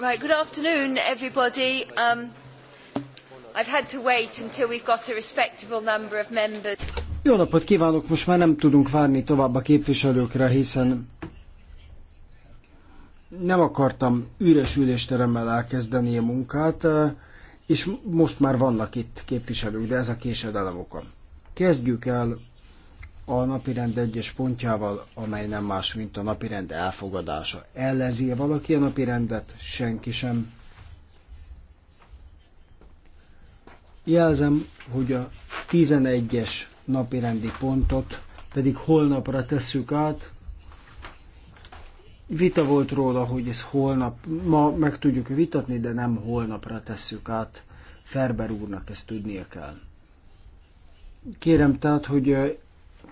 Right, good afternoon, everybody. Um, I've had to wait until we've got a respectable number of members. Jó napot kívánok! Most már nem tudunk várni tovább a képviselőkre, hiszen nem akartam üres ülésteremmel elkezdeni a munkát, és most már vannak itt képviselők, de ez a késedelem oka. Kezdjük el a napirend egyes pontjával, amely nem más, mint a napirend elfogadása. ellenzi -e valaki a napirendet? Senki sem. Jelzem, hogy a 11-es napirendi pontot pedig holnapra tesszük át. Vita volt róla, hogy ez holnap, ma meg tudjuk vitatni, de nem holnapra tesszük át. Ferber úrnak ezt tudnia kell. Kérem tehát, hogy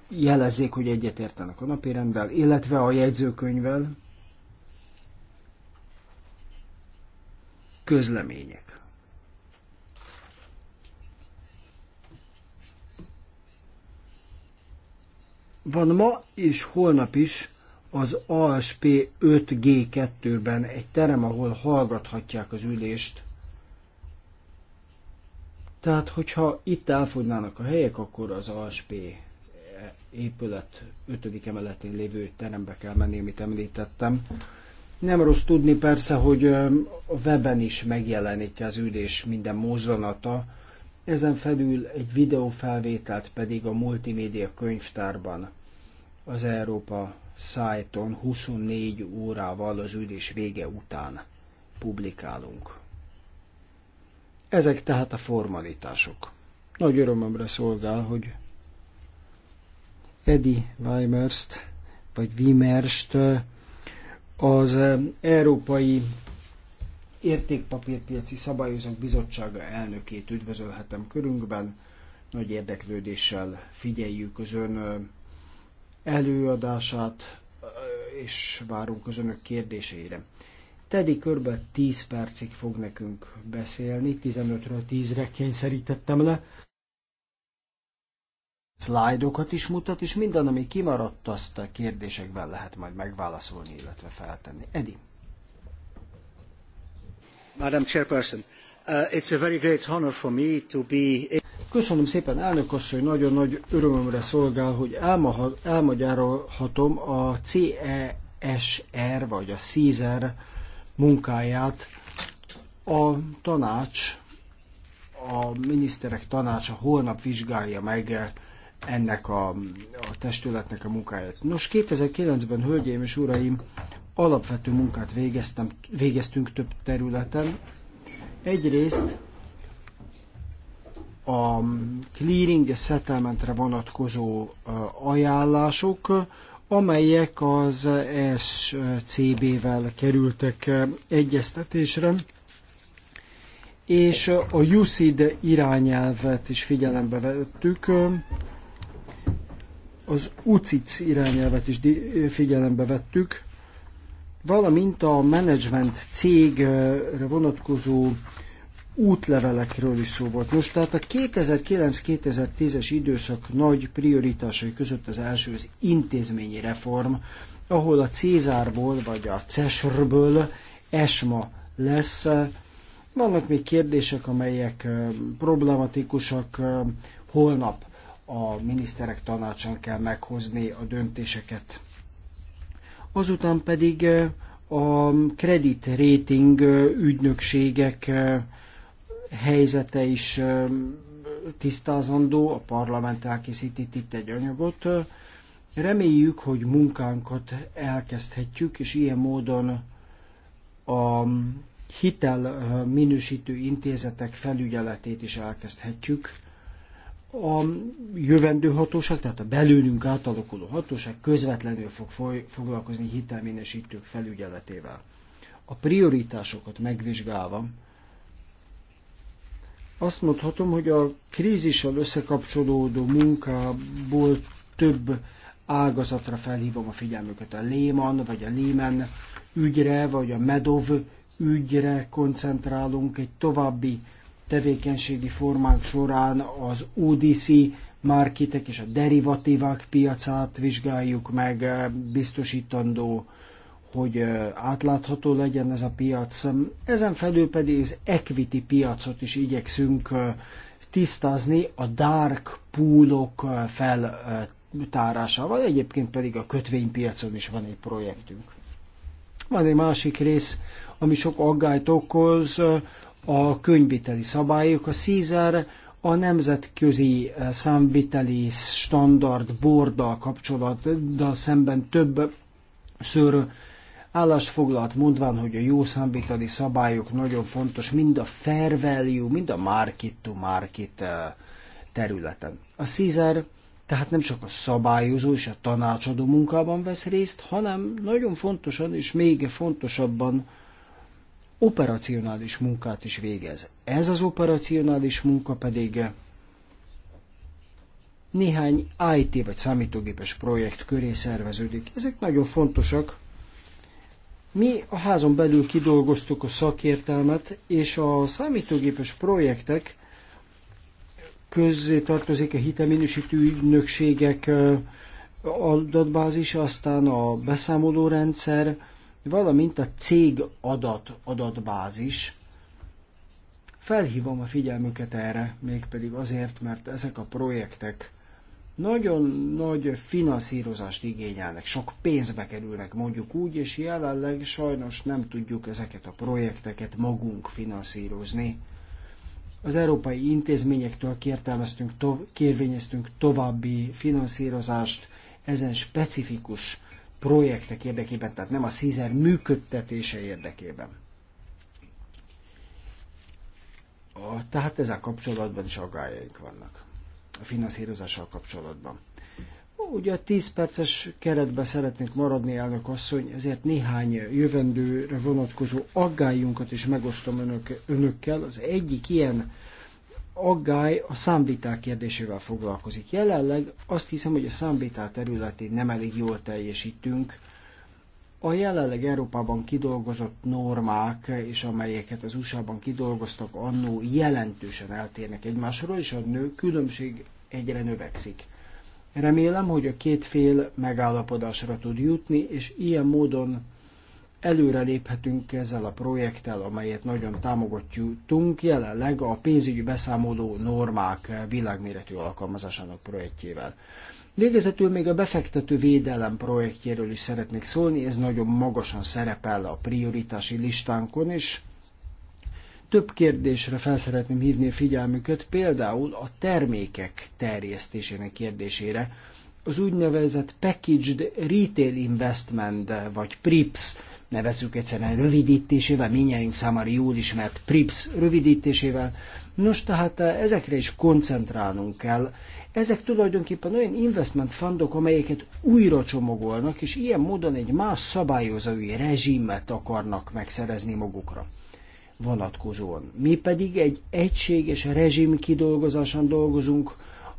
jelezzék, hogy egyetértenek a napirenddel, illetve a jegyzőkönyvvel. Közlemények. Van ma és holnap is az ASP 5G2-ben egy terem, ahol hallgathatják az ülést. Tehát, hogyha itt elfogynának a helyek, akkor az ASP épület 5. emeletén lévő terembe kell menni, amit említettem. Nem rossz tudni persze, hogy a weben is megjelenik az ülés minden mozzanata, ezen felül egy videófelvételt pedig a multimédia könyvtárban az Európa szájton 24 órával az ülés vége után publikálunk. Ezek tehát a formalitások. Nagy örömömre szolgál, hogy Edi Weimerst, vagy Wimerst, az Európai Értékpapírpiaci Szabályozók Bizottsága elnökét üdvözölhetem körünkben. Nagy érdeklődéssel figyeljük az ön előadását, és várunk az önök kérdéseire. Teddy körbe 10 percig fog nekünk beszélni, 15-ről 10-re kényszerítettem le szlájdokat is mutat, és minden, ami kimaradt, azt a kérdésekben lehet majd megválaszolni, illetve feltenni. Edi. Madam Chairperson, uh, it's a very great honor for me to be... Köszönöm szépen, elnök asszony, nagyon nagy örömömre szolgál, hogy elma, elmagyarolhatom a CESR, vagy a CISER munkáját. A tanács a miniszterek tanácsa holnap vizsgálja meg ennek a, a testületnek a munkáját. Nos, 2009-ben, hölgyeim és uraim, alapvető munkát végeztem, végeztünk több területen. Egyrészt a clearing settlementre vonatkozó ajánlások, amelyek az SCB-vel kerültek egyeztetésre, és a UCID irányelvet is figyelembe vettük, az UCIC irányelvet is figyelembe vettük, valamint a menedzsment cégre vonatkozó útlevelekről is szó volt. Most tehát a 2009-2010-es időszak nagy prioritásai között az első az intézményi reform, ahol a Cézárból vagy a Cesrből ESMA lesz. Vannak még kérdések, amelyek problematikusak. Holnap a miniszterek tanácsán kell meghozni a döntéseket. Azután pedig a kredit rating ügynökségek helyzete is tisztázandó, a parlament elkészített itt egy anyagot. Reméljük, hogy munkánkat elkezdhetjük, és ilyen módon a hitel minősítő intézetek felügyeletét is elkezdhetjük a jövendő hatóság, tehát a belőlünk átalakuló hatóság közvetlenül fog foly, foglalkozni hitelminesítők felügyeletével. A prioritásokat megvizsgálva, azt mondhatom, hogy a krízissel összekapcsolódó munkából több ágazatra felhívom a figyelmüket. A Lehman, vagy a Lehman ügyre, vagy a Medov ügyre koncentrálunk. Egy további tevékenységi formánk során az UDC marketek és a derivatívák piacát vizsgáljuk meg, eh, biztosítandó, hogy eh, átlátható legyen ez a piac. Ezen felül pedig az equity piacot is igyekszünk eh, tisztázni a dark poolok feltárásával, egyébként pedig a kötvénypiacon is van egy projektünk. Van egy másik rész, ami sok aggályt okoz, a könyvviteli szabályok. A CSER a nemzetközi eh, számviteli standard borddal de szemben több ször állást foglalt, mondván, hogy a jó számviteli szabályok nagyon fontos mind a fair value, mind a market to market eh, területen. A CSER tehát nem csak a szabályozó és a tanácsadó munkában vesz részt, hanem nagyon fontosan és még fontosabban operacionális munkát is végez. Ez az operacionális munka pedig néhány IT vagy számítógépes projekt köré szerveződik. Ezek nagyon fontosak. Mi a házon belül kidolgoztuk a szakértelmet, és a számítógépes projektek közé tartozik a hiteminősítő ügynökségek adatbázis, aztán a beszámolórendszer, valamint a cég adat adatbázis. Felhívom a figyelmüket erre, mégpedig azért, mert ezek a projektek nagyon nagy finanszírozást igényelnek, sok pénzbe kerülnek mondjuk úgy, és jelenleg sajnos nem tudjuk ezeket a projekteket magunk finanszírozni. Az európai intézményektől kértelmeztünk, tov- kérvényeztünk további finanszírozást ezen specifikus projektek érdekében, tehát nem a Caesar működtetése érdekében. A, tehát ezzel kapcsolatban is aggájaink vannak. A finanszírozással kapcsolatban. Ugye a 10 perces keretbe szeretnénk maradni, elnök asszony, ezért néhány jövendőre vonatkozó aggályunkat is megosztom önök, önökkel. Az egyik ilyen aggály a számviták kérdésével foglalkozik. Jelenleg azt hiszem, hogy a számvitel területén nem elég jól teljesítünk. A jelenleg Európában kidolgozott normák, és amelyeket az USA-ban kidolgoztak annó jelentősen eltérnek egymásról, és a nő különbség egyre növekszik. Remélem, hogy a két fél megállapodásra tud jutni, és ilyen módon előre léphetünk ezzel a projekttel, amelyet nagyon támogatjuk jelenleg a pénzügyi beszámoló normák világméretű alkalmazásának projektjével. Végezetül még a befektető védelem projektjéről is szeretnék szólni, ez nagyon magasan szerepel a prioritási listánkon, is. több kérdésre fel szeretném hívni a figyelmüket, például a termékek terjesztésének kérdésére, az úgynevezett Packaged Retail Investment, vagy PRIPS nevezzük egyszerűen rövidítésével, minnyájunk számára jól ismert PRIPS rövidítésével. Nos, tehát eh, ezekre is koncentrálnunk kell. Ezek tulajdonképpen olyan investment fundok, amelyeket újra csomagolnak, és ilyen módon egy más szabályozói rezsimet akarnak megszerezni magukra vonatkozóan. Mi pedig egy egységes rezsim kidolgozásán dolgozunk,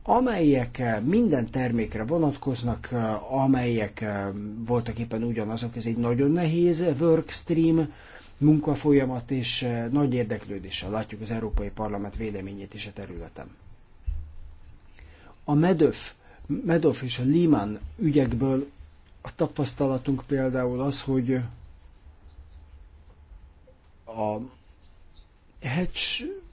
amelyek eh, minden termékre vonatkoznak, eh, amelyek eh, voltak éppen ugyanazok, ez egy nagyon nehéz workstream munkafolyamat, és nagy érdeklődéssel látjuk az Európai Parlament véleményét is a területen. A MEDÖF, MEDÖF és a Liman ügyekből a tapasztalatunk például az, hogy a hedge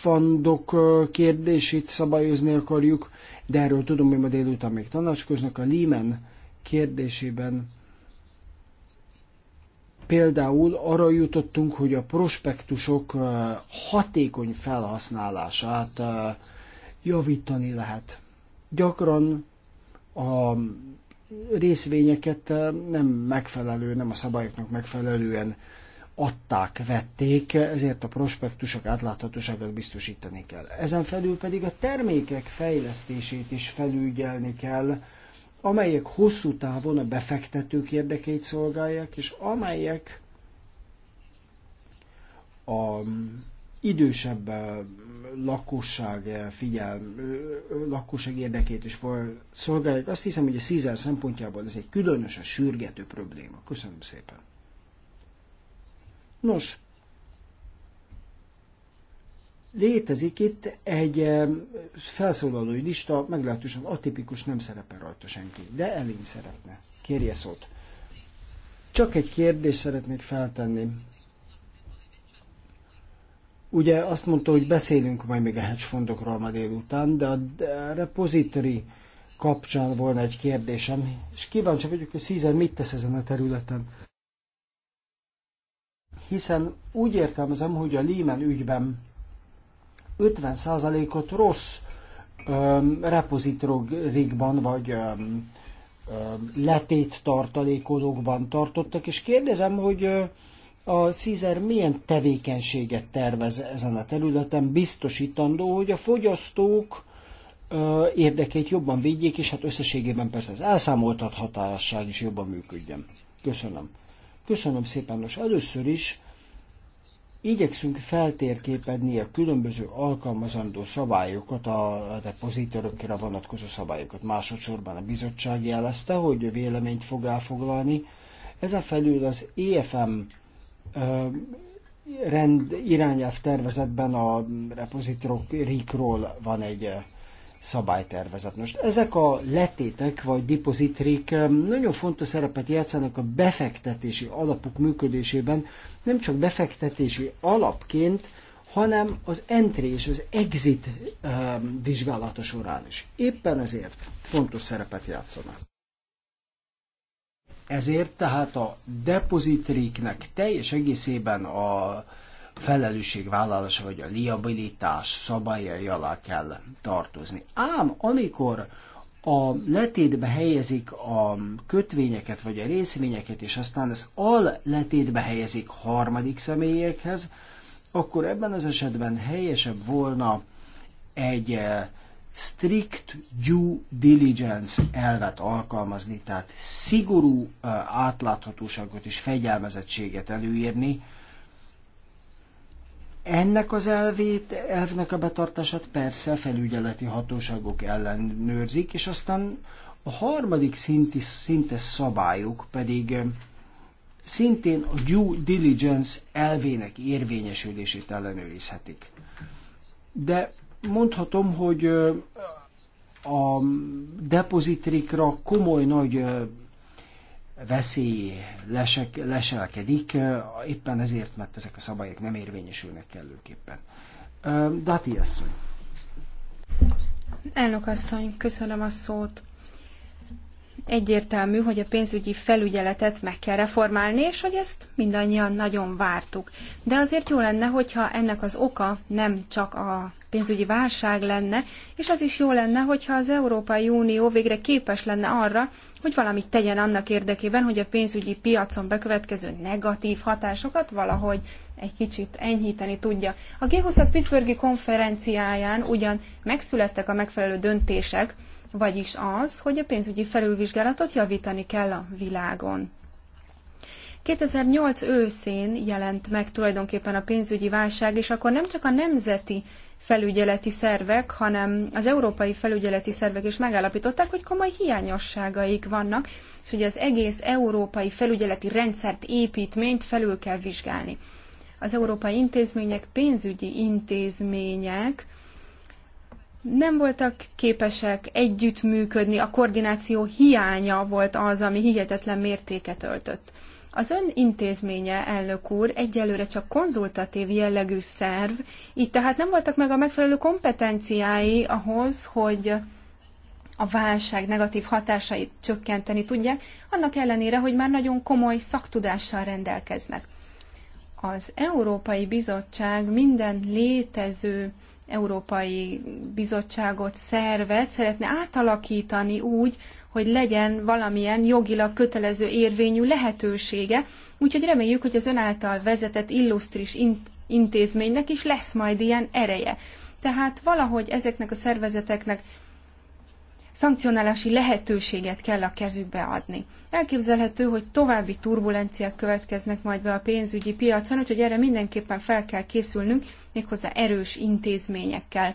fandok kérdését szabályozni akarjuk, de erről tudom, hogy ma délután még tanácskoznak. A Lehman kérdésében például arra jutottunk, hogy a prospektusok hatékony felhasználását javítani lehet. Gyakran a részvényeket nem megfelelő, nem a szabályoknak megfelelően adták, vették, ezért a prospektusok átláthatóságot biztosítani kell. Ezen felül pedig a termékek fejlesztését is felügyelni kell, amelyek hosszú távon a befektetők érdekeit szolgálják, és amelyek a idősebb eh, lakosság eh, figyel, eh, lakosság érdekét is szolgálják. Azt hiszem, hogy a Caesar szempontjából ez egy különösen sürgető probléma. Köszönöm szépen. Nos, létezik itt egy felszólalói lista, meglehetősen atipikus, nem szerepel rajta senki, de Elin szeretne. Kérje szót. Csak egy kérdést szeretnék feltenni. Ugye azt mondta, hogy beszélünk majd még a hedge fondokról ma délután, de a repository kapcsán volna egy kérdésem, és kíváncsi vagyok, hogy Szízen mit tesz ezen a területen hiszen úgy értelmezem, hogy a Lehman ügyben 50%-ot rossz öm, repozitorikban vagy öm, öm, letét tartalékolókban tartottak, és kérdezem, hogy ö, a Caesar milyen tevékenységet tervez ezen a területen, biztosítandó, hogy a fogyasztók ö, érdekét jobban védjék, és hát összességében persze az elszámoltathatásság is jobban működjön. Köszönöm. Köszönöm szépen, most először is igyekszünk feltérképedni a különböző alkalmazandó szabályokat, a depozitorokra vonatkozó szabályokat. Másodszorban a bizottság jelezte, hogy a véleményt fog elfoglalni. Ezen felül az EFM rend irányelv tervezetben a repozitorokról van egy szabálytervezet. Most ezek a letétek vagy depozitrik nagyon fontos szerepet játszanak a befektetési alapok működésében, nem csak befektetési alapként, hanem az entry és az exit vizsgálata során is. Éppen ezért fontos szerepet játszanak. Ezért tehát a depozitriknek teljes egészében a felelősségvállalása vagy a liabilitás szabályai alá kell tartozni. Ám amikor a letétbe helyezik a kötvényeket vagy a részvényeket, és aztán ez al letétbe helyezik harmadik személyekhez, akkor ebben az esetben helyesebb volna egy eh, strict due diligence elvet alkalmazni, tehát szigorú eh, átláthatóságot és fegyelmezettséget előírni, ennek az elvét, elvnek a betartását persze a felügyeleti hatóságok ellenőrzik, és aztán a harmadik szinti, szinte szabályok pedig eh, szintén a due diligence elvének érvényesülését ellenőrizhetik. De mondhatom, hogy eh, a depozitrikra komoly nagy eh, veszély lesek, leselkedik, éppen ezért, mert ezek a szabályok nem érvényesülnek kellőképpen. Dati asszony. Elnök asszony, köszönöm a szót. Egyértelmű, hogy a pénzügyi felügyeletet meg kell reformálni, és hogy ezt mindannyian nagyon vártuk. De azért jó lenne, hogyha ennek az oka nem csak a pénzügyi válság lenne, és az is jó lenne, hogyha az Európai Unió végre képes lenne arra, hogy valamit tegyen annak érdekében, hogy a pénzügyi piacon bekövetkező negatív hatásokat valahogy egy kicsit enyhíteni tudja. A g 20 Pittsburghi konferenciáján ugyan megszülettek a megfelelő döntések, vagyis az, hogy a pénzügyi felülvizsgálatot javítani kell a világon. 2008 őszén jelent meg tulajdonképpen a pénzügyi válság, és akkor nem csak a nemzeti felügyeleti szervek, hanem az európai felügyeleti szervek is megállapították, hogy komoly hiányosságaik vannak, és hogy az egész európai felügyeleti rendszert, építményt felül kell vizsgálni. Az európai intézmények pénzügyi intézmények, nem voltak képesek együttműködni, a koordináció hiánya volt az, ami hihetetlen mértéket öltött. Az ön intézménye, elnök úr, egyelőre csak konzultatív jellegű szerv, így tehát nem voltak meg a megfelelő kompetenciái ahhoz, hogy a válság negatív hatásait csökkenteni tudják, annak ellenére, hogy már nagyon komoly szaktudással rendelkeznek. Az Európai Bizottság minden létező Európai Bizottságot, szervet szeretne átalakítani úgy, hogy legyen valamilyen jogilag kötelező érvényű lehetősége, úgyhogy reméljük, hogy az ön által vezetett illusztris intézménynek is lesz majd ilyen ereje. Tehát valahogy ezeknek a szervezeteknek szankcionálási lehetőséget kell a kezükbe adni. Elképzelhető, hogy további turbulenciák következnek majd be a pénzügyi piacon, úgyhogy erre mindenképpen fel kell készülnünk, méghozzá erős intézményekkel.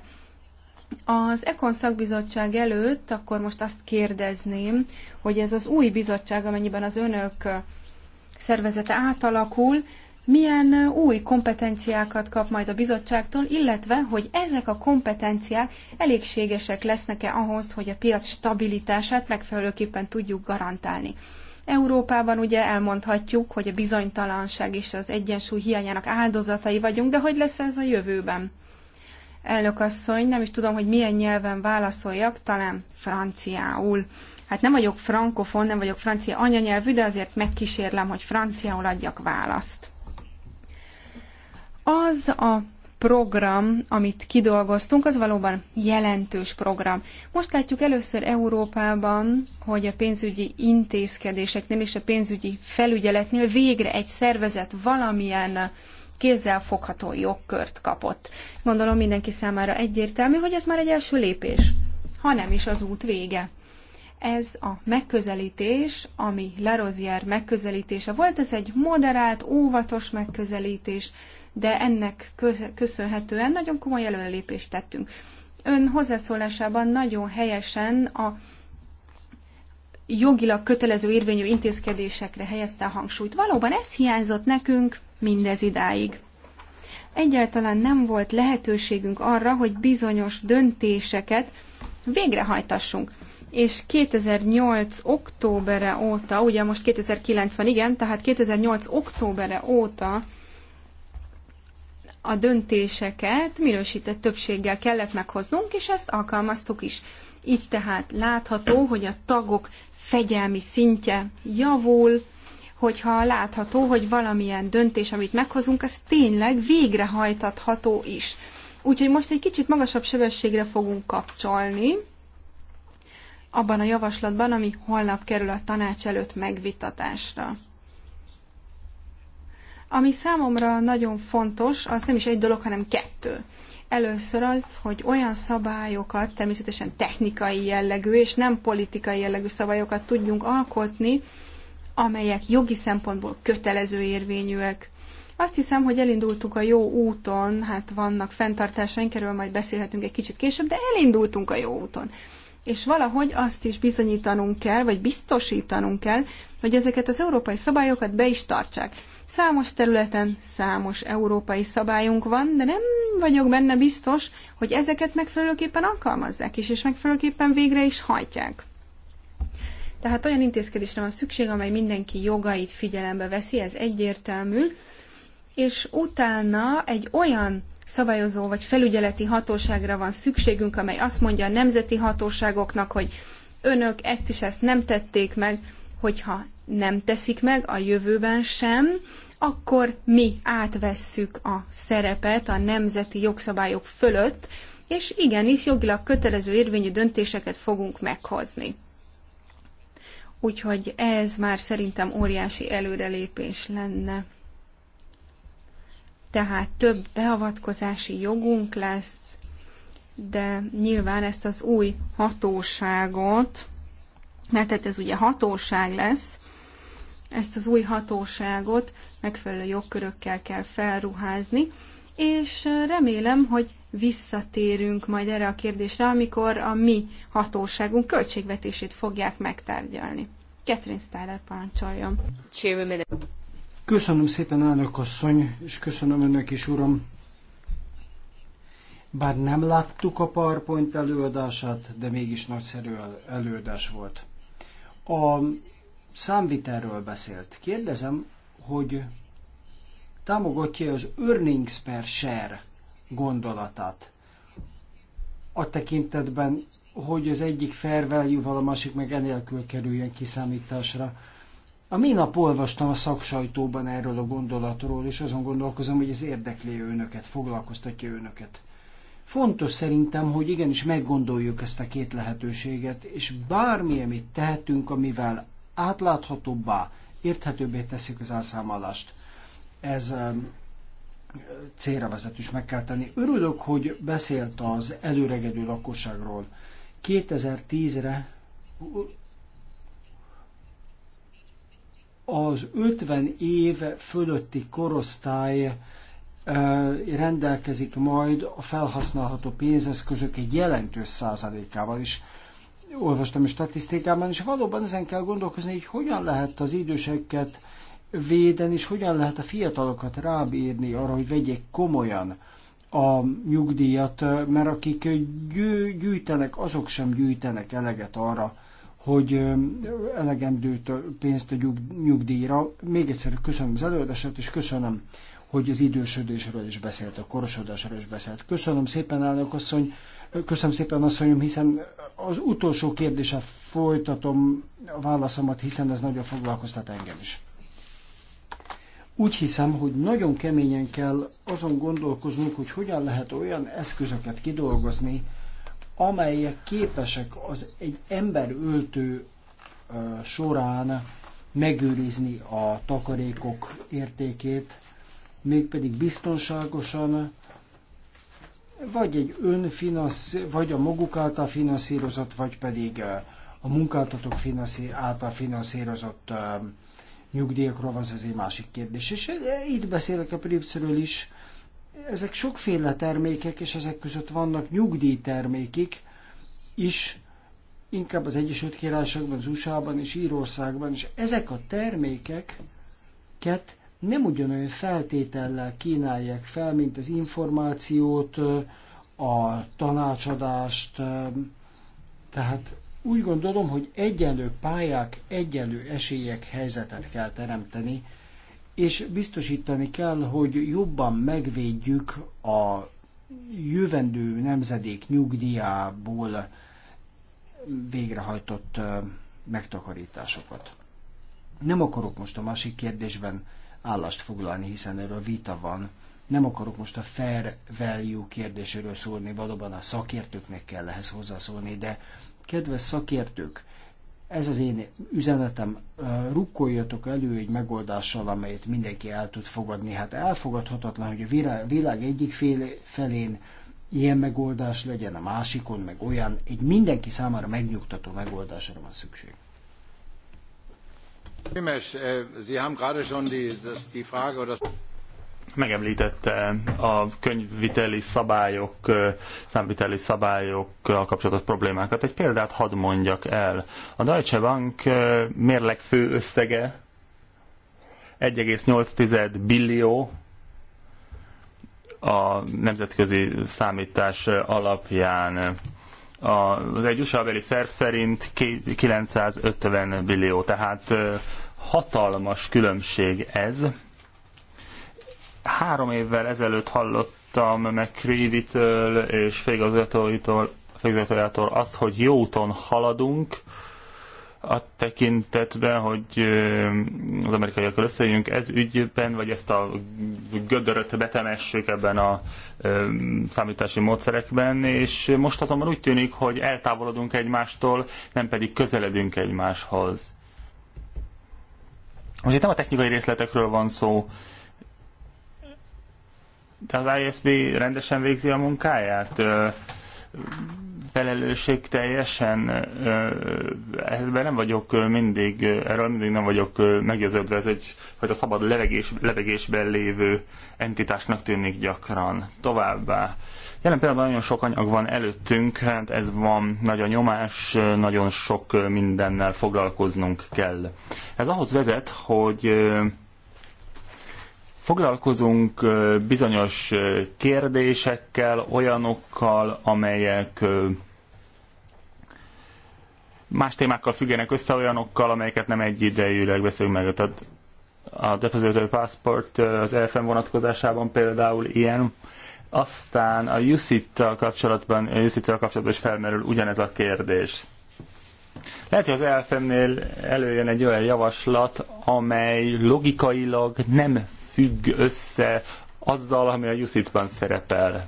Az Econ szakbizottság előtt akkor most azt kérdezném, hogy ez az új bizottság, amennyiben az önök szervezete átalakul, milyen új kompetenciákat kap majd a bizottságtól, illetve hogy ezek a kompetenciák elégségesek lesznek-e ahhoz, hogy a piac stabilitását megfelelőképpen tudjuk garantálni. Európában ugye elmondhatjuk, hogy a bizonytalanság és az egyensúly hiányának áldozatai vagyunk, de hogy lesz ez a jövőben? Elnök asszony, nem is tudom, hogy milyen nyelven válaszoljak, talán franciául. Hát nem vagyok frankofon, nem vagyok francia anyanyelvű, de azért megkísérlem, hogy franciául adjak választ. Az a program, amit kidolgoztunk, az valóban jelentős program. Most látjuk először Európában, hogy a pénzügyi intézkedéseknél és a pénzügyi felügyeletnél végre egy szervezet valamilyen kézzelfogható jogkört kapott. Gondolom mindenki számára egyértelmű, hogy ez már egy első lépés, ha nem is az út vége. Ez a megközelítés, ami Lerozier megközelítése volt, ez egy moderált, óvatos megközelítés, de ennek köszönhetően nagyon komoly előrelépést tettünk. Ön hozzászólásában nagyon helyesen a jogilag kötelező érvényű intézkedésekre helyezte a hangsúlyt. Valóban ez hiányzott nekünk mindez idáig. Egyáltalán nem volt lehetőségünk arra, hogy bizonyos döntéseket végrehajtassunk. És 2008. októbere óta, ugye most 2009 van, igen, tehát 2008. októbere óta a döntéseket minősített többséggel kellett meghoznunk, és ezt alkalmaztuk is. Itt tehát látható, hogy a tagok fegyelmi szintje javul, hogyha látható, hogy valamilyen döntés, amit meghozunk, az tényleg végrehajtatható is. Úgyhogy most egy kicsit magasabb sebességre fogunk kapcsolni, abban a javaslatban, ami holnap kerül a tanács előtt megvitatásra. Ami számomra nagyon fontos, az nem is egy dolog, hanem kettő. Először az, hogy olyan szabályokat, természetesen technikai jellegű és nem politikai jellegű szabályokat tudjunk alkotni, amelyek jogi szempontból kötelező érvényűek. Azt hiszem, hogy elindultunk a jó úton, hát vannak fenntartásaink, erről majd beszélhetünk egy kicsit később, de elindultunk a jó úton. És valahogy azt is bizonyítanunk kell, vagy biztosítanunk kell, hogy ezeket az európai szabályokat be is tartsák. Számos területen számos európai szabályunk van, de nem vagyok benne biztos, hogy ezeket megfelelőképpen alkalmazzák is, és megfelelőképpen végre is hajtják. Tehát olyan intézkedésre van szükség, amely mindenki jogait figyelembe veszi, ez egyértelmű, és utána egy olyan szabályozó vagy felügyeleti hatóságra van szükségünk, amely azt mondja a nemzeti hatóságoknak, hogy önök ezt is ezt nem tették meg, hogyha nem teszik meg a jövőben sem, akkor mi átvesszük a szerepet a nemzeti jogszabályok fölött, és igenis jogilag kötelező érvényű döntéseket fogunk meghozni. Úgyhogy ez már szerintem óriási előrelépés lenne. Tehát több beavatkozási jogunk lesz, de nyilván ezt az új hatóságot mert hát ez ugye hatóság lesz, ezt az új hatóságot megfelelő jogkörökkel kell felruházni, és remélem, hogy visszatérünk majd erre a kérdésre, amikor a mi hatóságunk költségvetését fogják megtárgyalni. Ketrin Styler parancsoljon. Köszönöm szépen, elnök asszony, és köszönöm önnek is, uram. Bár nem láttuk a PowerPoint előadását, de mégis nagyszerű előadás volt. A számvitelről beszélt. Kérdezem, hogy támogatja az earnings per share gondolatát a tekintetben, hogy az egyik fair value a másik meg enélkül kerüljön kiszámításra. A minap olvastam a szaksajtóban erről a gondolatról, és azon gondolkozom, hogy ez érdekli önöket, foglalkoztatja önöket. Fontos szerintem, hogy igenis meggondoljuk ezt a két lehetőséget, és bármi, amit tehetünk, amivel átláthatóbbá, érthetőbbé teszik az elszámolást, ez um, célra vezető is meg kell tenni. Örülök, hogy beszélt az előregedő lakosságról. 2010-re az 50 év fölötti korosztály rendelkezik majd a felhasználható pénzeszközök egy jelentős százalékával is. Olvastam a statisztikában, és valóban ezen kell gondolkozni, hogy hogyan lehet az időseket védeni, és hogyan lehet a fiatalokat rábírni arra, hogy vegyék komolyan a nyugdíjat, mert akik gyűjtenek, azok sem gyűjtenek eleget arra, hogy elegendő pénzt a nyugdíjra. Még egyszer köszönöm az előadását, és köszönöm hogy az idősödésről is beszélt, a korosodásról is beszélt. Köszönöm szépen, elnök asszony, köszönöm szépen, asszonyom, hiszen az utolsó kérdése folytatom a válaszomat, hiszen ez nagyon foglalkoztat engem is. Úgy hiszem, hogy nagyon keményen kell azon gondolkoznunk, hogy hogyan lehet olyan eszközöket kidolgozni, amelyek képesek az egy ember öltő során megőrizni a takarékok értékét, mégpedig biztonságosan, vagy egy önfinansz, vagy a maguk által finanszírozott, vagy pedig eh, a munkáltatók finanszí- által finanszírozott eh, nyugdíjakról van ez egy másik kérdés. És eh, itt beszélek a Pripszről is. Ezek sokféle termékek, és ezek között vannak nyugdíjtermékik is, inkább az Egyesült Királyságban, az USA-ban és Írországban, és ezek a termékeket nem ugyanolyan feltétellel kínálják fel, mint az információt, a tanácsadást. Tehát úgy gondolom, hogy egyenlő pályák, egyenlő esélyek helyzetet kell teremteni, és biztosítani kell, hogy jobban megvédjük a jövendő nemzedék nyugdíjából végrehajtott megtakarításokat. Nem akarok most a másik kérdésben állást foglalni, hiszen erről vita van. Nem akarok most a fair value kérdéséről szólni, valóban a szakértőknek kell ehhez hozzászólni, de kedves szakértők, ez az én üzenetem, rukkoljatok elő egy megoldással, amelyet mindenki el tud fogadni. Hát elfogadhatatlan, hogy a világ egyik felén ilyen megoldás legyen, a másikon meg olyan. Egy mindenki számára megnyugtató megoldásra van szükség. Eh, Megemlítette a könyvviteli szabályok, eh, számviteli szabályokkal kapcsolatos problémákat. Egy példát hadd mondjak el. A Deutsche Bank eh, mérleg fő összege 1,8 billió a nemzetközi számítás alapján az egy USA beli szerv szerint 950 billió, tehát hatalmas különbség ez. Három évvel ezelőtt hallottam McCready-től és főigazgatójától azt, hogy jó úton haladunk, a tekintetben, hogy az amerikaiakkal összejönjünk ez ügyben, vagy ezt a gödöröt betemessük ebben a számítási módszerekben, és most azonban úgy tűnik, hogy eltávolodunk egymástól, nem pedig közeledünk egymáshoz. Most itt nem a technikai részletekről van szó, de az ISB rendesen végzi a munkáját felelősség teljesen, ebben nem vagyok mindig, erről mindig nem vagyok meggyőződve, ez egy a szabad levegés, levegésben lévő entitásnak tűnik gyakran. Továbbá, jelen pillanatban nagyon sok anyag van előttünk, hát ez van, nagy a nyomás, nagyon sok mindennel foglalkoznunk kell. Ez ahhoz vezet, hogy foglalkozunk bizonyos kérdésekkel, olyanokkal, amelyek más témákkal függenek össze, olyanokkal, amelyeket nem egyidejűleg beszélünk meg. Tehát a Depository Passport az EFM vonatkozásában például ilyen. Aztán a UCIT-tal kapcsolatban, UCIT-tal kapcsolatban is felmerül ugyanez a kérdés. Lehet, hogy az elfemnél előjön egy olyan javaslat, amely logikailag nem függ össze azzal, ami a Jusszicban szerepel.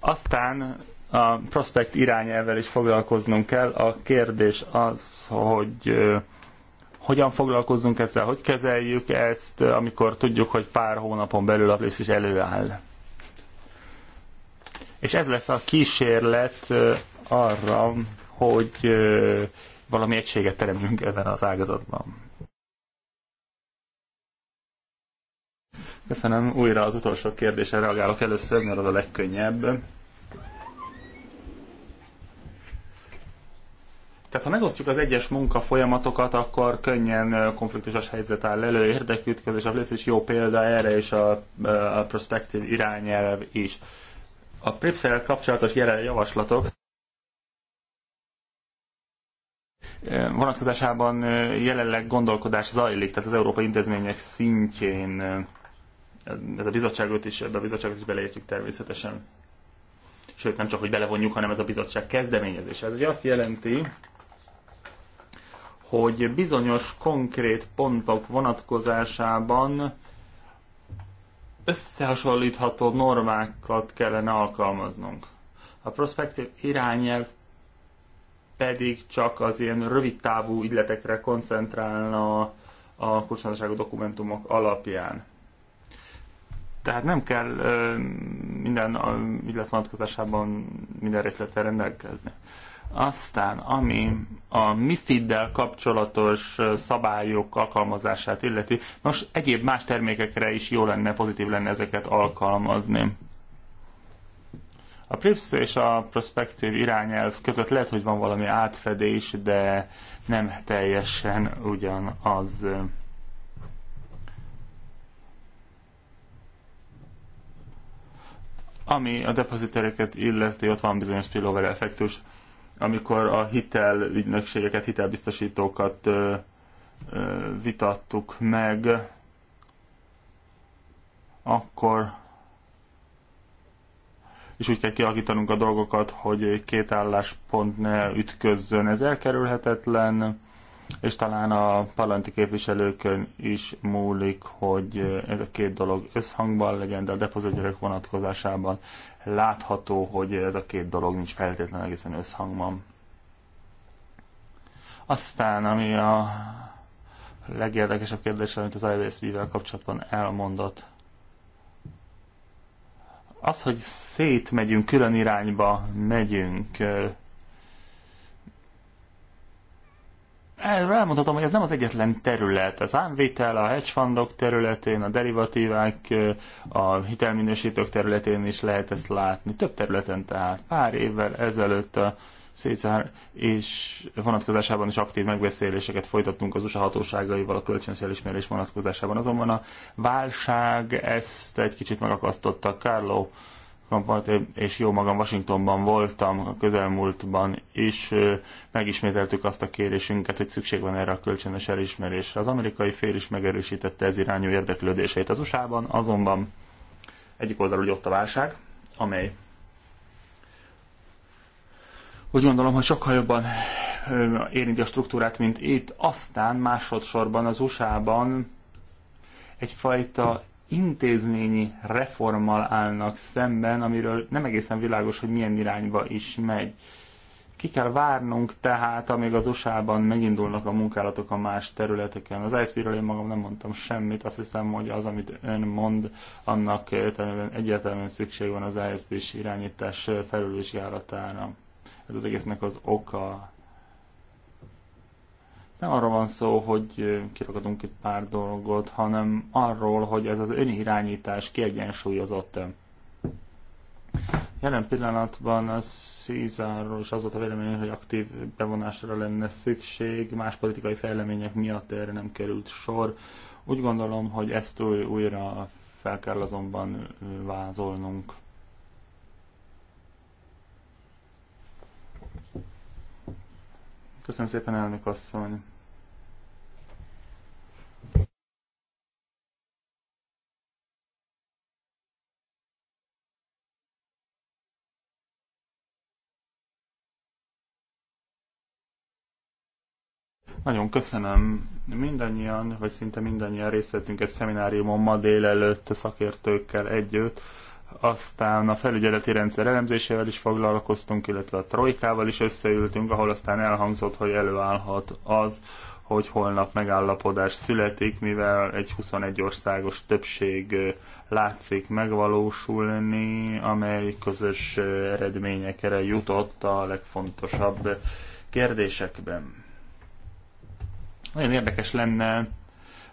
Aztán a prospekt irányelvel is foglalkoznunk kell. A kérdés az, hogy hogyan foglalkozzunk ezzel, hogy kezeljük ezt, amikor tudjuk, hogy pár hónapon belül a is előáll. És ez lesz a kísérlet arra, hogy valami egységet teremtünk ebben az ágazatban. Köszönöm. Újra az utolsó kérdésre reagálok először, mert az a legkönnyebb. Tehát ha megosztjuk az egyes munka folyamatokat, akkor könnyen konfliktusos helyzet áll elő, érdekütközés, a Blips is jó példa erre, és a, a prospektív irányelv is. A prips kapcsolatos javaslatok vonatkozásában jelenleg gondolkodás zajlik, tehát az európai intézmények szintjén ez a bizottságot is, ebbe a bizottságot is beleértjük természetesen. Sőt, nem csak, hogy belevonjuk, hanem ez a bizottság kezdeményezése. Ez ugye azt jelenti, hogy bizonyos konkrét pontok vonatkozásában összehasonlítható normákat kellene alkalmaznunk. A prospektív irányelv pedig csak az ilyen rövidtávú ügyletekre koncentrálna a kulcsfontosságú dokumentumok alapján. Tehát nem kell minden ügylet vonatkozásában minden részletre rendelkezni. Aztán, ami a MIFID-del kapcsolatos szabályok alkalmazását illeti, nos, egyéb más termékekre is jó lenne, pozitív lenne ezeket alkalmazni. A PRIPS és a prospektív irányelv között lehet, hogy van valami átfedés, de nem teljesen ugyanaz. Ami a depozitereket illeti, ott van bizonyos spillover effektus, amikor a ügynökségeket, hitelbiztosítókat ö, ö, vitattuk meg, akkor és úgy kell kialakítanunk a dolgokat, hogy két álláspont ne ütközzön. Ez elkerülhetetlen és talán a parlamenti képviselőkön is múlik, hogy ez a két dolog összhangban legyen, de a depozitgyerek vonatkozásában látható, hogy ez a két dolog nincs feltétlenül egészen összhangban. Aztán, ami a legérdekesebb kérdés, amit az IBSB-vel kapcsolatban elmondott, az, hogy szétmegyünk, külön irányba megyünk, Elmondhatom, hogy ez nem az egyetlen terület. Az ámvétel a hedge fundok területén, a derivatívák, a hitelminősítők területén is lehet ezt látni. Több területen tehát. Pár évvel ezelőtt a Szétszár és vonatkozásában is aktív megbeszéléseket folytattunk az USA hatóságaival a kölcsönszélismerés vonatkozásában. Azonban a válság ezt egy kicsit megakasztotta. Carlo kampant, és jó magam Washingtonban voltam a közelmúltban is, megismételtük azt a kérésünket, hogy szükség van erre a kölcsönös elismerésre. Az amerikai fél is megerősítette ez irányú érdeklődését az USA-ban, azonban egyik oldalú ott a válság, amely úgy gondolom, hogy sokkal jobban érinti a struktúrát, mint itt. Aztán másodszorban az USA-ban egyfajta intézményi reformmal állnak szemben, amiről nem egészen világos, hogy milyen irányba is megy. Ki kell várnunk tehát, amíg az USA-ban megindulnak a munkálatok a más területeken. Az ISP-ről én magam nem mondtam semmit, azt hiszem, hogy az, amit ön mond, annak egyértelműen szükség van az ISP-s irányítás felülvizsgálatára. Ez az egésznek az oka nem arról van szó, hogy kiragadunk itt pár dolgot, hanem arról, hogy ez az önirányítás kiegyensúlyozott. Jelen pillanatban a Cézárról is az volt a vélemény, hogy aktív bevonásra lenne szükség, más politikai fejlemények miatt erre nem került sor. Úgy gondolom, hogy ezt újra fel kell azonban vázolnunk. Köszönöm szépen, elnök asszony. Nagyon köszönöm. Mindannyian, vagy szinte mindannyian részt vettünk egy szemináriumon ma délelőtt szakértőkkel együtt, aztán a felügyeleti rendszer elemzésével is foglalkoztunk, illetve a trojkával is összeültünk, ahol aztán elhangzott, hogy előállhat az, hogy holnap megállapodás születik, mivel egy 21 országos többség látszik megvalósulni, amely közös eredményekre jutott a legfontosabb kérdésekben. Nagyon érdekes lenne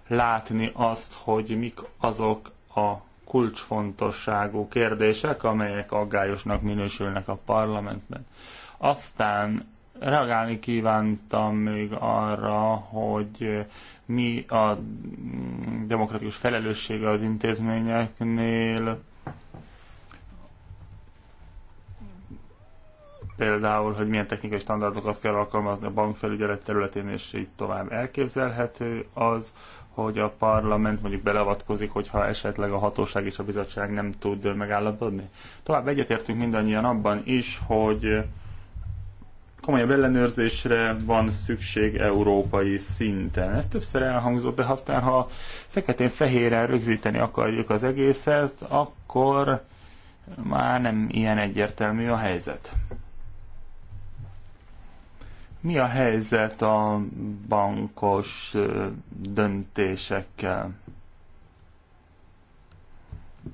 látni azt, hogy mik azok a kulcsfontosságú kérdések, amelyek aggályosnak minősülnek a parlamentben. Aztán reagálni kívántam még arra, hogy mi a demokratikus felelőssége az intézményeknél, például, hogy milyen technikai standardokat kell alkalmazni a bankfelügyelet területén, és így tovább elképzelhető az, hogy a parlament mondjuk beleavatkozik, hogyha esetleg a hatóság és a bizottság nem tud megállapodni. Tovább egyetértünk mindannyian abban is, hogy komolyabb ellenőrzésre van szükség európai szinten. Ez többször elhangzott, de aztán ha feketén-fehéren rögzíteni akarjuk az egészet, akkor már nem ilyen egyértelmű a helyzet. Mi a helyzet a bankos döntésekkel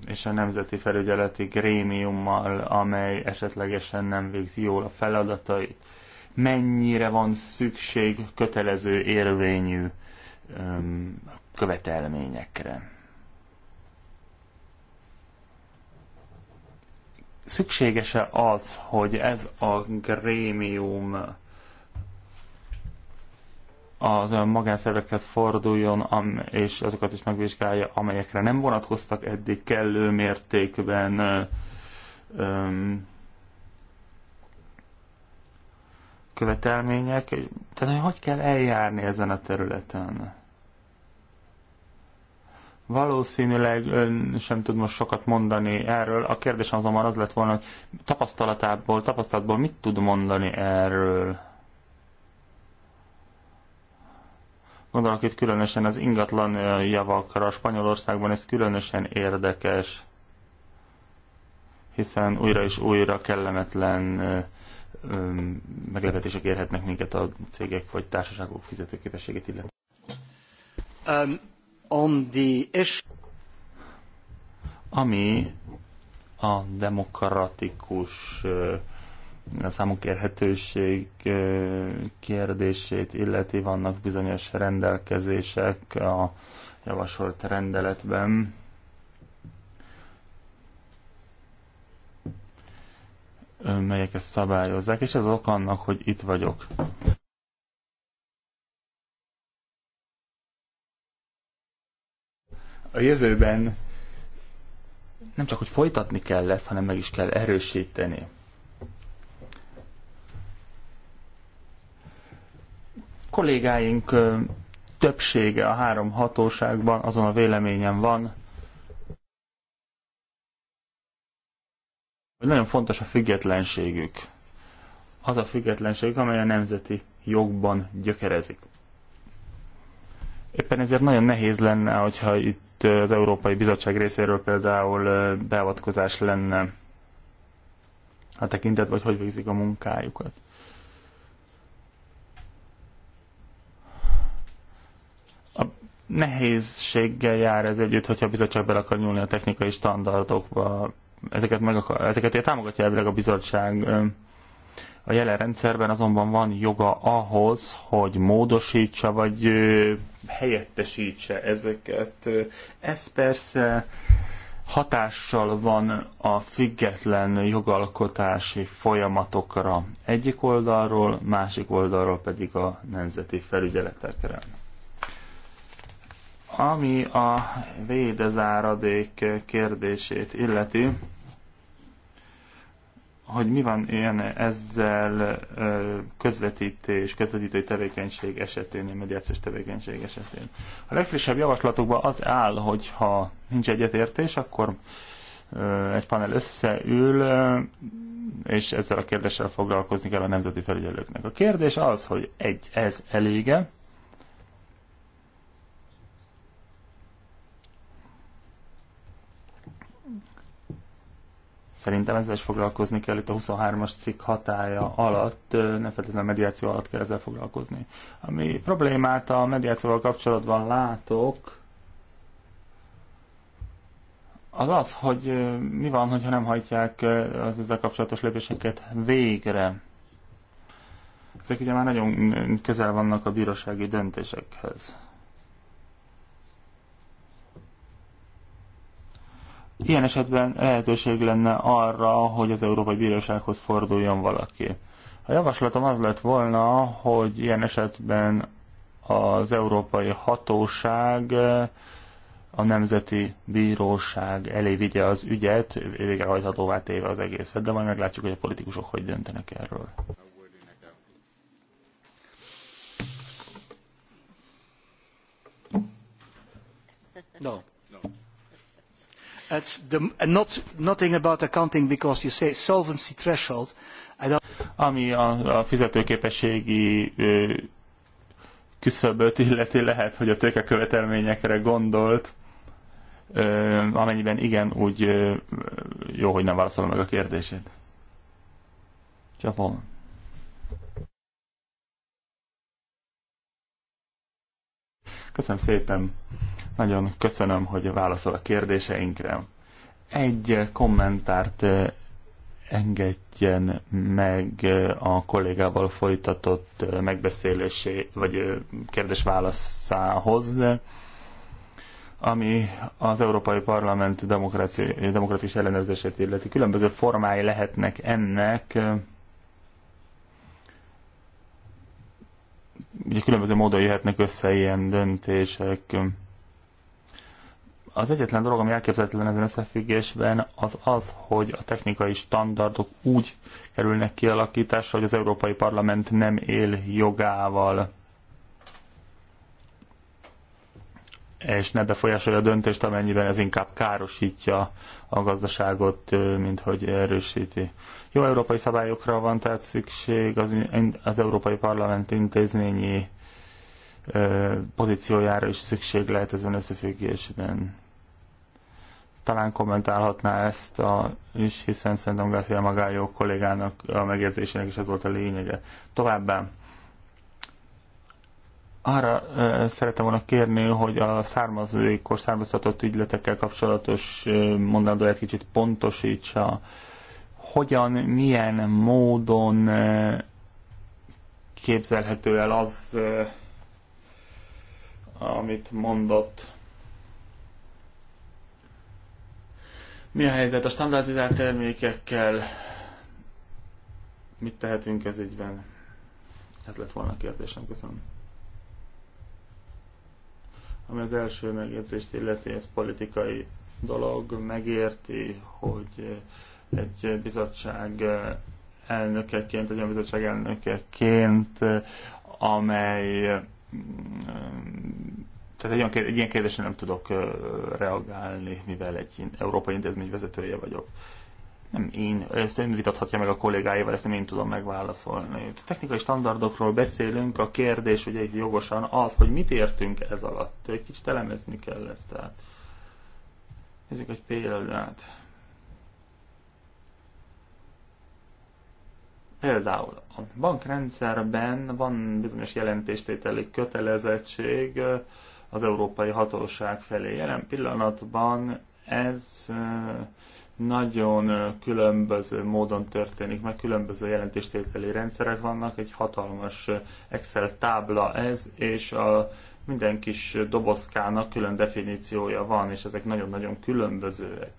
és a Nemzeti Felügyeleti Grémiummal, amely esetlegesen nem végzi jól a feladatait? Mennyire van szükség kötelező érvényű öm, követelményekre? Szükséges-e az, hogy ez a grémium az olyan magánszervekhez forduljon, és azokat is megvizsgálja, amelyekre nem vonatkoztak eddig kellő mértékben követelmények. Tehát, hogy hogy kell eljárni ezen a területen? Valószínűleg ön sem tud most sokat mondani erről. A kérdés azonban az lett volna, hogy tapasztalatából, tapasztalatból mit tud mondani erről? Gondolok itt különösen az ingatlan javakra. Spanyolországban ez különösen érdekes, hiszen újra és újra kellemetlen meglepetések érhetnek minket a cégek vagy társaságok fizetőképességét illetve. Um, on Ami a demokratikus a számunk érhetőség kérdését illeti, vannak bizonyos rendelkezések a javasolt rendeletben. melyek ezt szabályozzák, és ez ok annak, hogy itt vagyok. A jövőben nem csak, hogy folytatni kell lesz, hanem meg is kell erősíteni. kollégáink többsége a három hatóságban azon a véleményen van, hogy nagyon fontos a függetlenségük. Az a függetlenség, amely a nemzeti jogban gyökerezik. Éppen ezért nagyon nehéz lenne, hogyha itt az Európai Bizottság részéről például beavatkozás lenne a tekintetben, hogy hogy végzik a munkájukat. nehézséggel jár ez együtt, hogyha a bizottság bele akar nyúlni a technikai standardokba. Ezeket, meg akar, ezeket ugye támogatja elvileg a bizottság. A jelen rendszerben azonban van joga ahhoz, hogy módosítsa vagy helyettesítse ezeket. Ez persze hatással van a független jogalkotási folyamatokra egyik oldalról, másik oldalról pedig a nemzeti felügyeletekre. Ami a védezáradék kérdését illeti, hogy mi van ilyen ezzel közvetítés, közvetítői tevékenység esetén, mediációs tevékenység esetén. A legfrissebb javaslatokban az áll, hogy ha nincs egyetértés, akkor egy panel összeül, és ezzel a kérdéssel foglalkozni kell a nemzeti felügyelőknek. A kérdés az, hogy egy, ez elége, Szerintem ezzel is foglalkozni kell, itt a 23-as cikk hatája alatt, nem feltétlenül a mediáció alatt kell ezzel foglalkozni. Ami problémát a mediációval kapcsolatban látok, az az, hogy mi van, hogyha nem hajtják az ezzel kapcsolatos lépéseket végre. Ezek ugye már nagyon közel vannak a bírósági döntésekhez. Ilyen esetben lehetőség lenne arra, hogy az Európai Bírósághoz forduljon valaki. A javaslatom az lett volna, hogy ilyen esetben az Európai Hatóság a Nemzeti Bíróság elé vigye az ügyet, végrehajthatóvá téve az egészet, de majd meglátjuk, hogy a politikusok hogy döntenek erről. No. Ami a, a fizetőképességi ö, küszöböt illeti, lehet, hogy a tőkekövetelményekre gondolt. Ö, amennyiben igen, úgy ö, jó, hogy nem válaszolom meg a kérdését. Csak Köszönöm szépen, nagyon köszönöm, hogy válaszol a kérdéseinkre. Egy kommentárt eh, engedjen meg eh, a kollégával folytatott eh, megbeszélésé, vagy kérdés-válaszához, ami az Európai Parlament demokratikus ellenőrzését illeti. Különböző formái lehetnek ennek, ugye különböző módon jöhetnek össze ilyen döntések. Az egyetlen dolog, ami elképzelhetetlen ezen összefüggésben, az az, hogy a technikai standardok úgy kerülnek kialakításra, hogy az Európai Parlament nem él jogával és ne befolyásolja a döntést, amennyiben ez inkább károsítja a gazdaságot, mint hogy erősíti. Jó európai szabályokra van tehát szükség, az, az Európai Parlament intézményi pozíciójára is szükség lehet ezen összefüggésben. Talán kommentálhatná ezt a, is, hiszen szerintem Gáfia Magályó kollégának a megjegyzésének is ez volt a lényege. Továbbá arra szeretem volna kérni, hogy a származékos származhatott ügyletekkel kapcsolatos mondandóját kicsit pontosítsa. Hogyan, milyen módon képzelhető el az, amit mondott? Mi a helyzet a standardizált termékekkel? Mit tehetünk ez ügyben? Ez lett volna a kérdésem, köszönöm. Ami az első megjegyzést illeti, ez politikai dolog, megérti, hogy egy bizottság elnökeként, egy olyan bizottság elnökeként, amely tehát egy, egy ilyen kérdésre nem tudok reagálni, mivel egy európai intézmény vezetője vagyok nem én, ezt ön vitathatja meg a kollégáival, ezt nem én tudom megválaszolni. A technikai standardokról beszélünk, a kérdés ugye jogosan az, hogy mit értünk ez alatt. Egy kicsit elemezni kell ezt. Tehát. Nézzük egy példát. Például a bankrendszerben van bizonyos jelentéstételi kötelezettség az európai hatóság felé. Jelen pillanatban ez nagyon különböző módon történik, meg különböző jelentéstételi rendszerek vannak, egy hatalmas Excel tábla ez, és a minden kis dobozkának külön definíciója van, és ezek nagyon-nagyon különbözőek.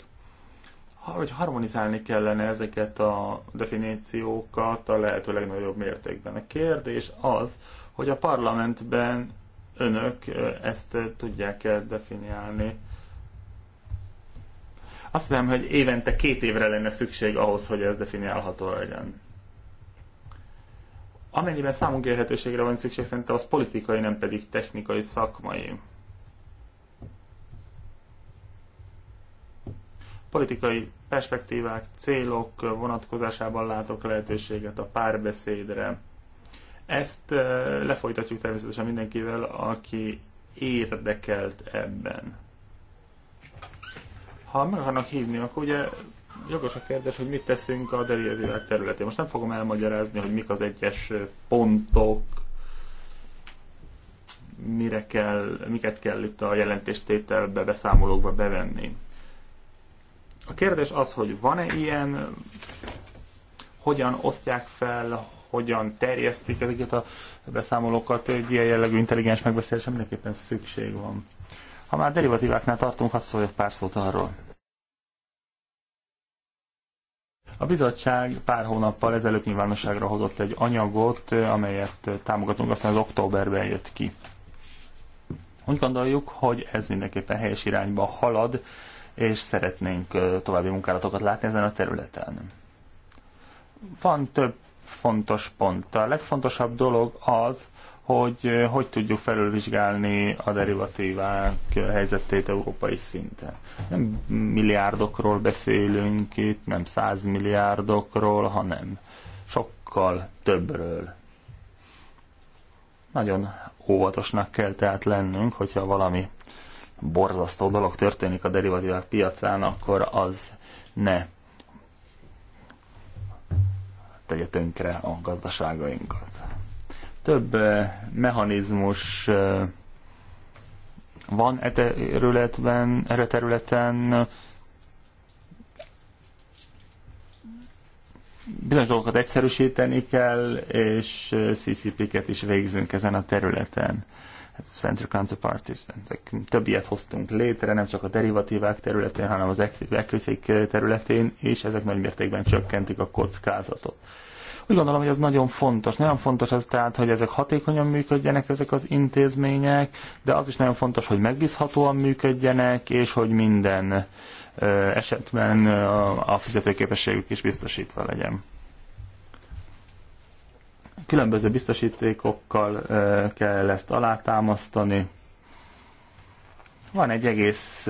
Ha Hogy harmonizálni kellene ezeket a definíciókat a lehető legnagyobb mértékben. A kérdés az, hogy a parlamentben önök ezt tudják-e definiálni azt hiszem, hogy évente két évre lenne szükség ahhoz, hogy ez definiálható legyen. Amennyiben számunk érhetőségre van szükség, szerintem az politikai, nem pedig technikai, szakmai. Politikai perspektívák, célok vonatkozásában látok lehetőséget a párbeszédre. Ezt eh, lefolytatjuk természetesen mindenkivel, aki érdekelt ebben. Ha meg akarnak hívni, akkor ugye jogos a kérdés, hogy mit teszünk a derivatívák területén. Most nem fogom elmagyarázni, hogy mik az egyes pontok, mire kell, miket kell itt a jelentéstételbe, beszámolókba bevenni. A kérdés az, hogy van-e ilyen, hogyan osztják fel, hogyan terjesztik ezeket a beszámolókat, egy ilyen jellegű intelligens megbeszélésre mindenképpen szükség van. Ha már derivatíváknál tartunk, hadd szóljak pár szót arról. A bizottság pár hónappal ezelőtt nyilvánosságra hozott egy anyagot, amelyet támogatunk, aztán az októberben jött ki. Úgy gondoljuk, hogy ez mindenképpen helyes irányba halad, és szeretnénk további munkálatokat látni ezen a területen. Van több fontos pont. A legfontosabb dolog az, hogy eh, hogy tudjuk felülvizsgálni a derivatívák helyzetét európai szinten. Nem milliárdokról beszélünk itt, nem százmilliárdokról, hanem sokkal többről. Nagyon óvatosnak kell tehát lennünk, hogyha valami borzasztó dolog történik a derivatívák piacán, akkor az ne tegye tönkre a gazdaságainkat. Több eh, mechanizmus eh, van e területben, erre területen bizonyos dolgokat egyszerűsíteni kell, és eh, CCP-ket is végzünk ezen a területen. Hát Center Counterparties, több ilyet hoztunk létre, nem csak a derivatívák területén, hanem az equity területén, és ezek nagy mértékben csökkentik a kockázatot. Úgy gondolom, hogy ez nagyon fontos. Nagyon fontos ez tehát, hogy ezek hatékonyan működjenek ezek az intézmények, de az is nagyon fontos, hogy megbízhatóan működjenek, és hogy minden esetben a fizetőképességük is biztosítva legyen. Különböző biztosítékokkal kell ezt alátámasztani. Van egy egész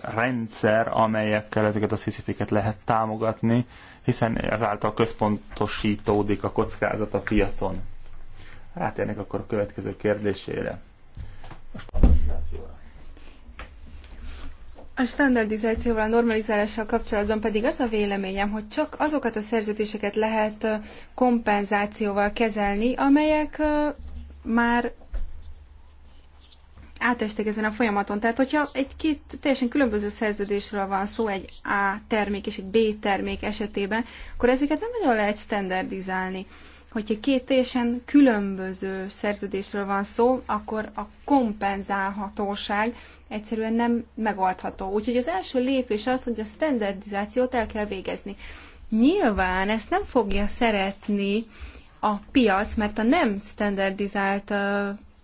rendszer, amelyekkel ezeket a CCP-ket lehet támogatni, hiszen ezáltal központosítódik a kockázat a piacon. Rátérnék akkor a következő kérdésére. A standardizációra. A standardizációval, a normalizálással kapcsolatban pedig az a véleményem, hogy csak azokat a szerződéseket lehet kompenzációval kezelni, amelyek már átestek ezen a folyamaton. Tehát, hogyha egy két teljesen különböző szerződésről van szó, egy A termék és egy B termék esetében, akkor ezeket nem nagyon lehet standardizálni. Hogyha két teljesen különböző szerződésről van szó, akkor a kompenzálhatóság egyszerűen nem megoldható. Úgyhogy az első lépés az, hogy a standardizációt el kell végezni. Nyilván ezt nem fogja szeretni a piac, mert a nem standardizált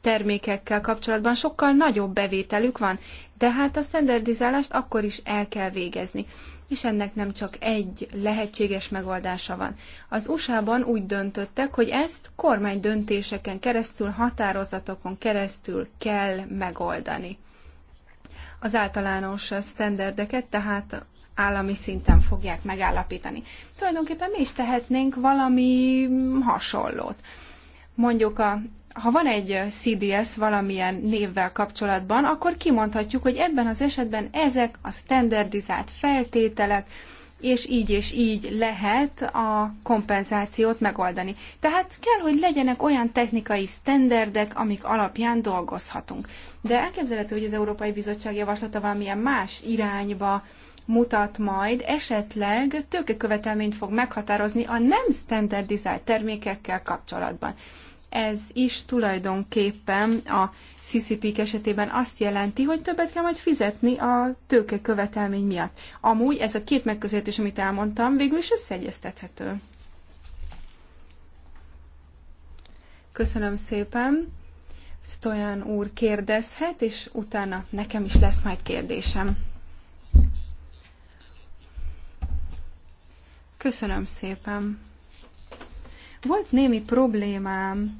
termékekkel kapcsolatban sokkal nagyobb bevételük van, de hát a standardizálást akkor is el kell végezni és ennek nem csak egy lehetséges megoldása van. Az USA-ban úgy döntöttek, hogy ezt kormány döntéseken keresztül, határozatokon keresztül kell megoldani. Az általános standardeket, tehát állami szinten fogják megállapítani. Tulajdonképpen mi is tehetnénk valami hasonlót. Mondjuk a ha van egy CDS valamilyen névvel kapcsolatban, akkor kimondhatjuk, hogy ebben az esetben ezek a standardizált feltételek, és így és így lehet a kompenzációt megoldani. Tehát kell, hogy legyenek olyan technikai sztenderdek, amik alapján dolgozhatunk. De elképzelhető, hogy az Európai Bizottság javaslata valamilyen más irányba mutat majd, esetleg tőkekövetelményt fog meghatározni a nem standardizált termékekkel kapcsolatban. Ez is tulajdonképpen a ccp esetében azt jelenti, hogy többet kell majd fizetni a tőke követelmény miatt. Amúgy ez a két megközelítés, amit elmondtam, végül is összeegyeztethető. Köszönöm szépen. Stojan úr kérdezhet, és utána nekem is lesz majd kérdésem. Köszönöm szépen. Volt némi problémám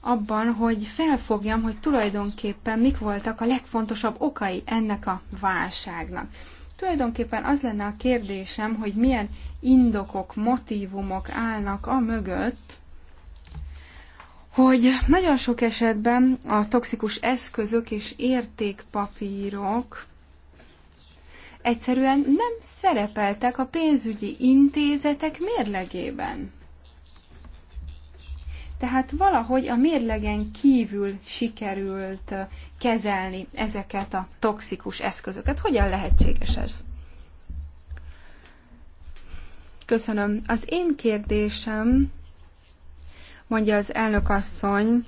abban, hogy felfogjam, hogy tulajdonképpen mik voltak a legfontosabb okai ennek a válságnak. Tulajdonképpen az lenne a kérdésem, hogy milyen indokok, motivumok állnak a mögött, hogy nagyon sok esetben a toxikus eszközök és értékpapírok egyszerűen nem szerepeltek a pénzügyi intézetek mérlegében. Tehát valahogy a mérlegen kívül sikerült kezelni ezeket a toxikus eszközöket. Hogyan lehetséges ez? Köszönöm. Az én kérdésem, mondja az elnök asszony,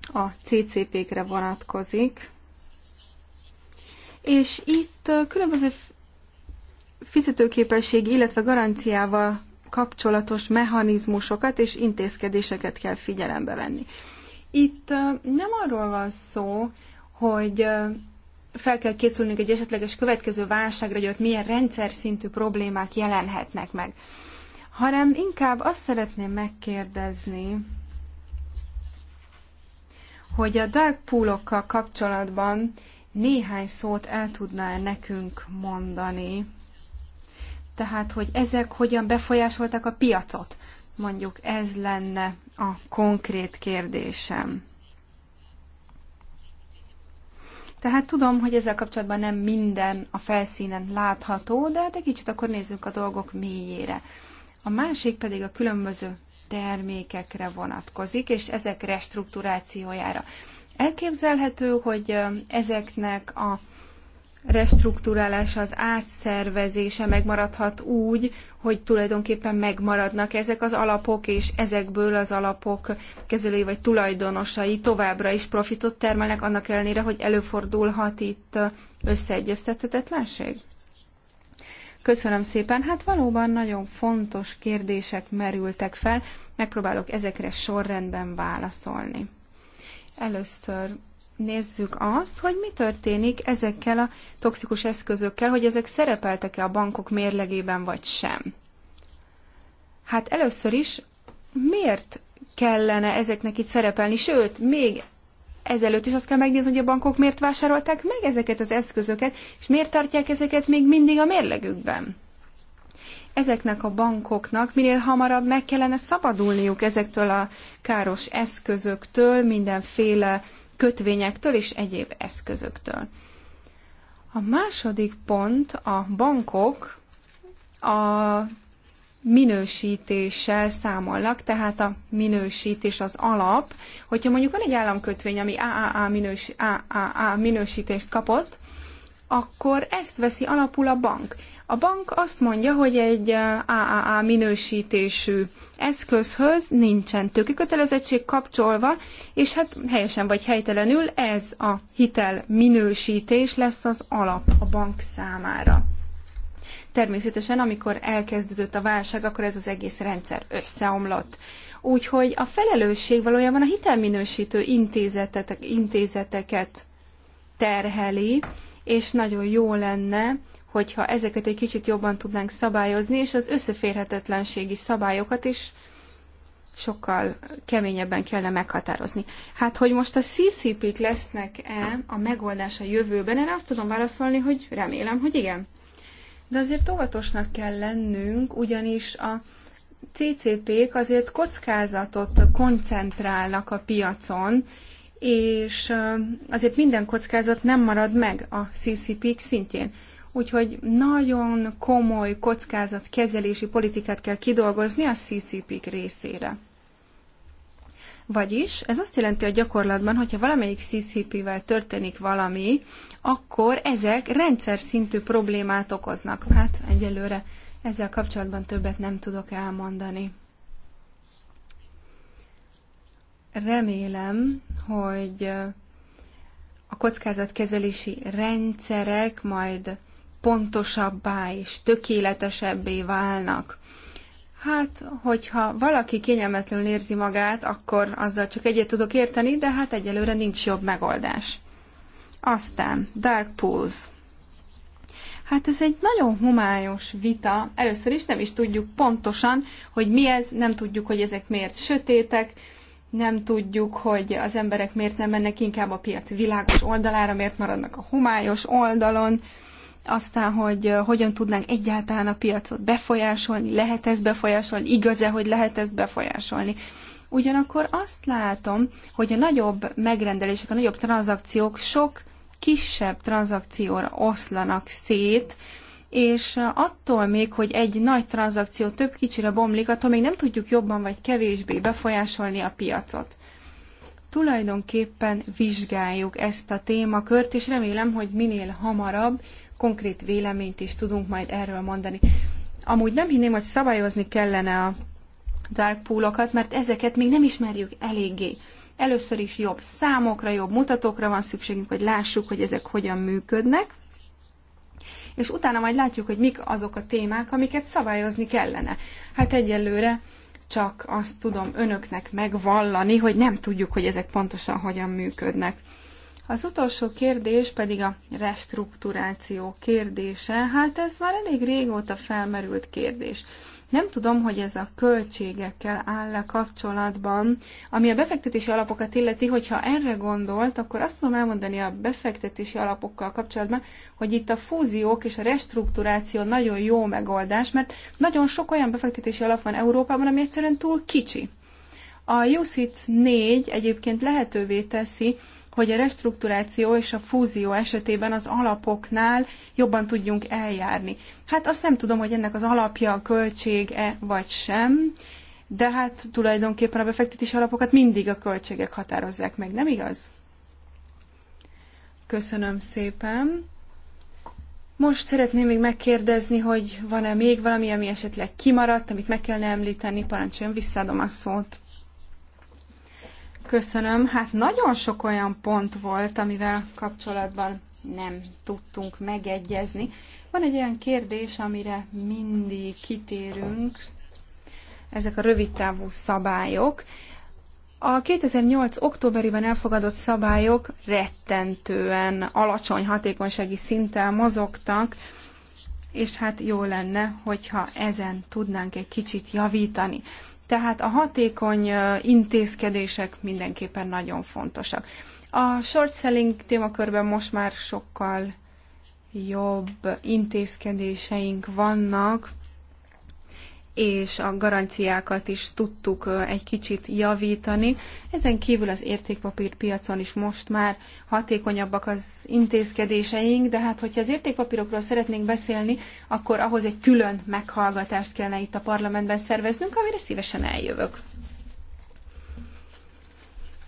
a CCP-kre vonatkozik, és itt különböző fizetőképességi, illetve garanciával kapcsolatos mechanizmusokat és intézkedéseket kell figyelembe venni. Itt nem arról van szó, hogy fel kell készülnünk egy esetleges következő válságra, hogy ott milyen rendszer szintű problémák jelenhetnek meg, hanem inkább azt szeretném megkérdezni, hogy a dark poolokkal kapcsolatban néhány szót el tudná -e nekünk mondani tehát hogy ezek hogyan befolyásolták a piacot. Mondjuk ez lenne a konkrét kérdésem. Tehát tudom, hogy ezzel kapcsolatban nem minden a felszínen látható, de hát egy kicsit akkor nézzünk a dolgok mélyére. A másik pedig a különböző termékekre vonatkozik, és ezek restrukturációjára. Elképzelhető, hogy ezeknek a restruktúrálása, az átszervezése megmaradhat úgy, hogy tulajdonképpen megmaradnak ezek az alapok, és ezekből az alapok kezelői vagy tulajdonosai továbbra is profitot termelnek, annak ellenére, hogy előfordulhat itt összeegyeztethetetlenség? Köszönöm szépen. Hát valóban nagyon fontos kérdések merültek fel. Megpróbálok ezekre sorrendben válaszolni. Először nézzük azt, hogy mi történik ezekkel a toxikus eszközökkel, hogy ezek szerepeltek-e a bankok mérlegében vagy sem. Hát először is, miért kellene ezeknek itt szerepelni, sőt, még ezelőtt is azt kell megnézni, hogy a bankok miért vásárolták meg ezeket az eszközöket, és miért tartják ezeket még mindig a mérlegükben. Ezeknek a bankoknak minél hamarabb meg kellene szabadulniuk ezektől a káros eszközöktől, mindenféle kötvényektől és egyéb eszközöktől. A második pont a bankok a minősítéssel számolnak, tehát a minősítés az alap. Hogyha mondjuk van egy államkötvény, ami AAA, minős, AAA minősítést kapott, akkor ezt veszi alapul a bank. A bank azt mondja, hogy egy AAA eh, minősítésű eszközhöz nincsen tőkekötelezettség kapcsolva, és hát helyesen vagy helytelenül ez a hitel minősítés lesz az alap a bank számára. Természetesen, amikor elkezdődött a válság, akkor ez az egész rendszer összeomlott. Úgyhogy a felelősség valójában a hitelminősítő intézetet, intézeteket terheli, és nagyon jó lenne, hogyha ezeket egy kicsit jobban tudnánk szabályozni, és az összeférhetetlenségi szabályokat is sokkal keményebben kellene meghatározni. Hát, hogy most a CCP-k lesznek-e a megoldás a jövőben, én azt tudom válaszolni, hogy remélem, hogy igen. De azért óvatosnak kell lennünk, ugyanis a CCP-k azért kockázatot koncentrálnak a piacon, és azért minden kockázat nem marad meg a ccp szintjén. Úgyhogy nagyon komoly kockázatkezelési politikát kell kidolgozni a ccp részére. Vagyis ez azt jelenti a gyakorlatban, hogyha valamelyik CCP-vel történik valami, akkor ezek rendszer szintű problémát okoznak. Hát egyelőre ezzel kapcsolatban többet nem tudok elmondani. Remélem, hogy a kockázatkezelési rendszerek majd pontosabbá és tökéletesebbé válnak. Hát, hogyha valaki kényelmetlenül érzi magát, akkor azzal csak egyet tudok érteni, de hát egyelőre nincs jobb megoldás. Aztán Dark Pools. Hát ez egy nagyon humályos vita. Először is nem is tudjuk pontosan, hogy mi ez, nem tudjuk, hogy ezek miért sötétek, nem tudjuk, hogy az emberek miért nem mennek inkább a piac világos oldalára, miért maradnak a homályos oldalon, aztán, hogy hogyan tudnánk egyáltalán a piacot befolyásolni, lehet ezt befolyásolni, igaz-e, hogy lehet ezt befolyásolni. Ugyanakkor azt látom, hogy a nagyobb megrendelések, a nagyobb tranzakciók sok kisebb tranzakcióra oszlanak szét, és attól még, hogy egy nagy tranzakció több kicsire bomlik, attól még nem tudjuk jobban vagy kevésbé befolyásolni a piacot. Tulajdonképpen vizsgáljuk ezt a témakört, és remélem, hogy minél hamarabb konkrét véleményt is tudunk majd erről mondani. Amúgy nem hinném, hogy szabályozni kellene a dark poolokat, mert ezeket még nem ismerjük eléggé. Először is jobb számokra, jobb mutatókra van szükségünk, hogy lássuk, hogy ezek hogyan működnek és utána majd látjuk, hogy mik azok a témák, amiket szabályozni kellene. Hát egyelőre csak azt tudom önöknek megvallani, hogy nem tudjuk, hogy ezek pontosan hogyan működnek. Az utolsó kérdés pedig a restrukturáció kérdése. Hát ez már elég régóta felmerült kérdés. Nem tudom, hogy ez a költségekkel áll-e kapcsolatban. Ami a befektetési alapokat illeti, hogyha erre gondolt, akkor azt tudom elmondani a befektetési alapokkal kapcsolatban, hogy itt a fúziók és a restrukturáció nagyon jó megoldás, mert nagyon sok olyan befektetési alap van Európában, ami egyszerűen túl kicsi. A USITS 4 egyébként lehetővé teszi, hogy a restrukturáció és a fúzió esetében az alapoknál jobban tudjunk eljárni. Hát azt nem tudom, hogy ennek az alapja a költség-e vagy sem, de hát tulajdonképpen a befektetési alapokat mindig a költségek határozzák meg, nem igaz? Köszönöm szépen. Most szeretném még megkérdezni, hogy van-e még valami, ami esetleg kimaradt, amit meg kellene említeni, parancsoljon, visszaadom a szót. Köszönöm. Hát nagyon sok olyan pont volt, amivel kapcsolatban nem tudtunk megegyezni. Van egy olyan kérdés, amire mindig kitérünk, ezek a rövidtávú szabályok. A 2008. októberiben elfogadott szabályok rettentően alacsony hatékonysági szinttel mozogtak, és hát jó lenne, hogyha ezen tudnánk egy kicsit javítani. Tehát a hatékony intézkedések mindenképpen nagyon fontosak. A short selling témakörben most már sokkal jobb intézkedéseink vannak, és a garanciákat is tudtuk egy kicsit javítani. Ezen kívül az értékpapírpiacon is most már hatékonyabbak az intézkedéseink, de hát hogyha az értékpapírokról szeretnénk beszélni, akkor ahhoz egy külön meghallgatást kellene itt a parlamentben szerveznünk, amire szívesen eljövök.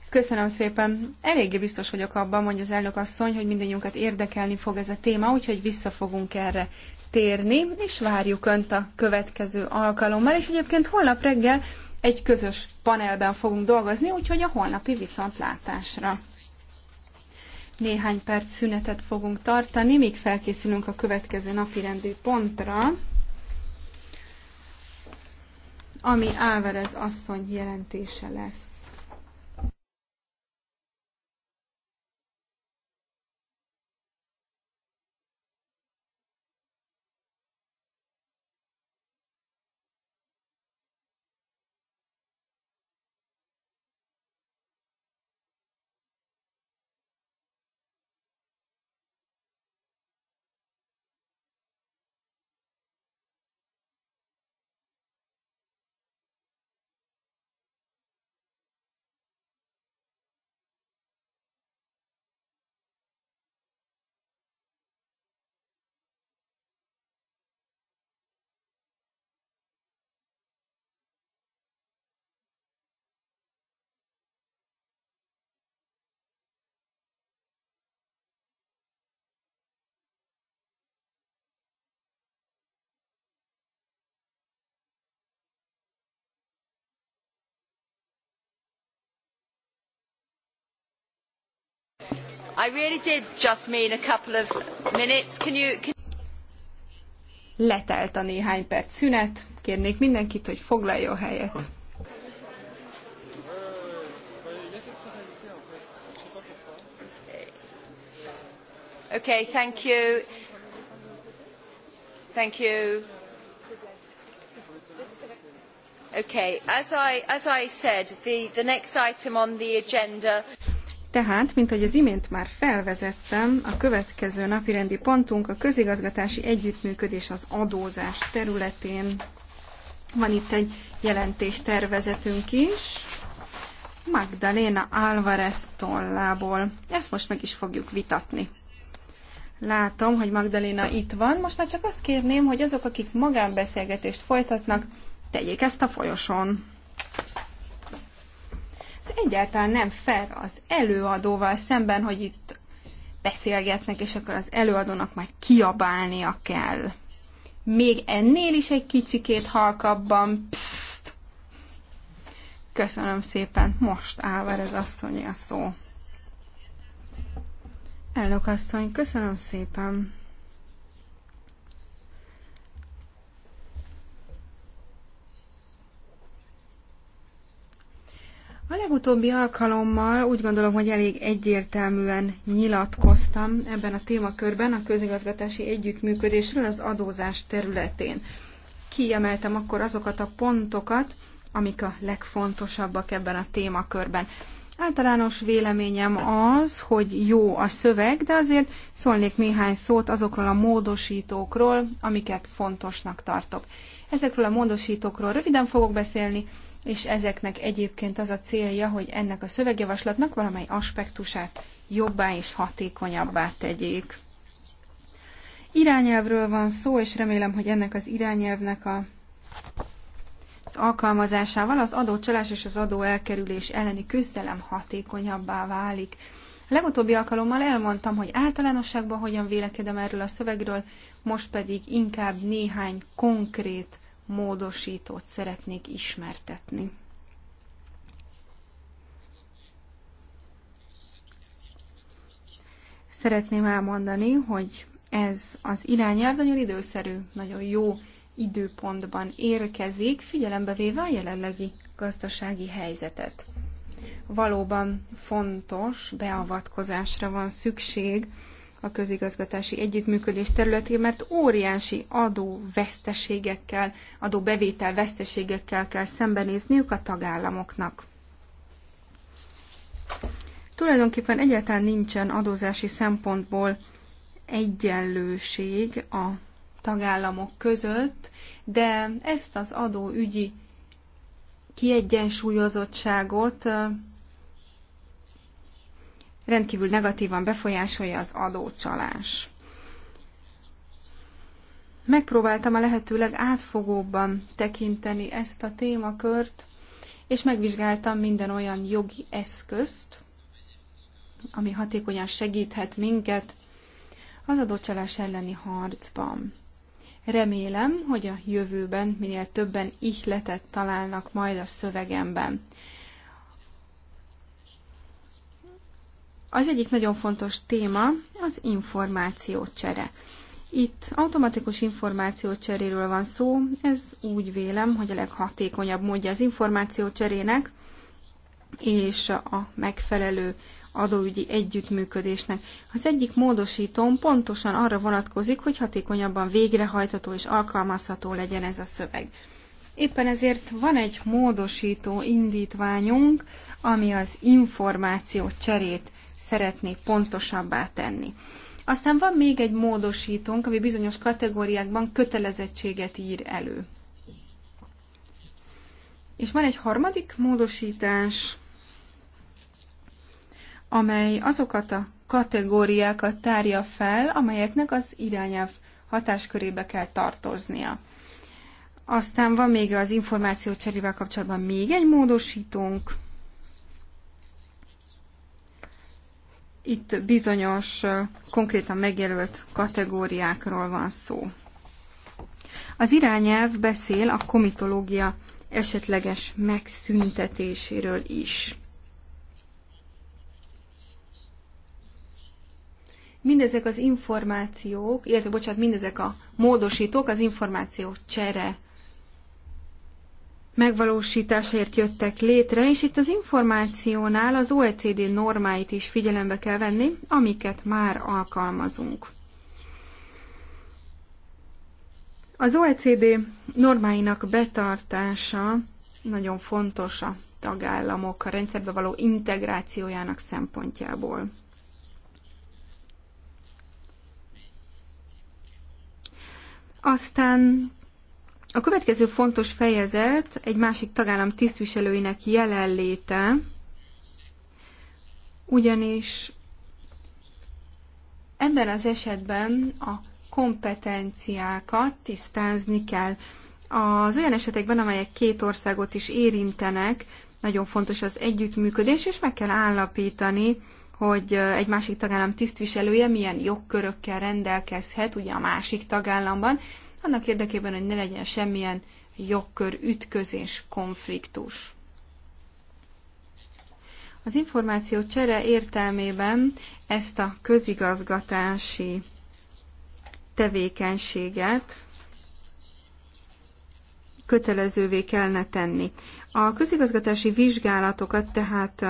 Köszönöm szépen. Eléggé biztos vagyok abban, mondja az elnök asszony, hogy mindenjunkat érdekelni fog ez a téma, úgyhogy vissza fogunk erre térni, és várjuk Önt a következő alkalommal, és egyébként holnap reggel egy közös panelben fogunk dolgozni, úgyhogy a holnapi viszontlátásra. Néhány perc szünetet fogunk tartani, míg felkészülünk a következő napi rendi pontra, ami Áverez asszony jelentése lesz. Letelt a néhány perc szünet. Kérnék mindenkit, hogy foglaljon helyet. Okay, thank you. Thank you. Okay, as I, as I said, the, the next item on the agenda tehát, mint ahogy az imént már felvezettem, a következő napirendi pontunk a közigazgatási együttműködés az adózás területén. Van itt egy jelentéstervezetünk is, Magdalena Álvarez tollából. Ezt most meg is fogjuk vitatni. Látom, hogy Magdalena itt van. Most már csak azt kérném, hogy azok, akik magánbeszélgetést folytatnak, tegyék ezt a folyosón. Ez egyáltalán nem fair az előadóval szemben, hogy itt beszélgetnek, és akkor az előadónak már kiabálnia kell. Még ennél is egy kicsikét halkabban. Pszt! Köszönöm szépen. Most ez asszony a szó. Elnök asszony, köszönöm szépen. A legutóbbi alkalommal úgy gondolom, hogy elég egyértelműen nyilatkoztam ebben a témakörben a közigazgatási együttműködésről az adózás területén. Kiemeltem akkor azokat a pontokat, amik a legfontosabbak ebben a témakörben. Általános véleményem az, hogy jó a szöveg, de azért szólnék néhány szót azokról a módosítókról, amiket fontosnak tartok. Ezekről a módosítókról röviden fogok beszélni, és ezeknek egyébként az a célja, hogy ennek a szövegjavaslatnak valamely aspektusát jobbá és hatékonyabbá tegyék. Irányelvről van szó, és remélem, hogy ennek az irányelvnek a, az alkalmazásával az adócsalás és az adóelkerülés elleni küzdelem hatékonyabbá válik. A legutóbbi alkalommal elmondtam, hogy általánosságban hogyan vélekedem erről a szövegről, most pedig inkább néhány konkrét módosítót szeretnék ismertetni. Szeretném elmondani, hogy ez az irányelv nagyon időszerű, nagyon jó időpontban érkezik, figyelembe véve a jelenlegi gazdasági helyzetet. Valóban fontos beavatkozásra van szükség a közigazgatási együttműködés területén, mert óriási adóveszteségekkel, adóbevétel veszteségekkel kell szembenézniük a tagállamoknak. Tulajdonképpen egyáltalán nincsen adózási szempontból egyenlőség a tagállamok között, de ezt az adóügyi kiegyensúlyozottságot rendkívül negatívan befolyásolja az adócsalás. Megpróbáltam a lehetőleg átfogóbban tekinteni ezt a témakört, és megvizsgáltam minden olyan jogi eszközt, ami hatékonyan segíthet minket az adócsalás elleni harcban. Remélem, hogy a jövőben minél többen ihletet találnak majd a szövegemben. Az egyik nagyon fontos téma az információcsere. Itt automatikus információcseréről van szó, ez úgy vélem, hogy a leghatékonyabb módja az információcserének és a megfelelő adóügyi együttműködésnek. Az egyik módosítón pontosan arra vonatkozik, hogy hatékonyabban végrehajtható és alkalmazható legyen ez a szöveg. Éppen ezért van egy módosító indítványunk, ami az információ cserét szeretné pontosabbá tenni. Aztán van még egy módosítónk, ami bizonyos kategóriákban kötelezettséget ír elő. És van egy harmadik módosítás, amely azokat a kategóriákat tárja fel, amelyeknek az irányelv hatáskörébe kell tartoznia. Aztán van még az információcserével kapcsolatban még egy módosítónk, Itt bizonyos konkrétan megjelölt kategóriákról van szó. Az irányelv beszél a komitológia esetleges megszüntetéséről is. Mindezek az információk, illetve bocsánat, mindezek a módosítók az információ csere Megvalósításért jöttek létre, és itt az információnál az OECD normáit is figyelembe kell venni, amiket már alkalmazunk. Az OECD normáinak betartása nagyon fontos a tagállamok a rendszerbe való integrációjának szempontjából. Aztán a következő fontos fejezet egy másik tagállam tisztviselőinek jelenléte, ugyanis ebben az esetben a kompetenciákat tisztázni kell. Az olyan esetekben, amelyek két országot is érintenek, nagyon fontos az együttműködés, és meg kell állapítani, hogy egy másik tagállam tisztviselője milyen jogkörökkel rendelkezhet, ugye a másik tagállamban, annak érdekében, hogy ne legyen semmilyen jogkör ütközés, konfliktus. Az információ csere értelmében ezt a közigazgatási tevékenységet kötelezővé kellene tenni. A közigazgatási vizsgálatokat tehát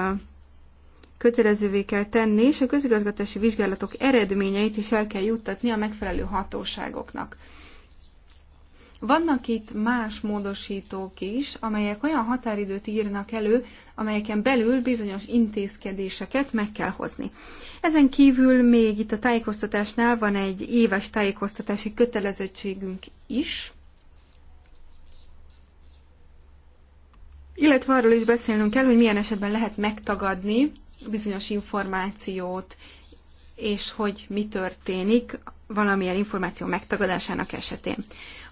kötelezővé kell tenni, és a közigazgatási vizsgálatok eredményeit is el kell juttatni a megfelelő hatóságoknak. Vannak itt más módosítók is, amelyek olyan határidőt írnak elő, amelyeken belül bizonyos intézkedéseket meg kell hozni. Ezen kívül még itt a tájékoztatásnál van egy éves tájékoztatási kötelezettségünk is, illetve arról is beszélnünk kell, hogy milyen esetben lehet megtagadni bizonyos információt, és hogy mi történik valamilyen információ megtagadásának esetén.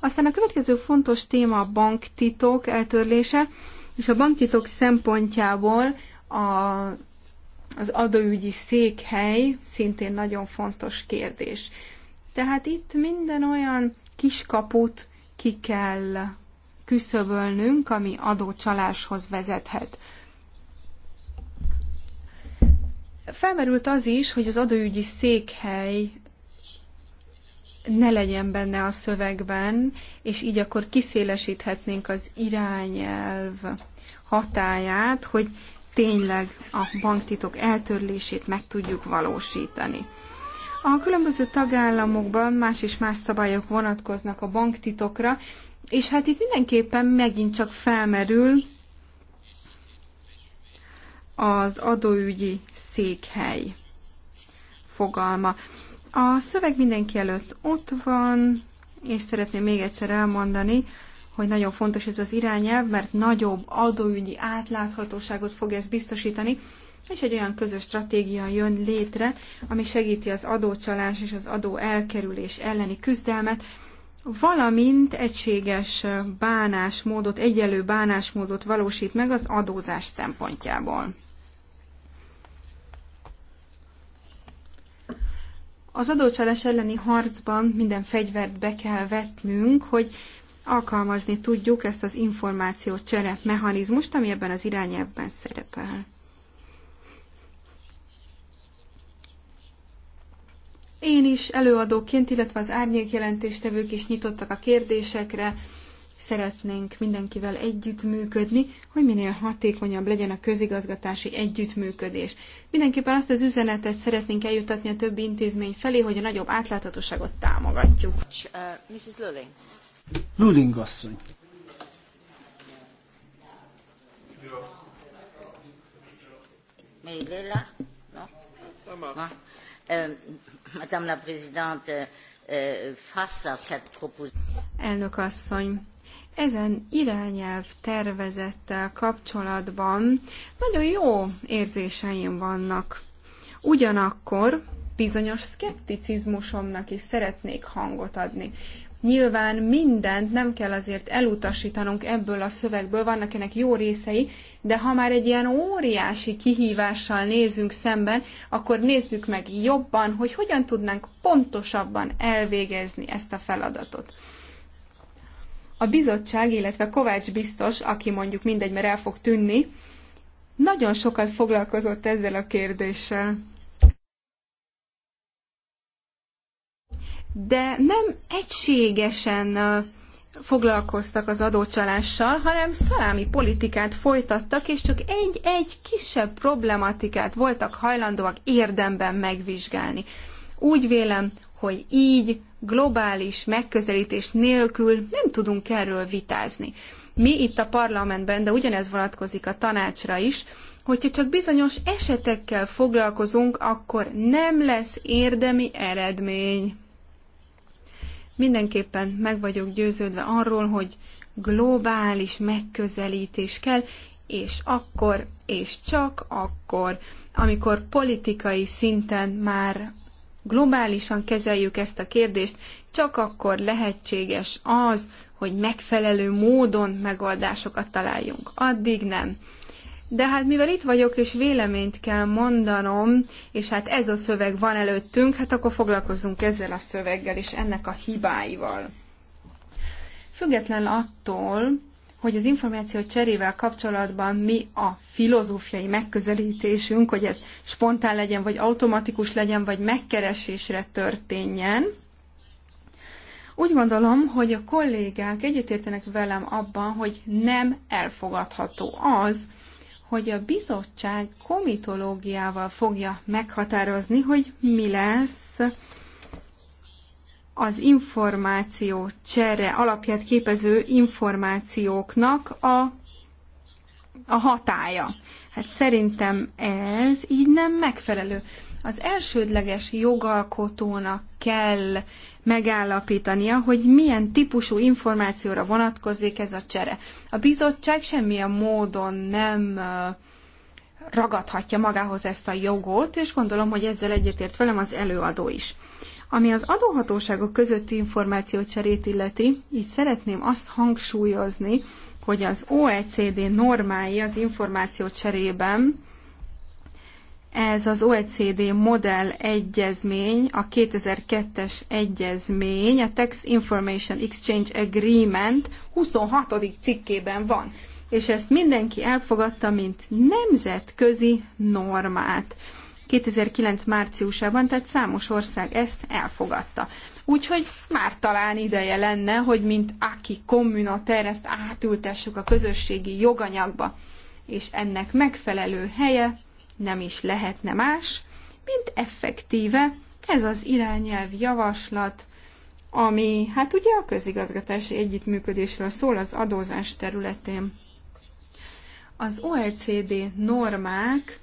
Aztán a következő fontos téma a banktitok eltörlése, és a banktitok szempontjából a, az adóügyi székhely szintén nagyon fontos kérdés. Tehát itt minden olyan kiskaput ki kell küszöbölnünk, ami adócsaláshoz vezethet. Felmerült az is, hogy az adóügyi székhely ne legyen benne a szövegben, és így akkor kiszélesíthetnénk az irányelv hatáját, hogy tényleg a banktitok eltörlését meg tudjuk valósítani. A különböző tagállamokban más és más szabályok vonatkoznak a banktitokra, és hát itt mindenképpen megint csak felmerül az adóügyi székhely fogalma. A szöveg mindenki előtt ott van, és szeretném még egyszer elmondani, hogy nagyon fontos ez az irányelv, mert nagyobb adóügyi átláthatóságot fog ez biztosítani, és egy olyan közös stratégia jön létre, ami segíti az adócsalás és az adó elkerülés elleni küzdelmet, valamint egységes bánásmódot, egyelő bánásmódot valósít meg az adózás szempontjából. Az adócsalás elleni harcban minden fegyvert be kell vetnünk, hogy alkalmazni tudjuk ezt az információ csere mechanizmust, ami ebben az irányelvben szerepel. Én is előadóként, illetve az árnyék jelentéstevők is nyitottak a kérdésekre, Szeretnénk mindenkivel együttműködni, hogy minél hatékonyabb legyen a közigazgatási együttműködés. Mindenképpen azt az üzenetet szeretnénk eljutatni a többi intézmény felé, hogy a nagyobb átláthatóságot támogatjuk. Mrs. Uh, Luling. Luling asszony. Mais il est là, non Ça marche. Euh, Madame la Présidente, euh, face à cette proposition. Elnök asszony, ezen irányelv tervezettel kapcsolatban nagyon jó érzéseim vannak. Ugyanakkor bizonyos szkepticizmusomnak is szeretnék hangot adni. Nyilván mindent nem kell azért elutasítanunk ebből a szövegből, vannak ennek jó részei, de ha már egy ilyen óriási kihívással nézünk szemben, akkor nézzük meg jobban, hogy hogyan tudnánk pontosabban elvégezni ezt a feladatot a bizottság, illetve Kovács biztos, aki mondjuk mindegy, mert el fog tűnni, nagyon sokat foglalkozott ezzel a kérdéssel. De nem egységesen foglalkoztak az adócsalással, hanem szalámi politikát folytattak, és csak egy-egy kisebb problematikát voltak hajlandóak érdemben megvizsgálni. Úgy vélem, hogy így globális megközelítés nélkül nem tudunk erről vitázni. Mi itt a parlamentben, de ugyanez vonatkozik a tanácsra is, hogyha csak bizonyos esetekkel foglalkozunk, akkor nem lesz érdemi eredmény. Mindenképpen meg vagyok győződve arról, hogy globális megközelítés kell, és akkor, és csak akkor, amikor politikai szinten már globálisan kezeljük ezt a kérdést, csak akkor lehetséges az, hogy megfelelő módon megoldásokat találjunk. Addig nem. De hát mivel itt vagyok, és véleményt kell mondanom, és hát ez a szöveg van előttünk, hát akkor foglalkozunk ezzel a szöveggel és ennek a hibáival. Független attól, hogy az információ cserével kapcsolatban mi a filozófiai megközelítésünk, hogy ez spontán legyen, vagy automatikus legyen, vagy megkeresésre történjen. Úgy gondolom, hogy a kollégák egyetértenek velem abban, hogy nem elfogadható az, hogy a bizottság komitológiával fogja meghatározni, hogy mi lesz az információ csere alapját képező információknak a, a hatája. Hát szerintem ez így nem megfelelő. Az elsődleges jogalkotónak kell megállapítania, hogy milyen típusú információra vonatkozik ez a csere. A bizottság semmilyen módon nem ragadhatja magához ezt a jogot, és gondolom, hogy ezzel egyetért velem az előadó is. Ami az adóhatóságok közötti információcserét illeti, így szeretném azt hangsúlyozni, hogy az OECD normái az információcserében, ez az OECD modell egyezmény, a 2002-es egyezmény, a Tax Information Exchange Agreement 26. cikkében van. És ezt mindenki elfogadta, mint nemzetközi normát. 2009 márciusában, tehát számos ország ezt elfogadta. Úgyhogy már talán ideje lenne, hogy mint aki kommunater ezt átültessük a közösségi joganyagba, és ennek megfelelő helye nem is lehetne más, mint effektíve ez az irányelv javaslat, ami hát ugye a közigazgatási együttműködésről szól az adózás területén. Az OECD normák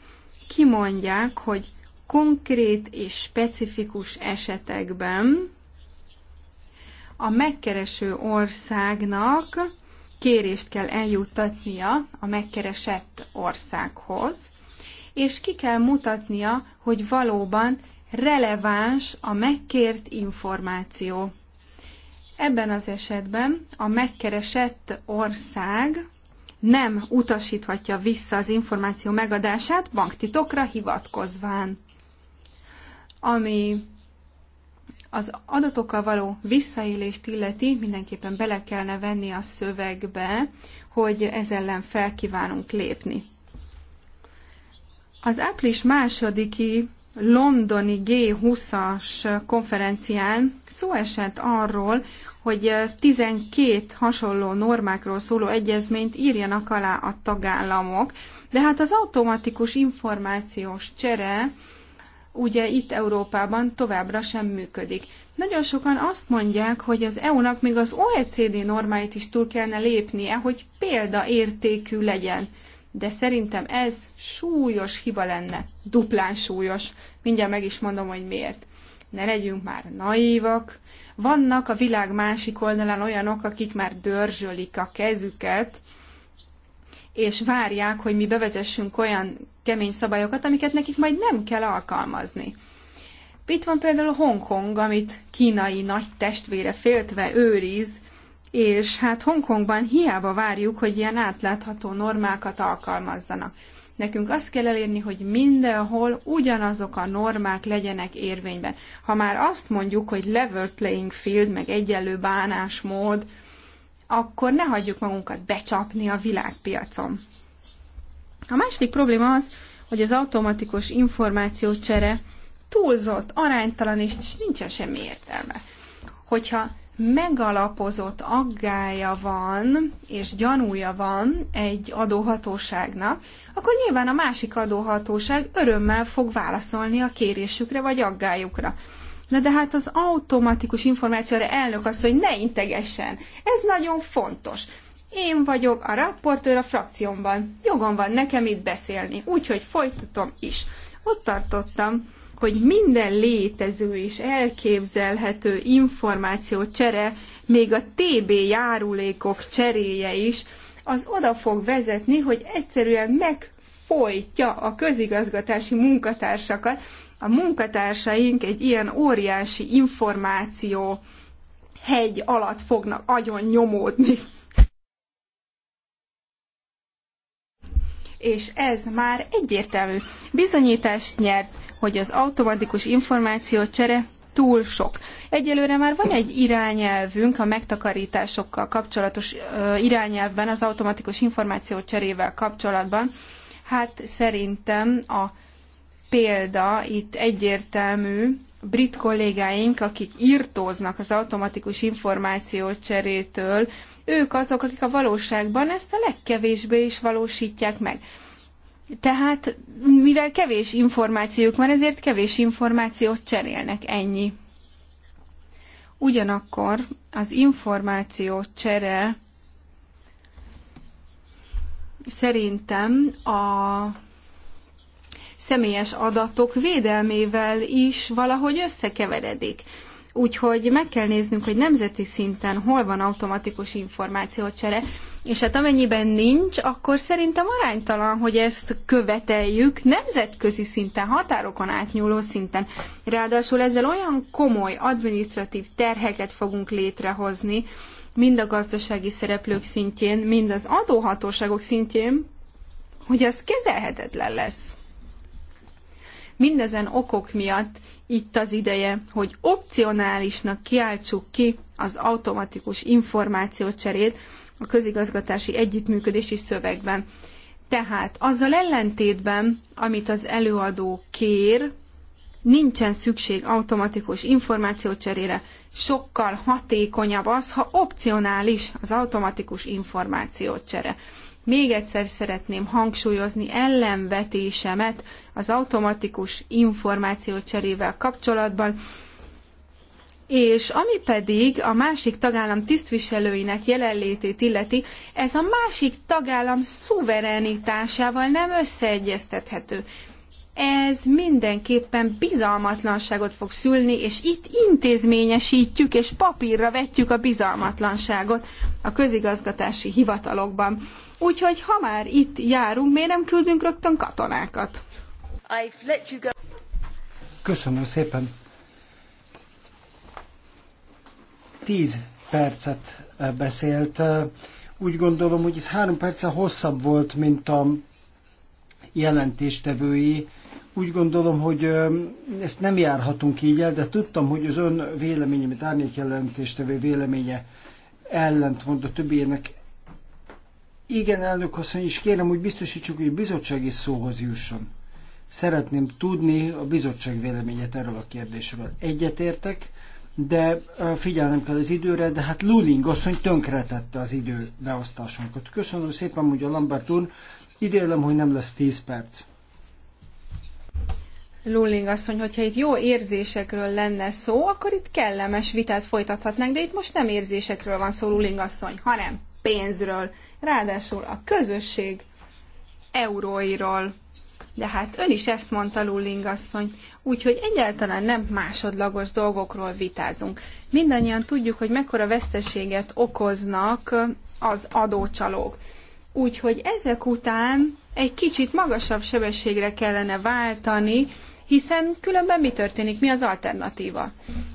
kimondják, hogy konkrét és specifikus esetekben a megkereső országnak kérést kell eljuttatnia a megkeresett országhoz, és ki kell mutatnia, hogy valóban releváns a megkért információ. Ebben az esetben a megkeresett ország nem utasíthatja vissza az információ megadását banktitokra hivatkozván. Ami az adatokkal való visszaélést illeti, mindenképpen bele kellene venni a szövegbe, hogy ez ellen felkívánunk lépni. Az április másodiki londoni G20-as konferencián szó esett arról, hogy 12 hasonló normákról szóló egyezményt írjanak alá a tagállamok, de hát az automatikus információs csere ugye itt Európában továbbra sem működik. Nagyon sokan azt mondják, hogy az EU-nak még az OECD normáit is túl kellene lépnie, hogy példaértékű legyen. De szerintem ez súlyos hiba lenne, duplán súlyos. Mindjárt meg is mondom, hogy miért ne legyünk már naívak. Vannak a világ másik oldalán olyanok, akik már dörzsölik a kezüket, és várják, hogy mi bevezessünk olyan kemény szabályokat, amiket nekik majd nem kell alkalmazni. Itt van például Hongkong, amit kínai nagy testvére féltve őriz, és hát Hongkongban hiába várjuk, hogy ilyen átlátható normákat alkalmazzanak. Nekünk azt kell elérni, hogy mindenhol ugyanazok a normák legyenek érvényben. Ha már azt mondjuk, hogy level playing field, meg egyenlő bánásmód, akkor ne hagyjuk magunkat becsapni a világpiacon. A másik probléma az, hogy az automatikus információcsere túlzott, aránytalan, és nincsen semmi értelme. Hogyha megalapozott aggája van, és gyanúja van egy adóhatóságnak, akkor nyilván a másik adóhatóság örömmel fog válaszolni a kérésükre vagy aggájukra. Na de hát az automatikus információra elnök az, hogy ne integessen. Ez nagyon fontos. Én vagyok a rapportőr a frakciómban. Jogom van nekem itt beszélni, úgyhogy folytatom is. Ott tartottam, hogy minden létező és elképzelhető információ csere, még a TB járulékok cseréje is, az oda fog vezetni, hogy egyszerűen megfojtja a közigazgatási munkatársakat. A munkatársaink egy ilyen óriási információ hegy alatt fognak agyon nyomódni. És ez már egyértelmű. Bizonyítást nyert, hogy az automatikus információcsere túl sok. Egyelőre már van egy irányelvünk a megtakarításokkal kapcsolatos irányelvben, az automatikus információcserével kapcsolatban. Hát szerintem a példa itt egyértelmű, brit kollégáink, akik írtóznak az automatikus információcserétől, ők azok, akik a valóságban ezt a legkevésbé is valósítják meg. Tehát, mivel kevés információk van, ezért kevés információt cserélnek, ennyi. Ugyanakkor az információ csere szerintem a személyes adatok védelmével is valahogy összekeveredik. Úgyhogy meg kell néznünk, hogy nemzeti szinten hol van automatikus információcsere, és hát amennyiben nincs, akkor szerintem aránytalan, hogy ezt követeljük nemzetközi szinten, határokon átnyúló szinten. Ráadásul ezzel olyan komoly administratív terheket fogunk létrehozni, mind a gazdasági szereplők szintjén, mind az adóhatóságok szintjén, hogy az kezelhetetlen lesz. Mindezen okok miatt itt az ideje, hogy opcionálisnak kiáltsuk ki az automatikus információcserét, a közigazgatási együttműködési szövegben. Tehát azzal ellentétben, amit az előadó kér, nincsen szükség automatikus információcserére, sokkal hatékonyabb az, ha opcionális az automatikus információcsere. Még egyszer szeretném hangsúlyozni ellenvetésemet az automatikus információcserével kapcsolatban, és ami pedig a másik tagállam tisztviselőinek jelenlétét illeti, ez a másik tagállam szuverenitásával nem összeegyeztethető. Ez mindenképpen bizalmatlanságot fog szülni, és itt intézményesítjük és papírra vetjük a bizalmatlanságot a közigazgatási hivatalokban. Úgyhogy ha már itt járunk, miért nem küldünk rögtön katonákat? Köszönöm szépen! 10 percet eh, beszélt. Eh, úgy gondolom, hogy ez három perce hosszabb volt, mint a jelentéstevői. Úgy gondolom, hogy eh, ezt nem járhatunk így el, de tudtam, hogy az ön véleménye, mint árnyék jelentéstevő véleménye ellentmond a többiének. Igen, elnök asszony, és kérem, hogy biztosítsuk, hogy a bizottság is szóhoz jusson. Szeretném tudni a bizottság véleményét erről a kérdésről. Egyetértek, de figyelnem kell az időre, de hát Luling asszony tönkretette az időbeosztásunkat. Köszönöm szépen, mondja Lambert úr, idélem, hogy nem lesz 10 perc. Lulling asszony, hogyha itt jó érzésekről lenne szó, akkor itt kellemes vitát folytathatnánk, de itt most nem érzésekről van szó, Lulling asszony, hanem pénzről, ráadásul a közösség euróiról. De hát ön is ezt mondta, Lulling asszony, úgyhogy egyáltalán nem másodlagos dolgokról vitázunk. Mindannyian tudjuk, hogy mekkora veszteséget okoznak az adócsalók. Úgyhogy ezek után egy kicsit magasabb sebességre kellene váltani, hiszen különben mi történik, mi az alternatíva?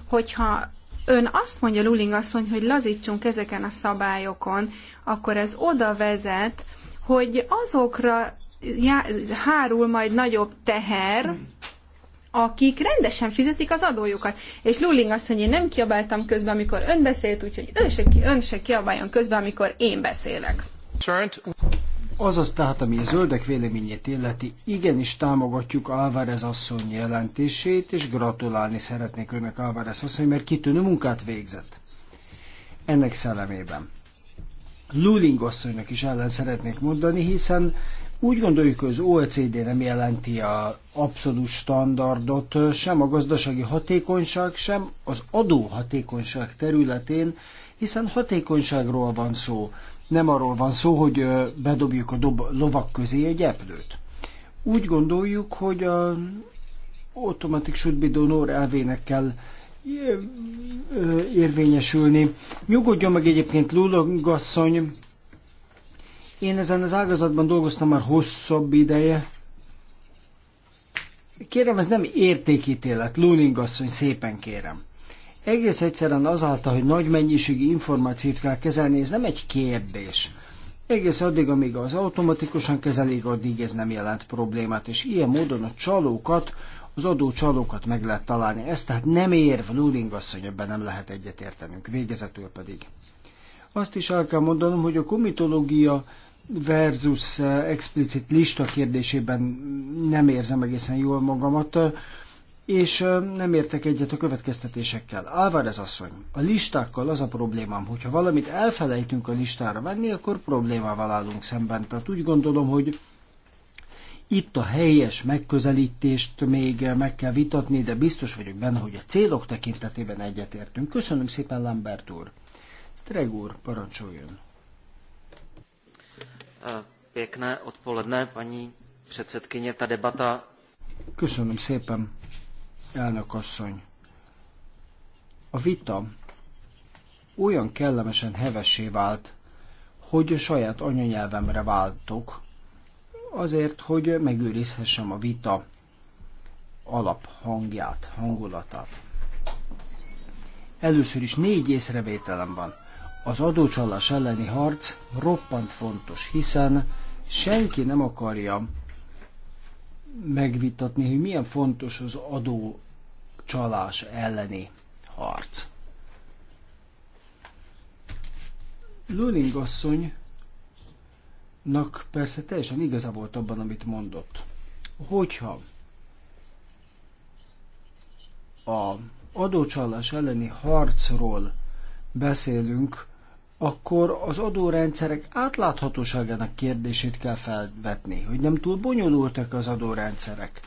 Hogyha ön azt mondja, Luling asszony, hogy lazítsunk ezeken a szabályokon, akkor ez oda vezet, hogy azokra hárul majd nagyobb teher, akik rendesen fizetik az adójukat. És Luling azt, hogy én nem kiabáltam közben, amikor ön beszélt, úgyhogy ön se, ön se kiabáljon közben, amikor én beszélek. Azaz tehát, ami a zöldek véleményét illeti, igenis támogatjuk Álvarez asszony jelentését, és gratulálni szeretnék önnek Álvarez asszony, mert kitűnő munkát végzett. Ennek szellemében. Luling asszonynak is ellen szeretnék mondani, hiszen úgy gondoljuk, hogy az OECD nem jelenti a abszolút standardot, sem a gazdasági hatékonyság, sem az adó hatékonyság területén, hiszen hatékonyságról van szó. Nem arról van szó, hogy bedobjuk a dob, lovak közé egy eplőt. Úgy gondoljuk, hogy a automatic should be donor elvének kell érvényesülni. Nyugodjon meg egyébként Lulogasszony, én ezen az ágazatban dolgoztam már hosszabb ideje. Kérem, ez nem értékítélet, Luning asszony, szépen kérem. Egész egyszerűen azáltal, hogy nagy mennyiségű információt kell kezelni, ez nem egy kérdés. Egész addig, amíg az automatikusan kezelik, addig ez nem jelent problémát, és ilyen módon a csalókat, az adó csalókat meg lehet találni. Ez tehát nem érv, Luling asszony, ebben nem lehet egyetértenünk. Végezetül pedig. Azt is el kell mondanom, hogy a komitológia versus eh, explicit lista kérdésében nem érzem egészen jól magamat, eh, és eh, nem értek egyet a következtetésekkel. Álvarez asszony, a listákkal az a problémám, hogyha valamit elfelejtünk a listára venni, akkor problémával állunk szemben. Tehát úgy gondolom, hogy itt a helyes megközelítést még meg kell vitatni, de biztos vagyok benne, hogy a célok tekintetében egyetértünk. Köszönöm szépen, Lambert úr. Streg úr, parancsoljon. Eh, pěkné odpoledne, paní předsedkyně, ta debata... Köszönöm szépen, elnök asszony. A vita olyan kellemesen hevesé vált, hogy a saját anyanyelvemre váltok, azért, hogy megőrizhessem a vita alaphangját, hangulatát. Először is négy észrevételem van. Az adócsalás elleni harc roppant fontos, hiszen senki nem akarja megvitatni, hogy milyen fontos az adócsalás elleni harc. Luling asszonynak persze teljesen igaza volt abban, amit mondott. Hogyha a adócsalás elleni harcról beszélünk, akkor az adórendszerek átláthatóságának kérdését kell felvetni, hogy nem túl bonyolultak az adórendszerek,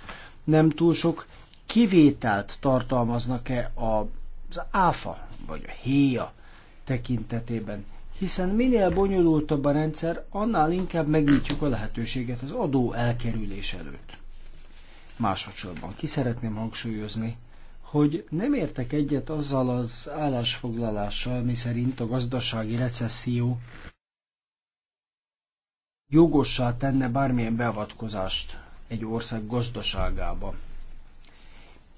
nem túl sok kivételt tartalmaznak-e az áfa vagy a héja tekintetében, hiszen minél bonyolultabb a rendszer, annál inkább megnyitjuk a lehetőséget az adó elkerülés előtt. Másodszorban ki szeretném hangsúlyozni, hogy nem értek egyet azzal az állásfoglalással, miszerint a gazdasági recesszió jogossá tenne bármilyen beavatkozást egy ország gazdaságába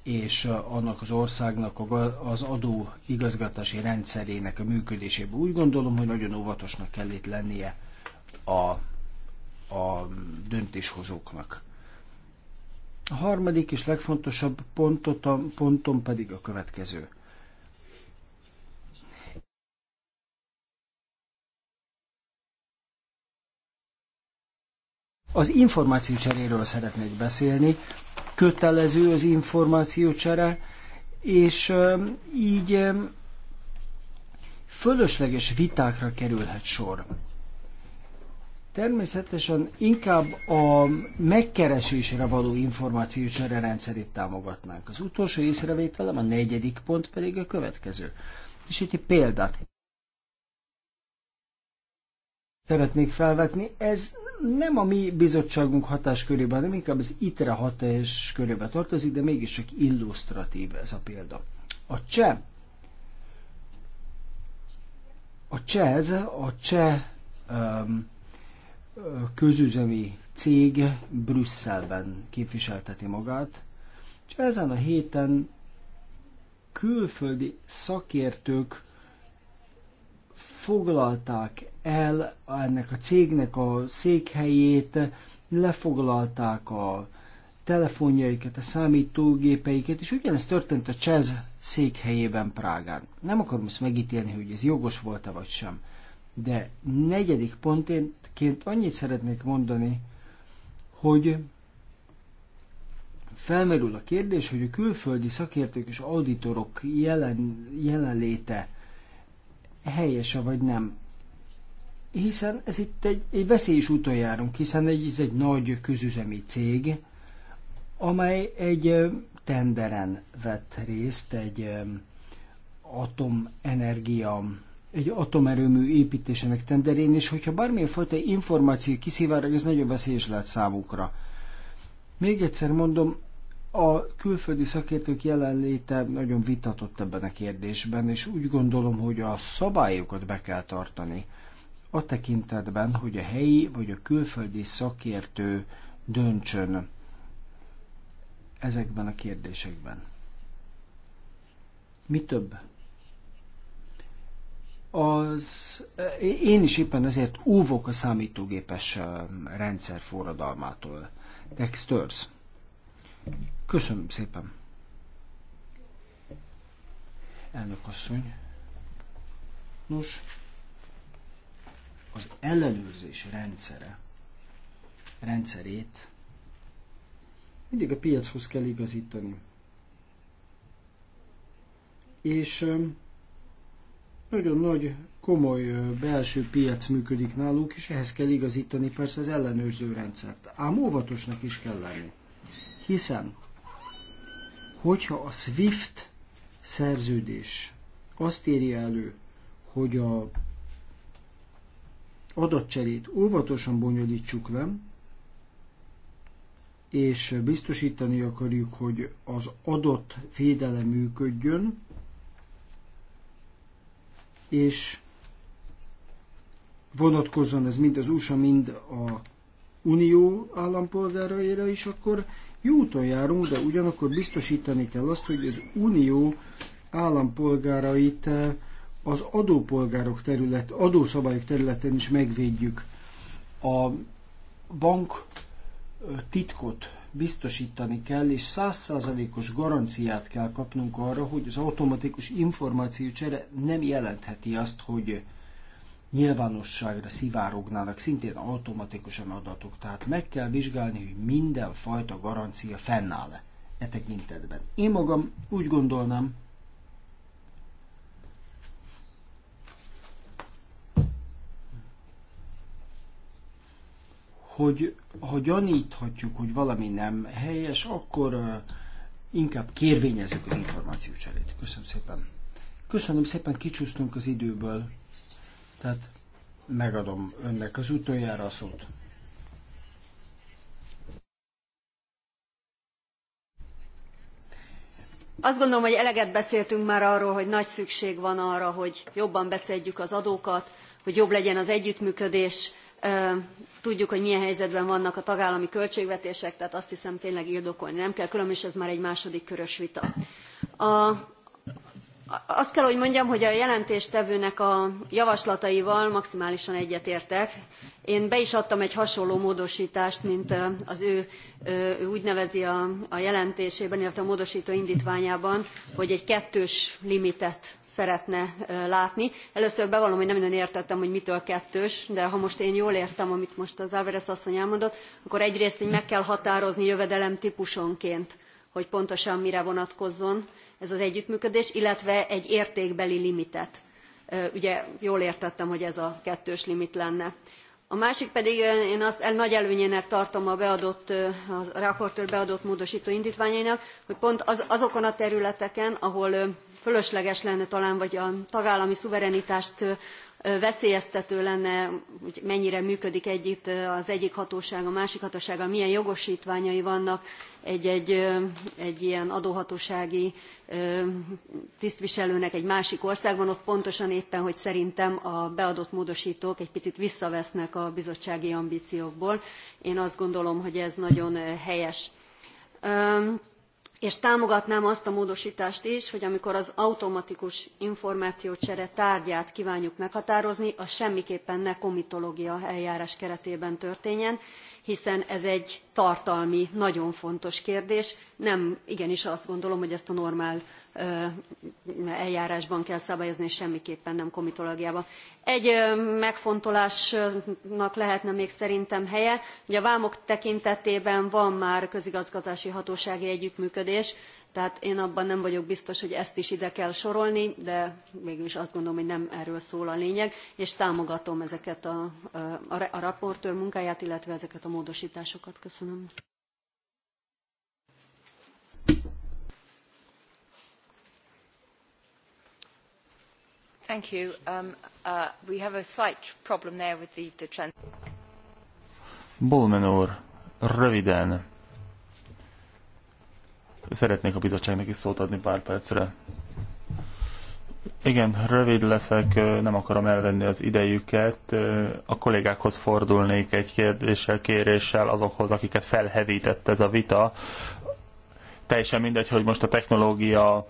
és annak az országnak az adó igazgatási rendszerének a működésébe. Úgy gondolom, hogy nagyon óvatosnak kell itt lennie a, a döntéshozóknak. A harmadik és legfontosabb pontot, a, ponton pedig a következő. Az információcseréről szeretnék beszélni. Kötelező az információcsere, és um, így um, fölösleges vitákra kerülhet sor. Természetesen inkább a megkeresésre való információcsere rendszerét támogatnánk. Az utolsó észrevételem, a negyedik pont pedig a következő. És itt egy példát szeretnék felvetni. Ez nem a mi bizottságunk hatáskörében, hanem inkább az ITRE hatáskörébe tartozik, de mégiscsak illusztratív ez a példa. A cseh, a cseh, a cseh um, közüzemi cég Brüsszelben képviselteti magát, és ezen a héten külföldi szakértők foglalták el ennek a cégnek a székhelyét, lefoglalták a telefonjaikat, a számítógépeiket, és ugyanezt történt a Csez székhelyében Prágán. Nem akarom ezt megítélni, hogy ez jogos volt-e vagy sem, de negyedik pontén zárásként annyit szeretnék mondani, hogy felmerül a kérdés, hogy a külföldi szakértők és auditorok jelen, jelenléte helyese vagy nem. Hiszen ez itt egy, egy veszélyes úton járunk, hiszen egy, ez egy nagy közüzemi cég, amely egy tenderen vett részt, egy atomenergia egy atomerőmű építésének tenderén, és hogyha bármilyen fajta információ kiszivárog, ez nagyon veszélyes lehet számukra. Még egyszer mondom, a külföldi szakértők jelenléte nagyon vitatott ebben a kérdésben, és úgy gondolom, hogy a szabályokat be kell tartani. A tekintetben, hogy a helyi vagy a külföldi szakértő döntsön ezekben a kérdésekben. Mi több, az, eh, én is éppen ezért óvok a számítógépes eh, rendszer forradalmától. Dexters. Köszönöm szépen. Elnök asszony. Nos, az ellenőrzés rendszere, rendszerét mindig a piachoz kell igazítani. És eh, nagyon nagy, komoly belső piac működik náluk, és ehhez kell igazítani persze az ellenőrző rendszert. Ám óvatosnak is kell lenni. Hiszen, hogyha a SWIFT szerződés azt éri elő, hogy a adatcserét óvatosan bonyolítsuk le, és biztosítani akarjuk, hogy az adott védelem működjön, és vonatkozzon ez mind az USA, mind a Unió állampolgáraira is, akkor jó úton járunk, de ugyanakkor biztosítani kell azt, hogy az Unió állampolgárait eh, az adópolgárok terület, adószabályok területén is megvédjük. A bank eh, titkot biztosítani kell, és százszázalékos garanciát kell kapnunk arra, hogy az automatikus információcsere nem jelentheti azt, hogy nyilvánosságra szivárognának szintén automatikusan adatok. Tehát meg kell vizsgálni, hogy mindenfajta garancia fennáll-e e tekintetben. Én magam úgy gondolnám, hogy ha gyaníthatjuk, hogy valami nem helyes, akkor inkább kérvényezzük az információcserét. Köszönöm szépen. Köszönöm szépen, kicsúsztunk az időből. Tehát megadom önnek az utoljára a szót. azt gondolom hogy eleget beszéltünk már arról hogy nagy szükség van arra hogy jobban beszedjük az adókat hogy jobb legyen az együttműködés tudjuk, hogy milyen helyzetben vannak a tagállami költségvetések, tehát azt hiszem tényleg ildokolni nem kell, különben is ez már egy második körös vita. A azt kell, hogy mondjam, hogy a jelentéstevőnek a javaslataival maximálisan egyetértek. Én be is adtam egy hasonló módostást mint az ő, ő úgy nevezi a, jelentésében, illetve a módostó indítványában, hogy egy kettős limitet szeretne látni. Először bevallom, hogy nem nagyon értettem, hogy mitől kettős, de ha most én jól értem, amit most az alvarez asszony elmondott, akkor egyrészt, hogy meg kell határozni jövedelem típusonként, hogy pontosan mire vonatkozzon, ez az együttműködés, illetve egy értékbeli limitet. Ugye jól értettem, hogy ez a kettős limit lenne. A másik pedig én azt el nagy előnyének tartom a beadott, a raportőr beadott módosító indítványainak, hogy pont az, azokon a területeken, ahol fölösleges lenne talán, vagy a tagállami szuverenitást veszélyeztető lenne, hogy mennyire működik együtt az egyik hatóság a másik hatósággal, milyen jogosítványai vannak egy-egy egy ilyen adóhatósági tisztviselőnek egy másik országban, ott pontosan éppen, hogy szerintem a beadott módosítók egy picit visszavesznek a bizottsági ambíciókból. Én azt gondolom, hogy ez nagyon helyes és támogatnám azt a módostást is hogy amikor az automatikus információcsere tárgyát kvánjuk meghatározni az semmiképpen ne komitológiai eljárás keretében történjen hiszen ez egy tartalmi nagyon fontos kérdés nem igenis azt gondolom hogy ezt a normál eljárásban kell szabályozni és semmiképpen nem komitológiában. egy megfontolásnak lehetne még szerintem helye hogy a vámok tekintetében van már közigazgatási hatósági együttműködés tehát én abban nem vagyok biztos, hogy ezt is ide kell sorolni, de mégis azt gondolom, hogy nem erről szól a lényeg, és támogatom ezeket a, a, a raportőr munkáját, illetve ezeket a módosításokat. Köszönöm. Thank you. Um, uh, we have a slight problem there with the, the röviden Szeretnék a bizottságnak is szót adni pár percre. Igen, rövid leszek, nem akarom elvenni az idejüket. A kollégákhoz fordulnék egy kérdéssel, kéréssel azokhoz, akiket felhevített ez a vita. Teljesen mindegy, hogy most a technológia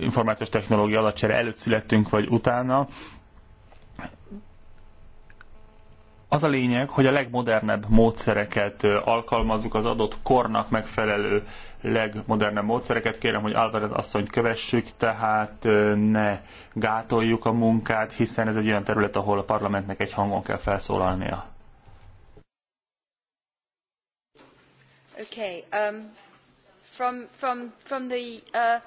információs technológia alatt előtt születtünk, vagy utána. Az a lényeg, hogy a legmodernebb módszereket alkalmazzuk, az adott kornak megfelelő legmodernebb módszereket. Kérem, hogy Alvarez asszonyt kövessük, tehát ne gátoljuk a munkát, hiszen ez egy olyan terület, ahol a parlamentnek egy hangon kell felszólalnia. Okay, um, from, from, from the uh,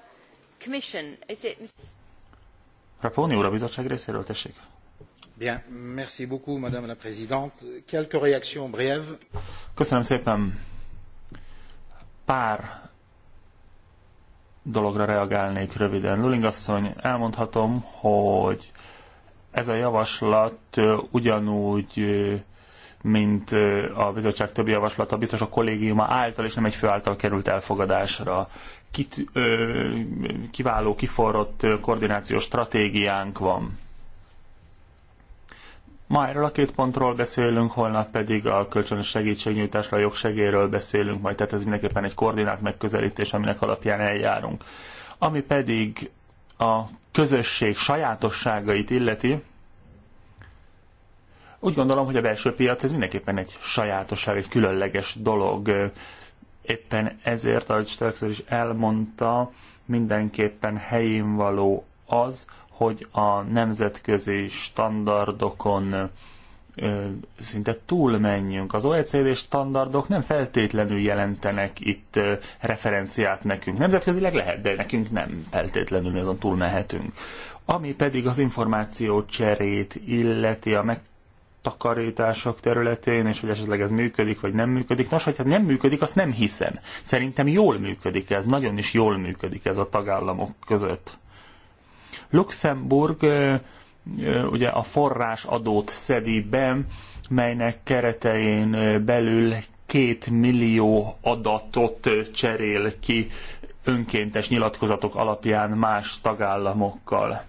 commission, is it... Raponi úr, a bizottság részéről, tessék. Köszönöm szépen. Pár dologra reagálnék röviden. Luling asszony, elmondhatom, hogy ez a javaslat ugyanúgy, mint a bizottság többi javaslata, biztos a kollégiuma által és nem egy fő által került elfogadásra. Kit, ö, kiváló, kiforrott koordinációs stratégiánk van Ma erről a két pontról beszélünk, holnap pedig a kölcsönös segítségnyújtásra, a jogsegéről beszélünk, majd tehát ez mindenképpen egy koordinált megközelítés, aminek alapján eljárunk. Ami pedig a közösség sajátosságait illeti, úgy gondolom, hogy a belső piac ez mindenképpen egy sajátosság, egy különleges dolog. Éppen ezért, ahogy Stelkszor is elmondta, mindenképpen helyén való az, hogy a nemzetközi standardokon szinte szinte túlmenjünk. Az OECD standardok nem feltétlenül jelentenek itt referenciát nekünk. Nemzetközileg lehet, de nekünk nem feltétlenül azon túlmehetünk. Ami pedig az információ cserét illeti, a megtakarítások területén, és hogy esetleg ez működik, vagy nem működik. Nos, hogyha nem működik, azt nem hiszem. Szerintem jól működik ez, nagyon is jól működik ez a tagállamok között. Luxemburg ugye a forrás adót szedi be, melynek keretein belül két millió adatot cserél ki önkéntes nyilatkozatok alapján más tagállamokkal.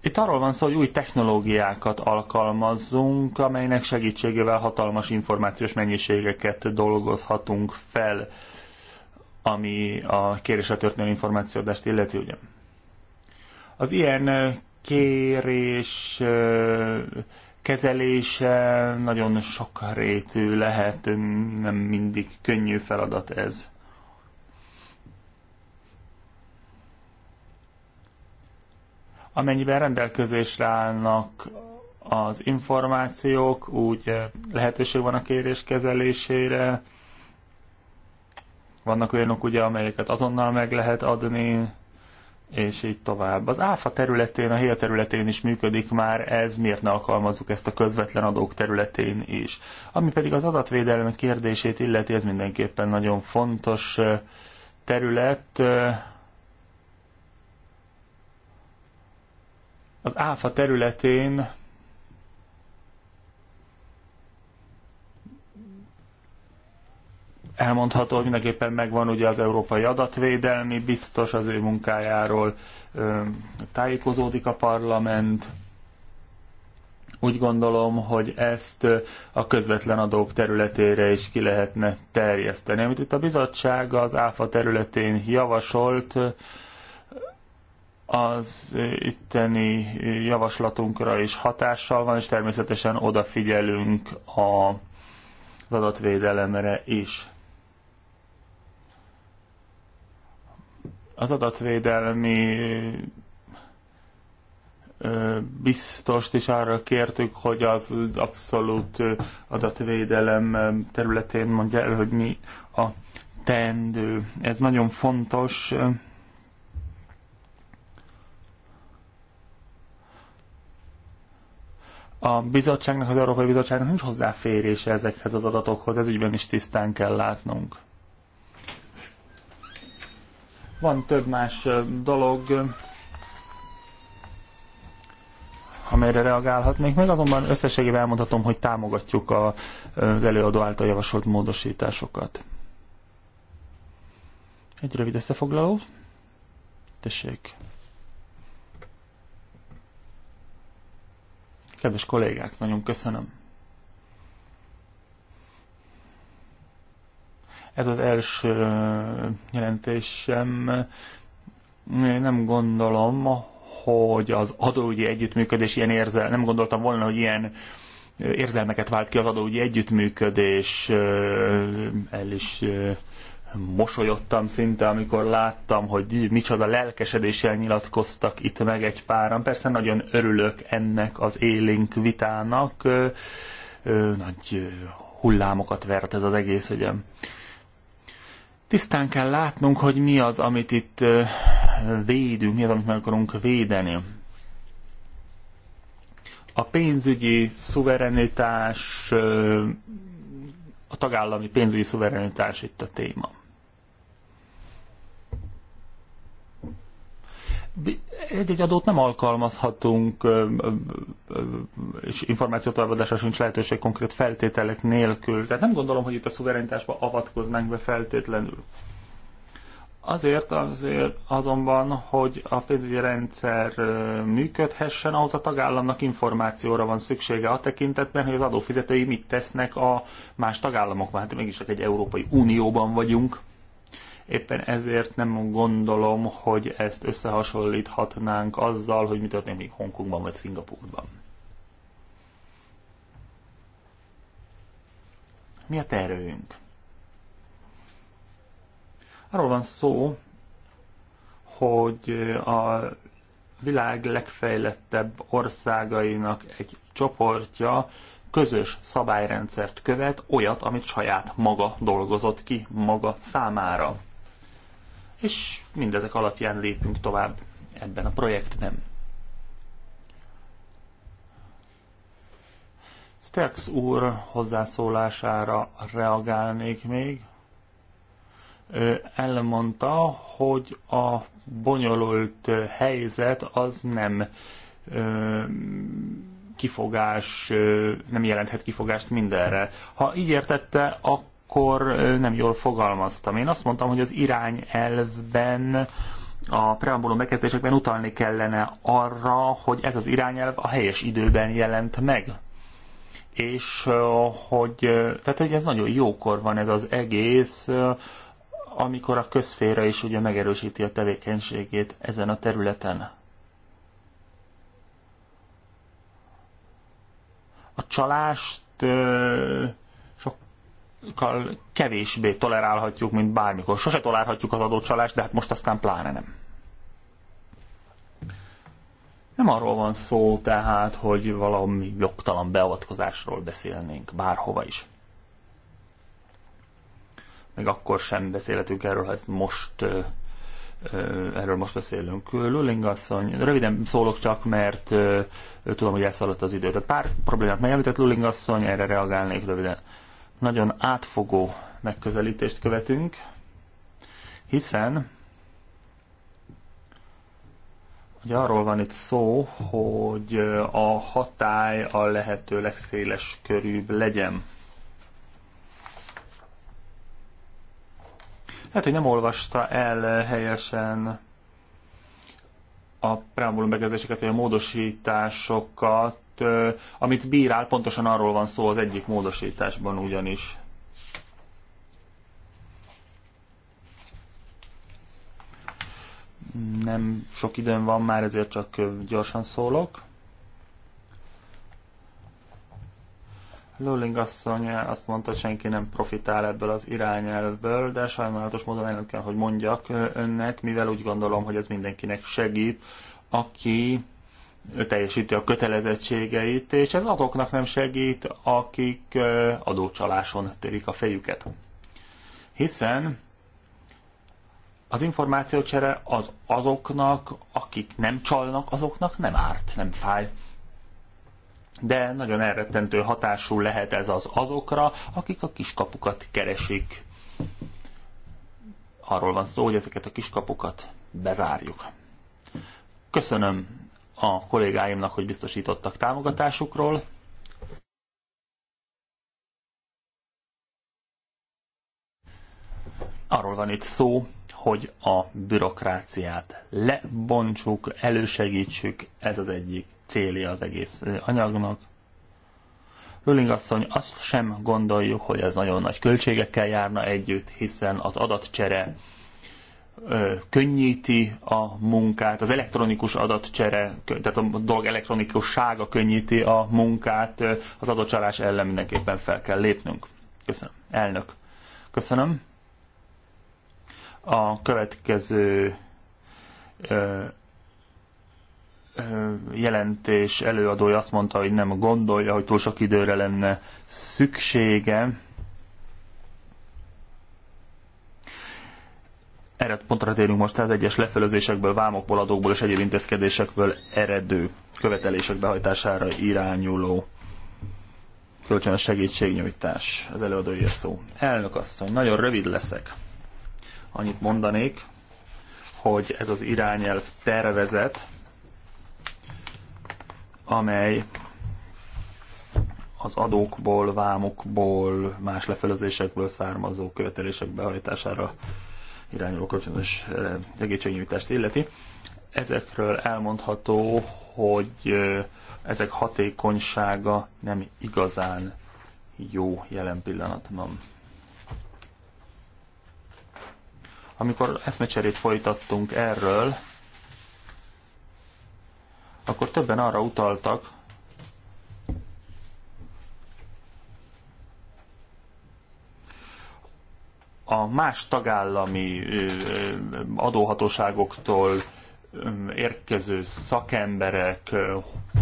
Itt arról van szó, hogy új technológiákat alkalmazzunk, amelynek segítségével hatalmas információs mennyiségeket dolgozhatunk fel ami a kérésre történő információadást illeti, ugye. Az ilyen kérés kezelése nagyon sokrétű lehet, nem mindig könnyű feladat ez. Amennyiben rendelkezésre állnak az információk, úgy lehetőség van a kérés kezelésére, vannak olyanok ugye, amelyeket azonnal meg lehet adni, és így tovább. Az áfa területén, a HÉA területén is működik már ez, miért ne alkalmazzuk ezt a közvetlen adók területén is. Ami pedig az adatvédelem kérdését illeti, ez mindenképpen nagyon fontos terület. Az áfa területén elmondható, hogy mindenképpen megvan ugye az Európai Adatvédelmi Biztos, az ő munkájáról tájékozódik a parlament. Úgy gondolom, hogy ezt a közvetlen adók területére is ki lehetne terjeszteni. Amit itt a bizottság az ÁFA területén javasolt, az itteni javaslatunkra is hatással van, és természetesen odafigyelünk a az adatvédelemre is. Az adatvédelmi biztost is arra kértük, hogy az abszolút adatvédelem területén mondja el, hogy mi a teendő. Ez nagyon fontos. A bizottságnak, az Európai Bizottságnak nincs hozzáférése ezekhez az adatokhoz, ez ügyben is tisztán kell látnunk. Van több más dolog, amelyre reagálhatnék meg, azonban összességében elmondhatom, hogy támogatjuk a, az előadó által javasolt módosításokat. Egy rövid összefoglaló. Tessék. Kedves kollégák, nagyon köszönöm. Ez az első jelentésem. nem gondolom, hogy az adóügyi együttműködés ilyen érzel, nem gondoltam volna, hogy ilyen érzelmeket vált ki az adóügyi együttműködés. El is mosolyodtam szinte, amikor láttam, hogy micsoda lelkesedéssel nyilatkoztak itt meg egy páran. Persze nagyon örülök ennek az élénk vitának. Nagy hullámokat vert ez az egész, ugye. Tisztán kell látnunk, hogy mi az, amit itt védünk, mi az, amit meg akarunk védeni. A pénzügyi szuverenitás, a tagállami pénzügyi szuverenitás itt a téma. egy-egy adót nem alkalmazhatunk, és információtalvadásra sincs lehetőség konkrét feltételek nélkül. Tehát nem gondolom, hogy itt a szuverenitásba avatkoznánk be feltétlenül. Azért, azért azonban, hogy a pénzügyi rendszer működhessen, ahhoz a tagállamnak információra van szüksége a tekintetben, hogy az adófizetői mit tesznek a más tagállamokban. Hát mégis csak egy Európai Unióban vagyunk. Éppen ezért nem gondolom, hogy ezt összehasonlíthatnánk azzal, hogy mi történik Hongkongban vagy Szingapurban. Mi a tervünk? Arról van szó, hogy a világ legfejlettebb országainak egy csoportja közös szabályrendszert követ, olyat, amit saját maga dolgozott ki maga számára és mindezek alapján lépünk tovább ebben a projektben. Stex úr hozzászólására reagálnék még. Ő elmondta, hogy a bonyolult helyzet az nem ö, kifogás, ö, nem jelenthet kifogást mindenre. Ha így értette, akkor akkor nem jól fogalmaztam. Én azt mondtam, hogy az irányelvben a preambulum bekezdésekben utalni kellene arra, hogy ez az irányelv a helyes időben jelent meg. És hogy, tehát hogy ez nagyon jókor van ez az egész, amikor a közféra is ugye megerősíti a tevékenységét ezen a területen. A csalást kevésbé tolerálhatjuk, mint bármikor. Sose tolerálhatjuk az adócsalást, de hát most aztán pláne nem. Nem arról van szó tehát, hogy valami jogtalan beavatkozásról beszélnénk bárhova is. Meg akkor sem beszélhetünk erről, ha most erről most beszélünk. Lulling asszony, röviden szólok csak, mert tudom, hogy elszaladt az idő. Tehát pár problémát megjelentett Lulling asszony, erre reagálnék röviden nagyon átfogó megközelítést követünk, hiszen Ugye arról van itt szó, hogy a hatály a lehető legszéles körűbb legyen. Lehet, hogy nem olvasta el helyesen a preambulum bekezdéseket, vagy a módosításokat amit, amit bírál, pontosan arról van szó az egyik módosításban ugyanis. Nem sok időm van már, ezért csak gyorsan szólok. Lulling asszony azt mondta, hogy senki nem profitál ebből az irányelvből, de sajnálatos módon el kell, hogy mondjak önnek, mivel úgy gondolom, hogy ez mindenkinek segít, aki teljesíti a kötelezettségeit, és ez azoknak nem segít, akik adócsaláson térik a fejüket. Hiszen az információcsere az azoknak, akik nem csalnak, azoknak nem árt, nem fáj. De nagyon elrettentő hatású lehet ez az azokra, akik a kiskapukat keresik. Arról van szó, hogy ezeket a kiskapukat bezárjuk. Köszönöm a kollégáimnak, hogy biztosítottak támogatásukról. Arról van itt szó, hogy a bürokráciát lebontsuk, elősegítsük, ez az egyik célja az egész anyagnak. Röling asszony, azt sem gondoljuk, hogy ez nagyon nagy költségekkel járna együtt, hiszen az adatcsere könnyíti a munkát, az elektronikus adatcsere, tehát a dolog elektronikussága könnyíti a munkát, az adatcsalás ellen mindenképpen fel kell lépnünk. Köszönöm. Elnök. Köszönöm. A következő jelentés előadója azt mondta, hogy nem gondolja, hogy túl sok időre lenne szüksége erre pontra térünk most az egyes lefelezésekből, vámokból, adókból és egyéb intézkedésekből eredő követelések behajtására irányuló kölcsönös segítségnyújtás. Az előadói a szó. Elnök asszony, nagyon rövid leszek. Annyit mondanék, hogy ez az irányelv tervezet, amely az adókból, vámokból, más lefelezésekből származó követelések behajtására irányuló kölcsönös segítségnyújtást eh, illeti. Ezekről elmondható, hogy eh, ezek hatékonysága nem igazán jó jelen pillanatban. Amikor eszmecserét folytattunk erről, akkor többen arra utaltak, a más tagállami adóhatóságoktól érkező szakemberek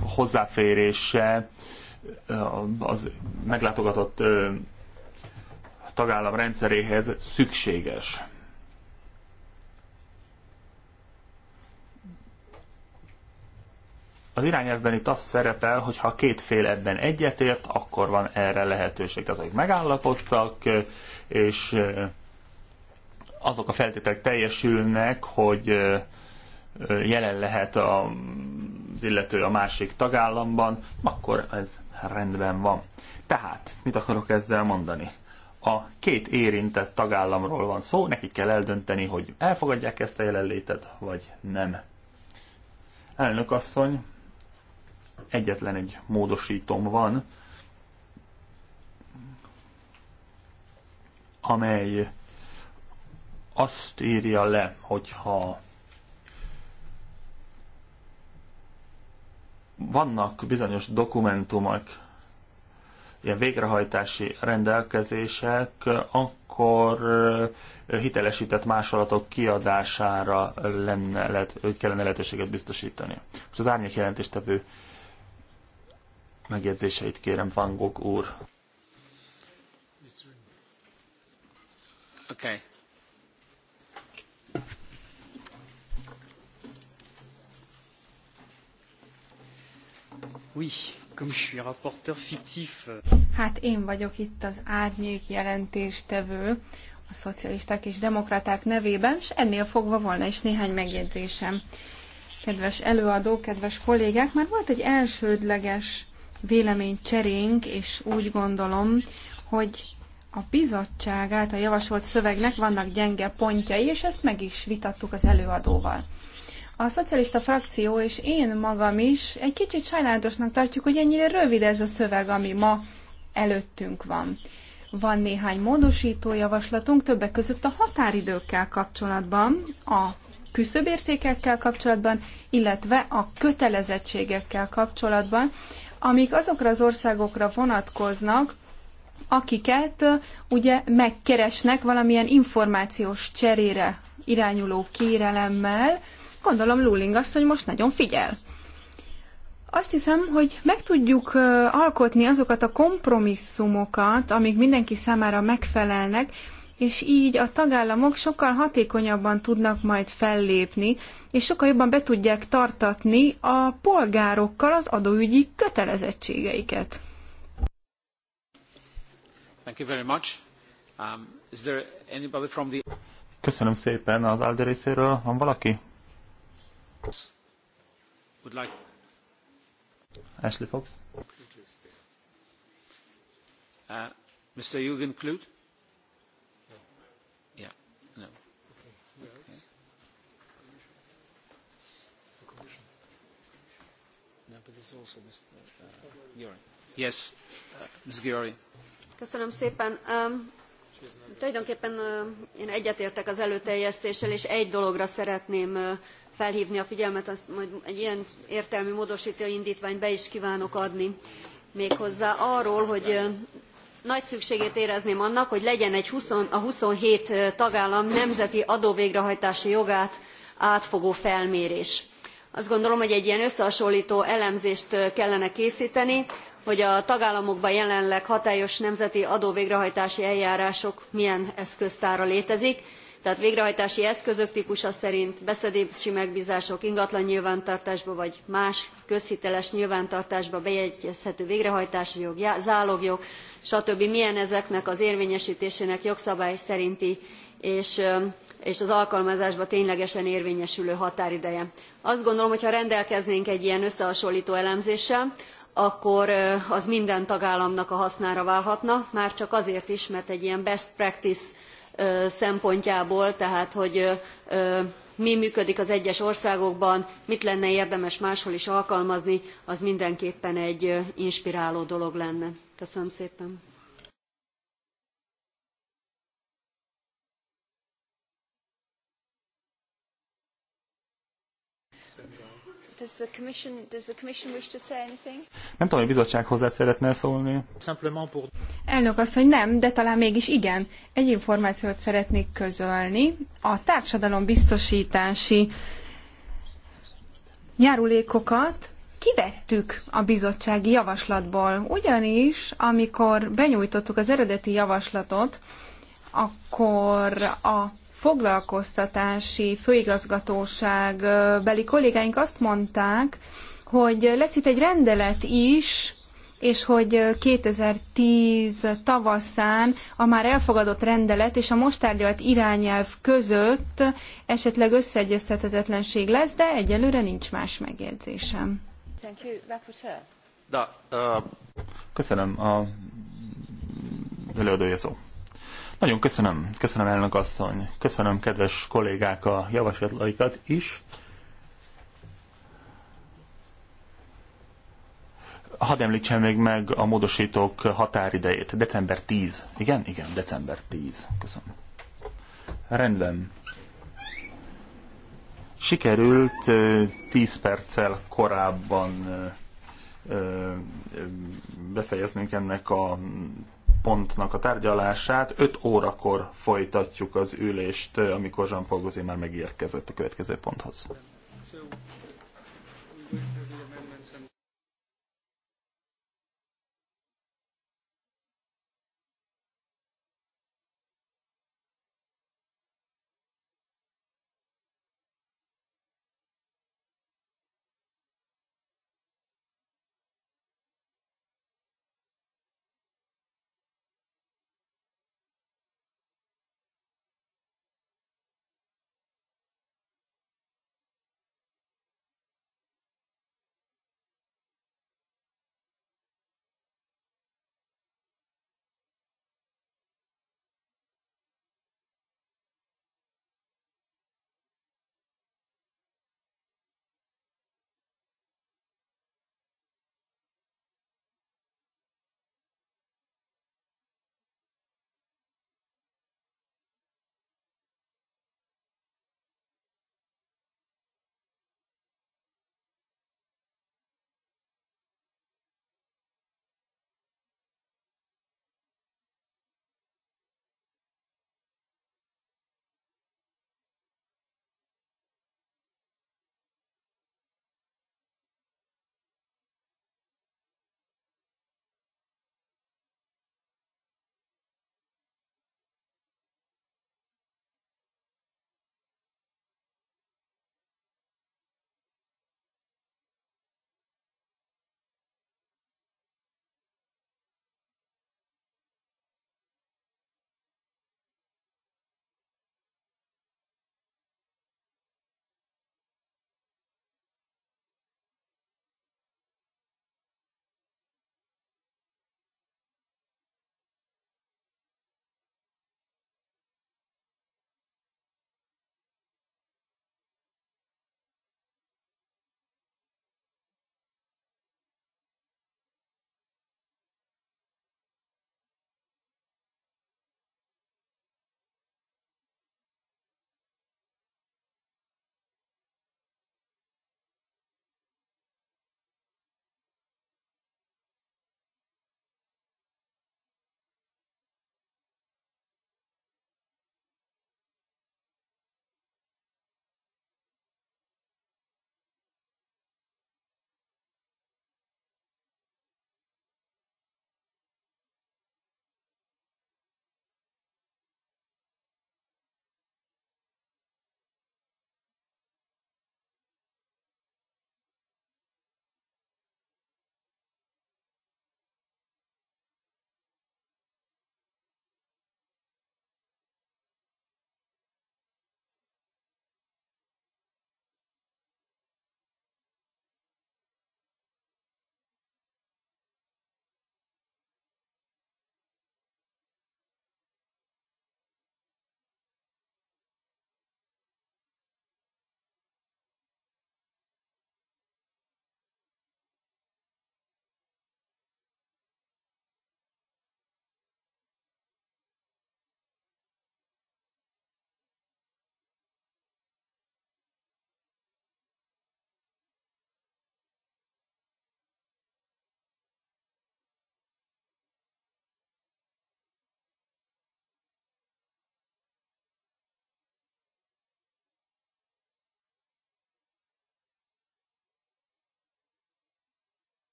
hozzáférése az meglátogatott tagállam rendszeréhez szükséges. Az irányelvben itt az szerepel, hogy ha két fél ebben egyetért, akkor van erre lehetőség. Tehát, hogy megállapodtak, és eh, azok a feltételek teljesülnek, hogy eh, jelen lehet az illető a másik tagállamban, akkor ez rendben van. Tehát, mit akarok ezzel mondani? A két érintett tagállamról van szó, nekik kell eldönteni, hogy elfogadják ezt a jelenlétet, vagy nem. Elnök asszony, Egyetlen egy módosítom van, amely azt írja le, hogyha vannak bizonyos dokumentumok, ilyen végrehajtási rendelkezések, akkor hitelesített másolatok kiadására lenne, lehet, kellene lehetőséget biztosítani. Most az árnyék jelentéstevő megjegyzéseit kérem, Van Gogh úr. Okay. Oui, comme je suis rapporteur fictif. Euh, hát én vagyok itt az árnyék jelentéstevő a szocialisták és demokraták nevében, és ennél fogva volna is néhány megjegyzésem. Kedves előadó, kedves kollégák, már volt egy elsődleges véleményt cserénk, és úgy gondolom, hogy a bizottság által javasolt szövegnek vannak gyenge pontjai, és ezt meg is vitattuk az előadóval. A szocialista frakció és én magam is egy kicsit sajnálatosnak tartjuk, hogy ennyire rövid ez a szöveg, ami ma előttünk van. Van néhány módosító javaslatunk, többek között a határidőkkel kapcsolatban, a küszöbértékekkel kapcsolatban, illetve a kötelezettségekkel kapcsolatban, amik azokra az országokra vonatkoznak, akiket ugye megkeresnek valamilyen információs cserére irányuló kérelemmel. Gondolom Luling azt, hogy most nagyon figyel. Azt hiszem, hogy meg tudjuk alkotni azokat a kompromisszumokat, amik mindenki számára megfelelnek, és így a tagállamok sokkal hatékonyabban tudnak majd fellépni, és sokkal jobban be tudják tartatni a polgárokkal az adóügyi kötelezettségeiket. Köszönöm szépen az Alde részéről. Van valaki? Would like... Ashley Fox. Uh, Mr. Jürgen Klut? Yes, uh, Ms. Giori. Köszönöm szépen. Um, tulajdonképpen uh, én egyetértek az előterjesztéssel, és egy dologra szeretném uh, felhívni a figyelmet, azt majd egy ilyen értelmű módosító indítványt be is kívánok adni méghozzá arról, hogy uh, nagy szükségét érezném annak, hogy legyen egy 20, a 27 uh, tagállam nemzeti adóvégrehajtási jogát átfogó felmérés. Azt gondolom, hogy egy ilyen összehasonlító elemzést kellene készíteni, hogy a tagállamokban jelenleg hatályos nemzeti adóvégrehajtási eljárások milyen eszköztára létezik tehát végrehajtási eszközök tpusa szerint beszedési megbzások ingatlan nyilvántartásba vagy más közhiteles nyilvántartásba bejegyezhető végrehajtási jog zálogjog stb. milyen ezeknek az érvényestésének jogszabály szerinti és és az alkalmazásban ténylegesen érvényesülő határideje. azt gondolom hogy ha rendelkeznénk egy ilyen összehasonltó elemzéssel akkor az minden tagállamnak a hasznára válhatna már csak azért is mert egy ilyen best practice szempontjából tehát hogy mi működik az egyes országokban mit lenne érdemes máshol is alkalmazni az mindenképpen egy inspiráló dolog lenne. köszönöm szépen! Does the commission, does the commission wish to say anything? Nem tudom, hogy a bizottság hozzá szeretne szólni. Elnök azt, hogy nem, de talán mégis igen. Egy információt szeretnék közölni. A társadalom biztosítási nyárulékokat kivettük a bizottsági javaslatból, ugyanis amikor benyújtottuk az eredeti javaslatot, akkor a foglalkoztatási főigazgatóság beli kollégáink azt mondták, hogy lesz itt egy rendelet is, és hogy 2010 tavaszán a már elfogadott rendelet és a most tárgyalt irányelv között esetleg összeegyeztethetetlenség lesz, de egyelőre nincs más megjegyzésem. Köszönöm a előadója szó. Nagyon köszönöm, köszönöm elnök asszony, köszönöm kedves kollégák a javaslataikat is. Hadd említsen még meg a módosítók határidejét. December 10. Igen? Igen, december 10. Köszönöm. Rendben. Sikerült 10 perccel korábban befejeznünk ennek a pontnak a tárgyalását. 5 órakor folytatjuk az ülést, amikor Jean-Paul Gauzé már megérkezett a következő ponthoz.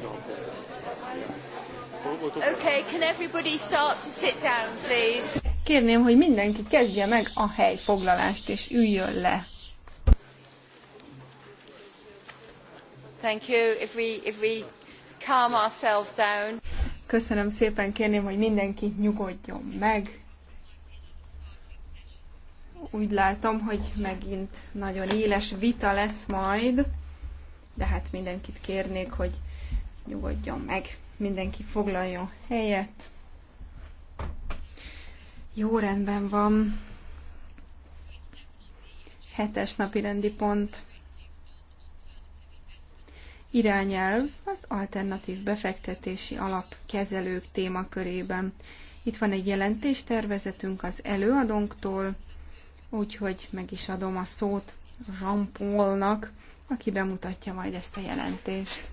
example. Okay, can everybody start to sit down, please? Kérném, hogy mindenki kezdje meg a helyfoglalást, és üljön le. Thank you. If we, if we calm ourselves down. Köszönöm szépen, kérném, hogy mindenki nyugodjon meg. Úgy látom, hogy megint nagyon éles vita lesz majd, de hát mindenkit kérnék, hogy nyugodjon meg, mindenki foglaljon helyet. Jó rendben van. Hetes napi rendi pont. Irányelv az alternatív befektetési alap kezelők témakörében. Itt van egy jelentéstervezetünk az előadónktól, úgyhogy meg is adom a szót Jean Paulnak, aki bemutatja majd ezt a jelentést.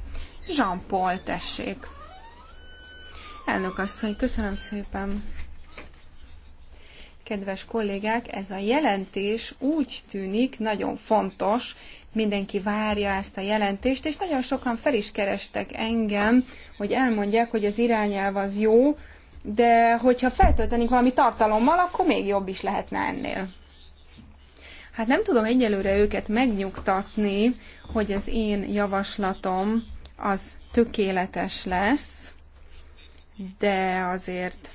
Jean-Paul, tessék. Elnök asszony, köszönöm szépen. Kedves kollégák, ez a jelentés úgy tűnik nagyon fontos, mindenki várja ezt a jelentést, és nagyon sokan fel is kerestek engem, hogy elmondják, hogy az irányelv az jó, de hogyha feltöltenénk valami tartalommal, akkor még jobb is lehetne ennél. Hát nem tudom egyelőre őket megnyugtatni, hogy az én javaslatom az tökéletes lesz, de azért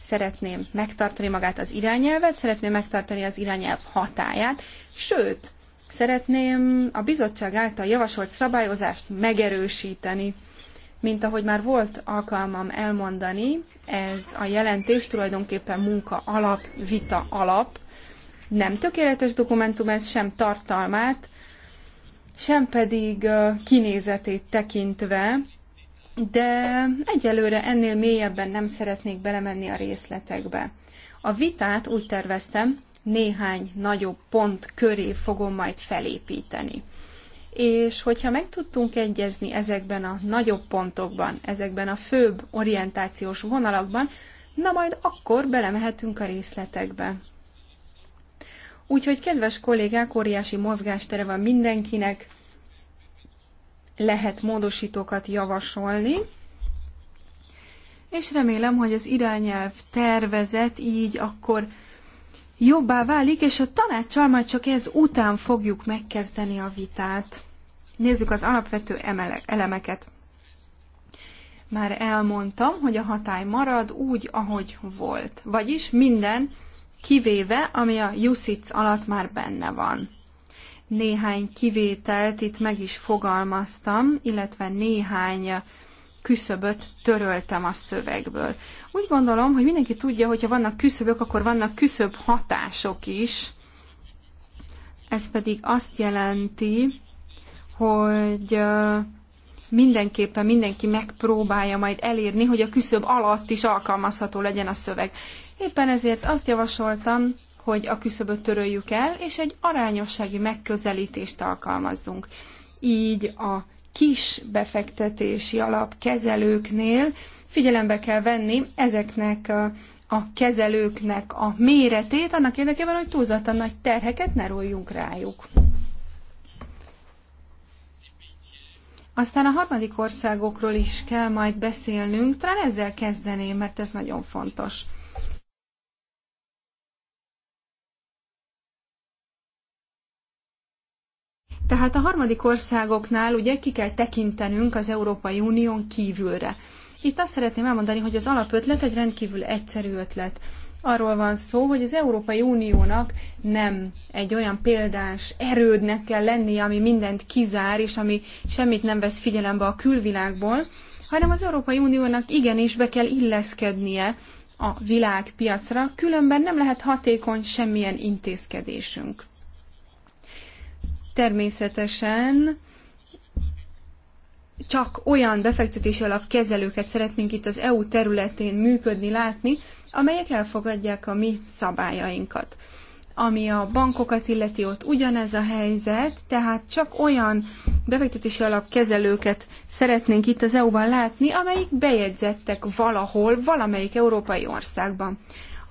szeretném megtartani magát az irányelvet, szeretném megtartani az irányelv hatáját, sőt, szeretném a bizottság által javasolt szabályozást megerősíteni. Mint ahogy már volt alkalmam elmondani, ez a jelentés tulajdonképpen munka alap, vita alap. Nem tökéletes dokumentum, ez sem tartalmát, sem pedig kinézetét tekintve, de egyelőre ennél mélyebben nem szeretnék belemenni a részletekbe. A vitát úgy terveztem, néhány nagyobb pont köré fogom majd felépíteni. És hogyha meg tudtunk egyezni ezekben a nagyobb pontokban, ezekben a főbb orientációs vonalakban, na majd akkor belemehetünk a részletekbe. Úgyhogy, kedves kollégák, óriási mozgástere van mindenkinek, lehet módosítókat javasolni, és remélem, hogy az irányelv tervezet így akkor jobbá válik, és a tanácssal majd csak ez után fogjuk megkezdeni a vitát. Nézzük az alapvető elemeket. Már elmondtam, hogy a hatály marad úgy, ahogy volt. Vagyis minden kivéve ami a USIC alatt már benne van. Néhány kivételt itt meg is fogalmaztam, illetve néhány küszöböt töröltem a szövegből. Úgy gondolom, hogy mindenki tudja, hogy ha vannak küszöbök, akkor vannak küszöb hatások is. Ez pedig azt jelenti, hogy uh, mindenképpen mindenki megpróbálja majd elérni, hogy a küszöb alatt is alkalmazható legyen a szöveg. Éppen ezért azt javasoltam, hogy a küszöböt töröljük el, és egy arányossági megközelítést alkalmazzunk. Így a kis befektetési alap kezelőknél figyelembe kell venni ezeknek a kezelőknek a méretét, annak érdekében, hogy túlzottan nagy terheket ne róljunk rájuk. Aztán a harmadik országokról is kell majd beszélnünk, talán ezzel kezdeném, mert ez nagyon fontos. Tehát a harmadik országoknál ugye ki kell tekintenünk az Európai Unión kívülre. Itt azt szeretném elmondani, hogy az alapötlet egy rendkívül egyszerű ötlet. Arról van szó, hogy az Európai Uniónak nem egy olyan példás erődnek kell lennie, ami mindent kizár, és ami semmit nem vesz figyelembe a külvilágból, hanem az Európai Uniónak igenis be kell illeszkednie a világpiacra, különben nem lehet hatékony semmilyen intézkedésünk. Természetesen csak olyan befektetési alapkezelőket szeretnénk itt az EU területén működni, látni, amelyek elfogadják a mi szabályainkat. Ami a bankokat illeti, ott ugyanez a helyzet, tehát csak olyan befektetési alapkezelőket szeretnénk itt az EU-ban látni, amelyik bejegyzettek valahol, valamelyik európai országban.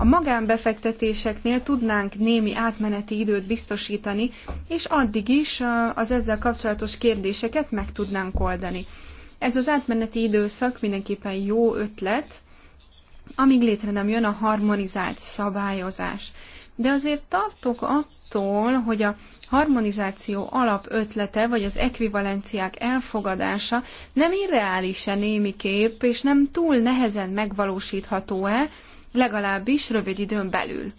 A magánbefektetéseknél tudnánk némi átmeneti időt biztosítani, és addig is az ezzel kapcsolatos kérdéseket meg tudnánk oldani. Ez az átmeneti időszak mindenképpen jó ötlet, amíg létre nem jön a harmonizált szabályozás. De azért tartok attól, hogy a harmonizáció alap ötlete vagy az ekvivalenciák elfogadása nem irreális-e némiképp, és nem túl nehezen megvalósítható-e, legalábbis rövid időn belül.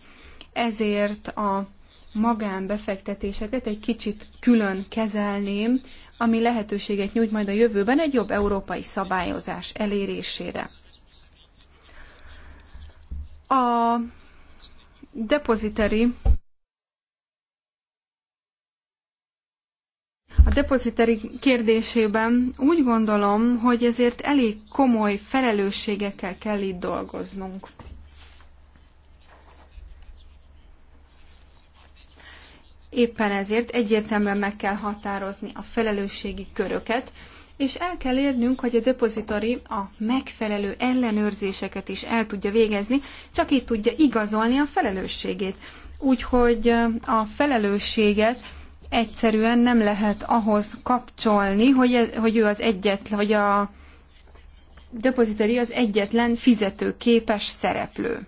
Ezért a magánbefektetéseket egy kicsit külön kezelném, ami lehetőséget nyújt majd a jövőben egy jobb európai szabályozás elérésére. A depoziteri A depoziteri kérdésében úgy gondolom, hogy ezért elég komoly felelősségekkel kell itt dolgoznunk. Éppen ezért egyértelműen meg kell határozni a felelősségi köröket, és el kell érnünk, hogy a depozitori a megfelelő ellenőrzéseket is el tudja végezni, csak így tudja igazolni a felelősségét. Úgyhogy a felelősséget egyszerűen nem lehet ahhoz kapcsolni, hogy, ez, hogy ő az egyetlen, hogy a depozitori az egyetlen fizetőképes szereplő.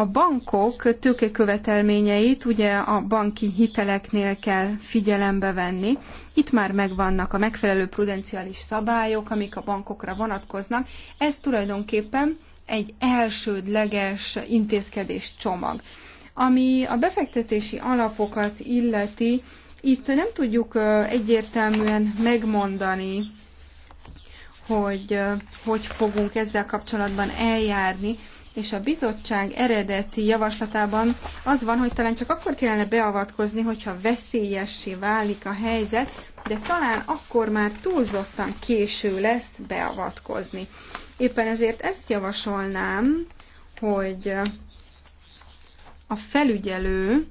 A bankok tőkekövetelményeit ugye a banki hiteleknél kell figyelembe venni. Itt már megvannak a megfelelő prudenciális szabályok, amik a bankokra vonatkoznak. Ez tulajdonképpen egy elsődleges intézkedés csomag. Ami a befektetési alapokat illeti, itt nem tudjuk egyértelműen megmondani, hogy hogy fogunk ezzel kapcsolatban eljárni, és a bizottság eredeti javaslatában az van, hogy talán csak akkor kellene beavatkozni, hogyha veszélyessé válik a helyzet, de talán akkor már túlzottan késő lesz beavatkozni. Éppen ezért ezt javasolnám, hogy a felügyelő,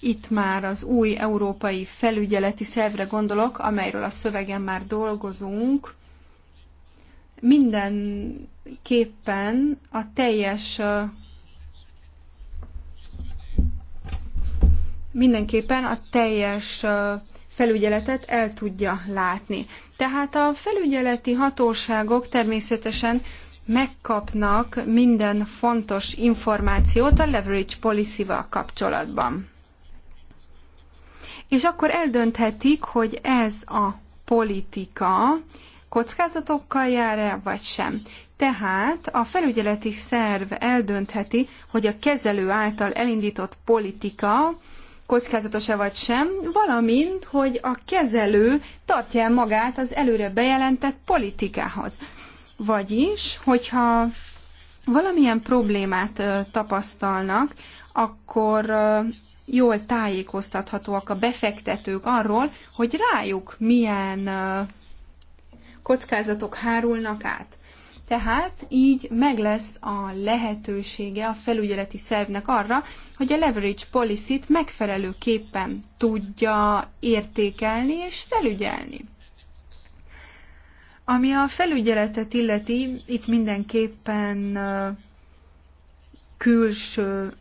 itt már az új európai felügyeleti szervre gondolok, amelyről a szövegen már dolgozunk, mindenképpen a teljes mindenképpen a teljes felügyeletet el tudja látni. Tehát a felügyeleti hatóságok természetesen megkapnak minden fontos információt a leverage policy-val kapcsolatban. És akkor eldönthetik, hogy ez a politika kockázatokkal jár-e, vagy sem. Tehát a felügyeleti szerv eldöntheti, hogy a kezelő által elindított politika kockázatos-e vagy sem, valamint, hogy a kezelő tartja el magát az előre bejelentett politikához. Vagyis, hogyha valamilyen problémát tapasztalnak, akkor jól tájékoztathatóak a befektetők arról, hogy rájuk milyen kockázatok hárulnak át. Tehát így meg lesz a lehetősége a felügyeleti szervnek arra, hogy a leverage policy-t megfelelőképpen tudja értékelni és felügyelni. Ami a felügyeletet illeti, itt mindenképpen külső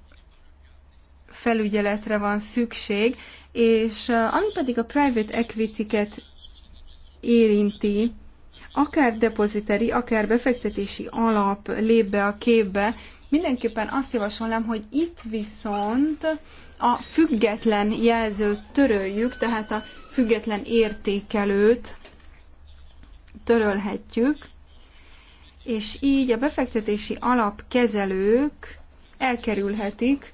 felügyeletre van szükség, és ami pedig a private equity-ket érinti, akár depoziteri, akár befektetési alap lép be a képbe, mindenképpen azt javasolnám, hogy itt viszont a független jelzőt töröljük, tehát a független értékelőt törölhetjük, és így a befektetési alapkezelők elkerülhetik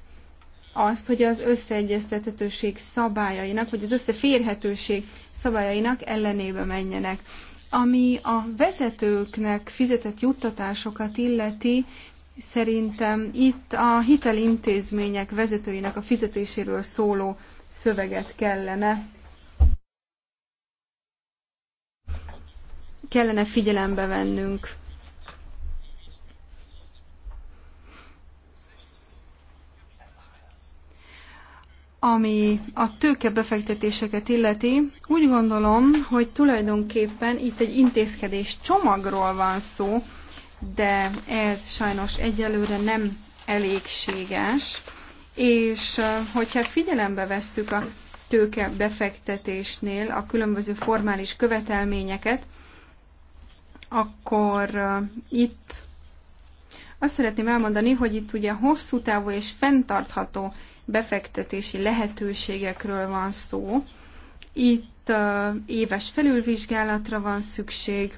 azt, hogy az összeegyeztethetőség szabályainak, vagy az összeférhetőség szabályainak ellenébe menjenek. Ami a vezetőknek fizetett juttatásokat illeti, szerintem itt a hitelintézmények vezetőinek a fizetéséről szóló szöveget kellene kellene figyelembe vennünk. Ami a tőkebefektetéseket illeti, úgy gondolom, hogy tulajdonképpen itt egy intézkedés csomagról van szó, de ez sajnos egyelőre nem elégséges, és hogyha figyelembe vesszük a tőke befektetésnél a különböző formális követelményeket, akkor itt azt szeretném elmondani, hogy itt ugye hosszú távú és fenntartható befektetési lehetőségekről van szó. Itt éves felülvizsgálatra van szükség,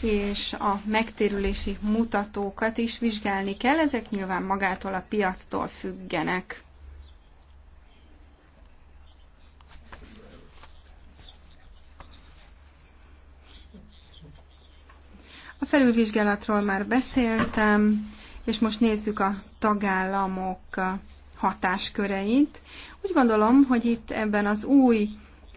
és a megtérülési mutatókat is vizsgálni kell, ezek nyilván magától a piactól függenek. A felülvizsgálatról már beszéltem, és most nézzük a tagállamok hatásköreit. Úgy gondolom, hogy itt ebben az új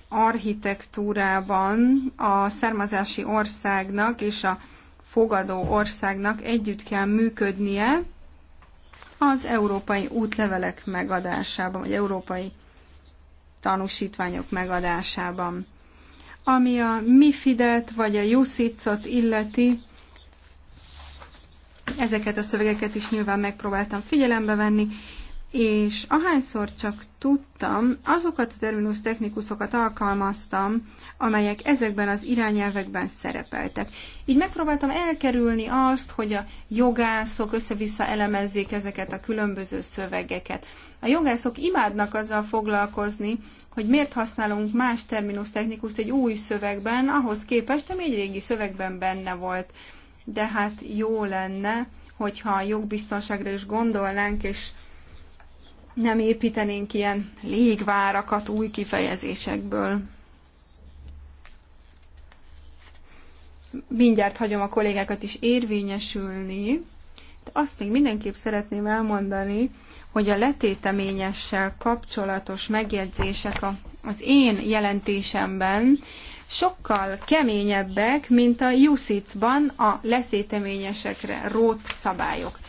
architektúrában a származási országnak és a fogadó országnak együtt kell működnie az európai útlevelek megadásában, vagy európai tanúsítványok megadásában. Ami a MIFID-et vagy a USIC-ot illeti, Ezeket a szövegeket is nyilván megpróbáltam figyelembe venni, és ahányszor csak tudtam, azokat a terminus technikusokat alkalmaztam, amelyek ezekben az irányelvekben szerepeltek. Így megpróbáltam elkerülni azt, hogy a jogászok össze-vissza elemezzék ezeket a különböző szövegeket. A jogászok imádnak azzal foglalkozni, hogy miért használunk más terminus technikust egy új szövegben, ahhoz képest, ami egy régi szövegben benne volt de hát jó lenne, hogyha a jogbiztonságra is gondolnánk, és nem építenénk ilyen légvárakat új kifejezésekből. Mindjárt hagyom a kollégákat is érvényesülni, de azt még mindenképp szeretném elmondani, hogy a letéteményessel kapcsolatos megjegyzések a az én jelentésemben sokkal keményebbek, mint a USIC-ban a leszéteményesekre rót szabályok.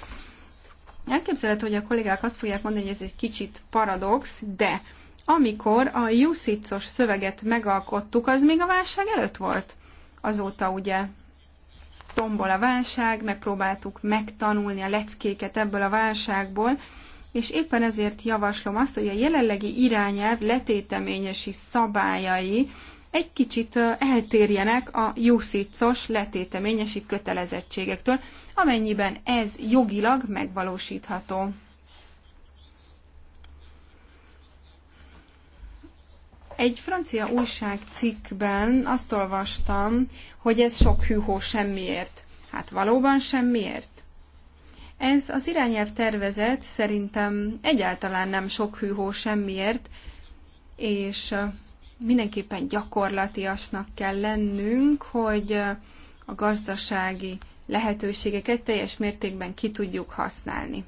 Elképzelhető, hogy a kollégák azt fogják mondani, hogy ez egy kicsit paradox, de amikor a USIC-os szöveget megalkottuk, az még a válság előtt volt. Azóta ugye tombol a válság, megpróbáltuk megtanulni a leckéket ebből a válságból, és éppen ezért javaslom azt, hogy a jelenlegi irányelv letéteményesi szabályai egy kicsit eltérjenek a jószícos letéteményesi kötelezettségektől, amennyiben ez jogilag megvalósítható. Egy francia újság cikkben azt olvastam, hogy ez sok hűhó semmiért. Hát valóban semmiért? Ez az irányelv tervezet szerintem egyáltalán nem sok hűhó semmiért, és mindenképpen gyakorlatiasnak kell lennünk, hogy a gazdasági lehetőségeket teljes mértékben ki tudjuk használni.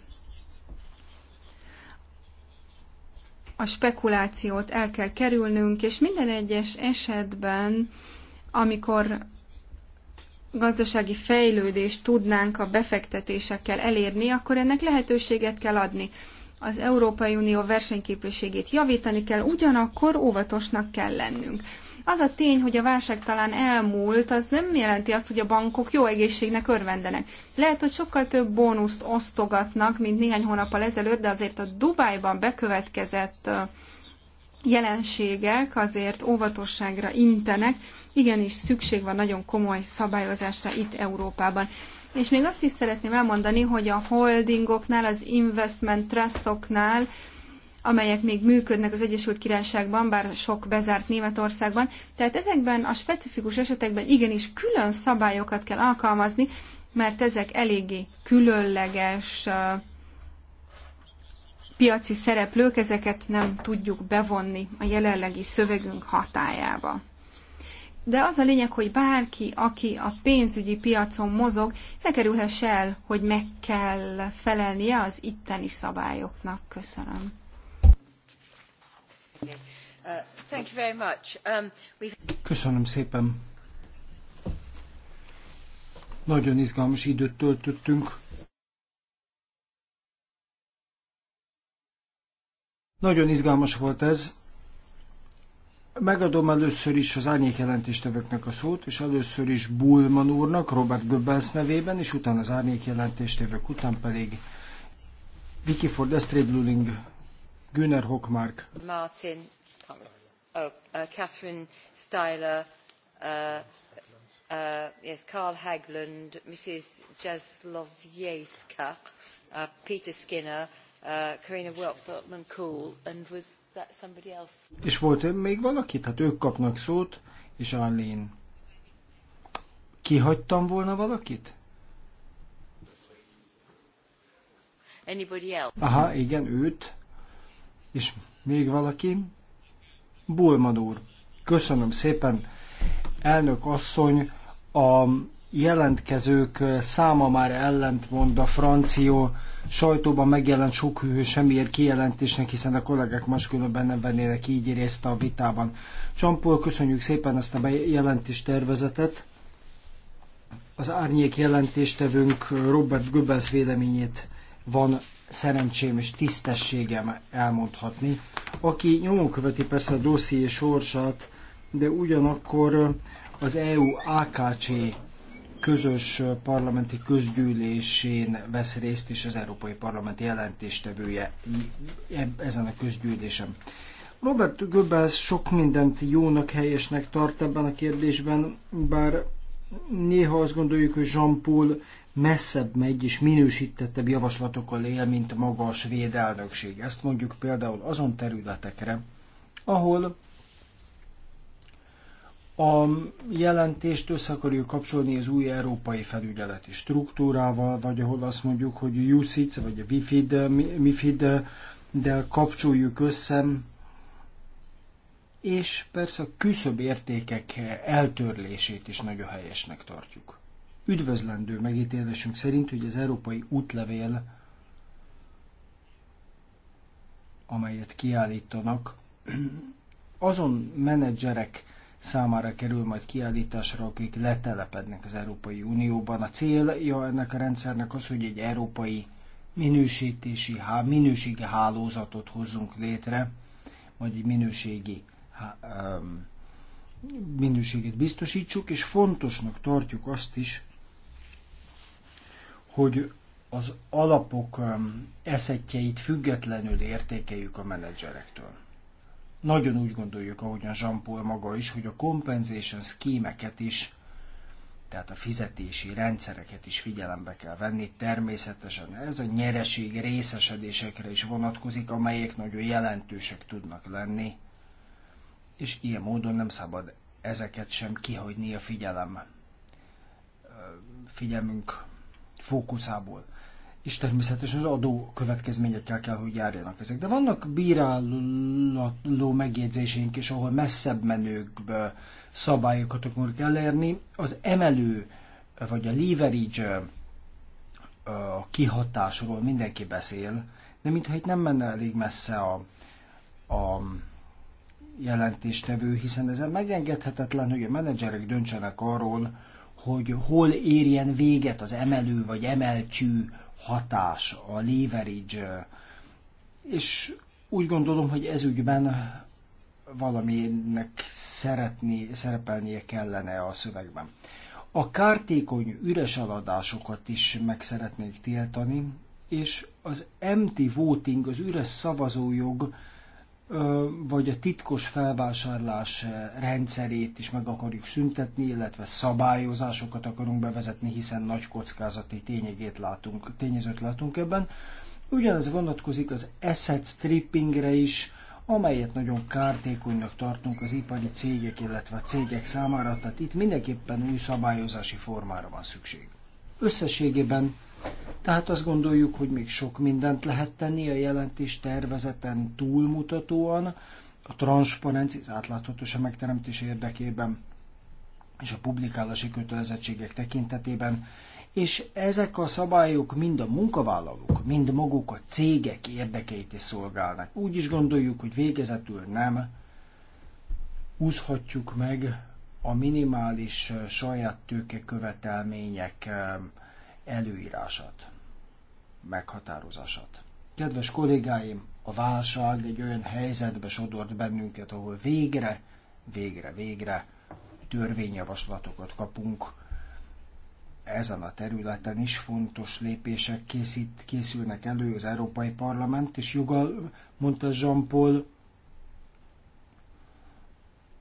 A spekulációt el kell kerülnünk, és minden egyes esetben, amikor gazdasági fejlődést tudnánk a befektetésekkel elérni, akkor ennek lehetőséget kell adni. Az Európai Unió versenyképességét javítani kell, ugyanakkor óvatosnak kell lennünk. Az a tény, hogy a válság talán elmúlt, az nem jelenti azt, hogy a bankok jó egészségnek örvendenek. Lehet, hogy sokkal több bónuszt osztogatnak, mint néhány hónappal ezelőtt, de azért a Dubájban bekövetkezett jelenségek azért óvatosságra intenek, igenis szükség van nagyon komoly szabályozásra itt Európában. És még azt is szeretném elmondani, hogy a holdingoknál, az investment trustoknál, amelyek még működnek az Egyesült Királyságban, bár sok bezárt Németországban. Tehát ezekben a specifikus esetekben igenis külön szabályokat kell alkalmazni, mert ezek eléggé különleges piaci szereplők, ezeket nem tudjuk bevonni a jelenlegi szövegünk hatájába de az a lényeg, hogy bárki, aki a pénzügyi piacon mozog, ne kerülhess el, hogy meg kell felelnie az itteni szabályoknak. Köszönöm. Um, Köszönöm szépen. Nagyon izgalmas időt töltöttünk. Nagyon izgalmas volt ez. Megadom először is az árnyék jelentéstevőknek a szót, és először is Bullman úrnak, Robert Goebbels nevében, és utána az árnyék jelentéstevők után pedig Vicky Ford, Estrid Luling, Günner Hockmark. Martin, oh, oh, uh, Catherine Styler, uh, uh, yes, Carl Haglund, Mrs. Jaslovjeska, uh, Peter Skinner, uh, Karina Wiltman-Cool, and was és volt még valaki? Hát ők kapnak szót, és Arlene. Kihagytam volna valakit? Anybody else? Aha, igen, őt. És még valaki? Bulmadúr. Köszönöm szépen. Elnök asszony, a jelentkezők száma már ellentmond a francia sajtóban megjelent sok hűhő semmiért kijelentésnek, hiszen a kollégák máskülönben nem vennének így részt a vitában. Csampol, köszönjük szépen ezt a bejelentés tervezetet. Az árnyék jelentéstevőnk Robert Goebbels véleményét van szerencsém és tisztességem elmondhatni, aki nyomon követi persze a dosszié sorsát, de ugyanakkor az EU AKC közös parlamenti közgyűlésén vesz részt, és az Európai Parlament jelentéstevője e- ezen a közgyűlésen. Robert Goebbels sok mindent jónak, helyesnek tart ebben a kérdésben, bár néha azt gondoljuk, hogy Jean-Paul messzebb megy és minősítettebb javaslatokkal él, mint a magas védelnökség. Ezt mondjuk például azon területekre, ahol a jelentést össze akarjuk kapcsolni az új európai felügyeleti struktúrával, vagy ahol azt mondjuk, hogy a UCITS, vagy a WIFID, MIFID, de kapcsoljuk össze, és persze a küszöbb értékek eltörlését is nagyon helyesnek tartjuk. Üdvözlendő megítélésünk szerint, hogy az európai útlevél, amelyet kiállítanak, azon menedzserek számára kerül majd kiállításra, akik letelepednek az Európai Unióban. A célja ennek a rendszernek az, hogy egy európai minősítési, há, minőségi hálózatot hozzunk létre, vagy egy minőségi há, um, minőséget biztosítsuk, és fontosnak tartjuk azt is, hogy az alapok eszetjeit függetlenül értékeljük a menedzserektől. Nagyon úgy gondoljuk, ahogyan jean Paul maga is, hogy a compensation szkémeket is, tehát a fizetési rendszereket is figyelembe kell venni. Természetesen ez a nyereség részesedésekre is vonatkozik, amelyek nagyon jelentősek tudnak lenni, és ilyen módon nem szabad ezeket sem kihagyni a figyelem, figyelmünk fókuszából és természetesen az adó következményekkel kell, hogy járjanak ezek. De vannak bíráló megjegyzéseink is, ahol messzebb menőkbe szabályokat akarunk elérni. Az emelő, vagy a leverage a kihatásról mindenki beszél, de mintha itt nem menne elég messze a, a jelentéstevő, hiszen ezzel megengedhetetlen, hogy a menedzserek döntsenek arról, hogy hol érjen véget az emelő vagy emeltyű hatás, a leverage, és úgy gondolom, hogy ez ügyben valaminek szeretni, szerepelnie kellene a szövegben. A kártékony üres eladásokat is meg szeretnék tiltani, és az empty voting, az üres szavazójog vagy a titkos felvásárlás rendszerét is meg akarjuk szüntetni, illetve szabályozásokat akarunk bevezetni, hiszen nagy kockázati tényegét látunk, tényezőt látunk ebben. Ugyanez vonatkozik az asset strippingre is, amelyet nagyon kártékonynak tartunk az ipari cégek, illetve a cégek számára, tehát itt mindenképpen új szabályozási formára van szükség. Összességében tehát azt gondoljuk, hogy még sok mindent lehet tenni a jelentés tervezeten túlmutatóan, a transzparenci, az átláthatóság megteremtés érdekében és a publikálási kötelezettségek tekintetében, és ezek a szabályok mind a munkavállalók, mind maguk a cégek érdekeit is szolgálnak. Úgy is gondoljuk, hogy végezetül nem úszhatjuk meg a minimális eh, saját tőke követelmények eh, előírását, meghatározását. Kedves kollégáim, a válság egy olyan helyzetbe sodort bennünket, ahol végre, végre, végre törvényjavaslatokat kapunk. Ezen a területen is fontos lépések készít, készülnek elő az Európai Parlament, és jogal mondta Jean-Paul,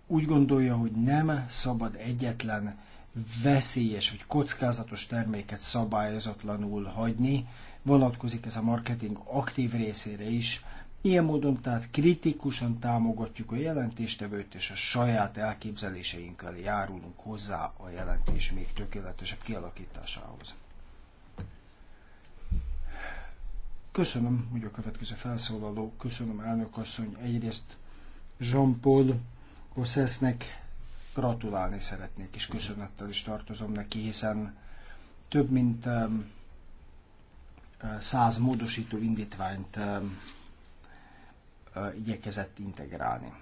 úgy gondolja, hogy nem szabad egyetlen veszélyes vagy kockázatos terméket szabályozatlanul hagyni, vonatkozik ez a marketing aktív részére is. Ilyen módon tehát kritikusan támogatjuk a jelentéstevőt, és a saját elképzeléseinkkel járulunk hozzá a jelentés még tökéletesebb kialakításához. Köszönöm, hogy a következő felszólaló, köszönöm elnök asszony egyrészt Jean-Paul Gossesnek gratulálni szeretnék, és köszönettel is tartozom neki, hiszen több mint száz módosító indítványt igyekezett integrálni.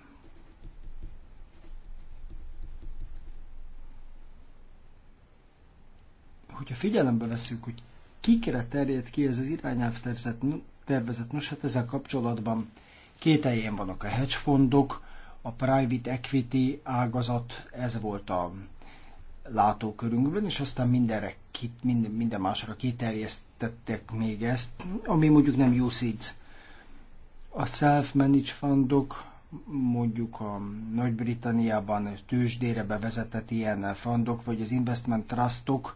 Hogyha figyelembe veszünk, hogy kikre terjed ki ez az irányelv tervezet, nos hát ezzel kapcsolatban kételjen vannak a hedgefondok, fondok, a private equity ágazat, ez volt a látókörünkben, és aztán mindenre, minden, minden másra kiterjesztettek még ezt, ami mondjuk nem usage. A self-managed fundok, mondjuk a Nagy-Britanniában tőzsdére bevezetett ilyen fundok, vagy az investment trustok, -ok,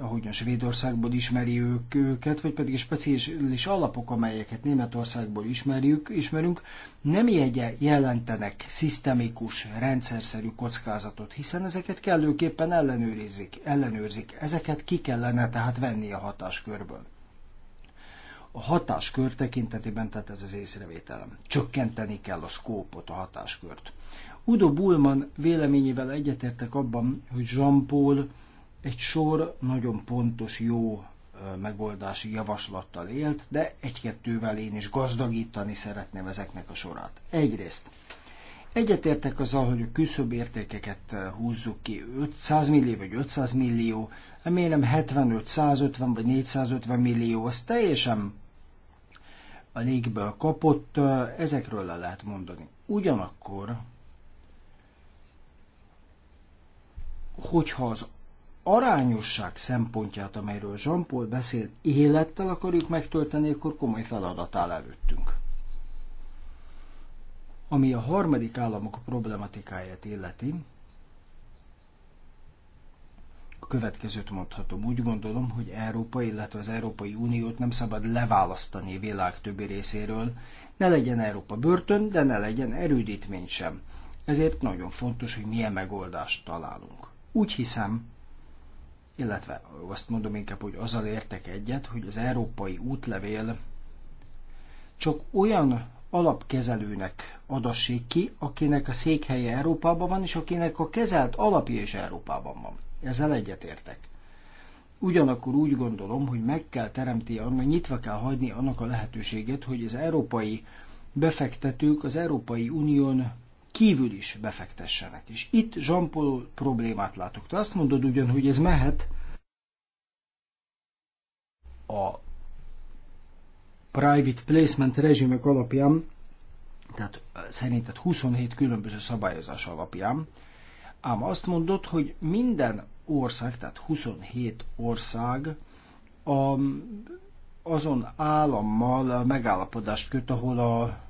ahogyan Svédországból ismerjük őket, vagy pedig speciális alapok, amelyeket Németországból ismerjük, ismerünk, nem jegye jelentenek szisztemikus, rendszerszerű kockázatot, hiszen ezeket kellőképpen ellenőrizik, ellenőrzik. Ezeket ki kellene tehát venni a hatáskörből. A hatáskör tekintetében, tehát ez az észrevételem, csökkenteni kell a szkópot, a hatáskört. Udo Bullman véleményével egyetértek abban, hogy Jean-Paul egy sor nagyon pontos, jó megoldási javaslattal élt, de egy-kettővel én is gazdagítani szeretném ezeknek a sorát. Egyrészt egyetértek azzal, hogy a küszöbb értékeket húzzuk ki 500 millió vagy 500 millió, remélem 75, 150 vagy 450 millió, az teljesen a légből kapott, ezekről le lehet mondani. Ugyanakkor, hogyha az arányosság szempontját, amelyről Jean-Paul beszél, élettel akarjuk megtölteni, akkor komoly feladat áll előttünk. Ami a harmadik államok problematikáját illeti, a következőt mondhatom. Úgy gondolom, hogy Európa, illetve az Európai Uniót nem szabad leválasztani a világ többi részéről. Ne legyen Európa börtön, de ne legyen erődítmény sem. Ezért nagyon fontos, hogy milyen megoldást találunk. Úgy hiszem, illetve azt mondom inkább, hogy azzal értek egyet, hogy az európai útlevél csak olyan alapkezelőnek adassék ki, akinek a székhelye Európában van, és akinek a kezelt alapja is Európában van. Ezzel egyetértek. Ugyanakkor úgy gondolom, hogy meg kell teremti, annak nyitva kell hagyni annak a lehetőséget, hogy az európai befektetők az Európai Unión kívül is befektessenek. És itt jean problémát látok. Te azt mondod ugyan, hogy ez mehet a private placement rezsimek alapján, tehát szerinted 27 különböző szabályozás alapján, ám azt mondod, hogy minden ország, tehát 27 ország a, azon állammal megállapodást köt, ahol, a,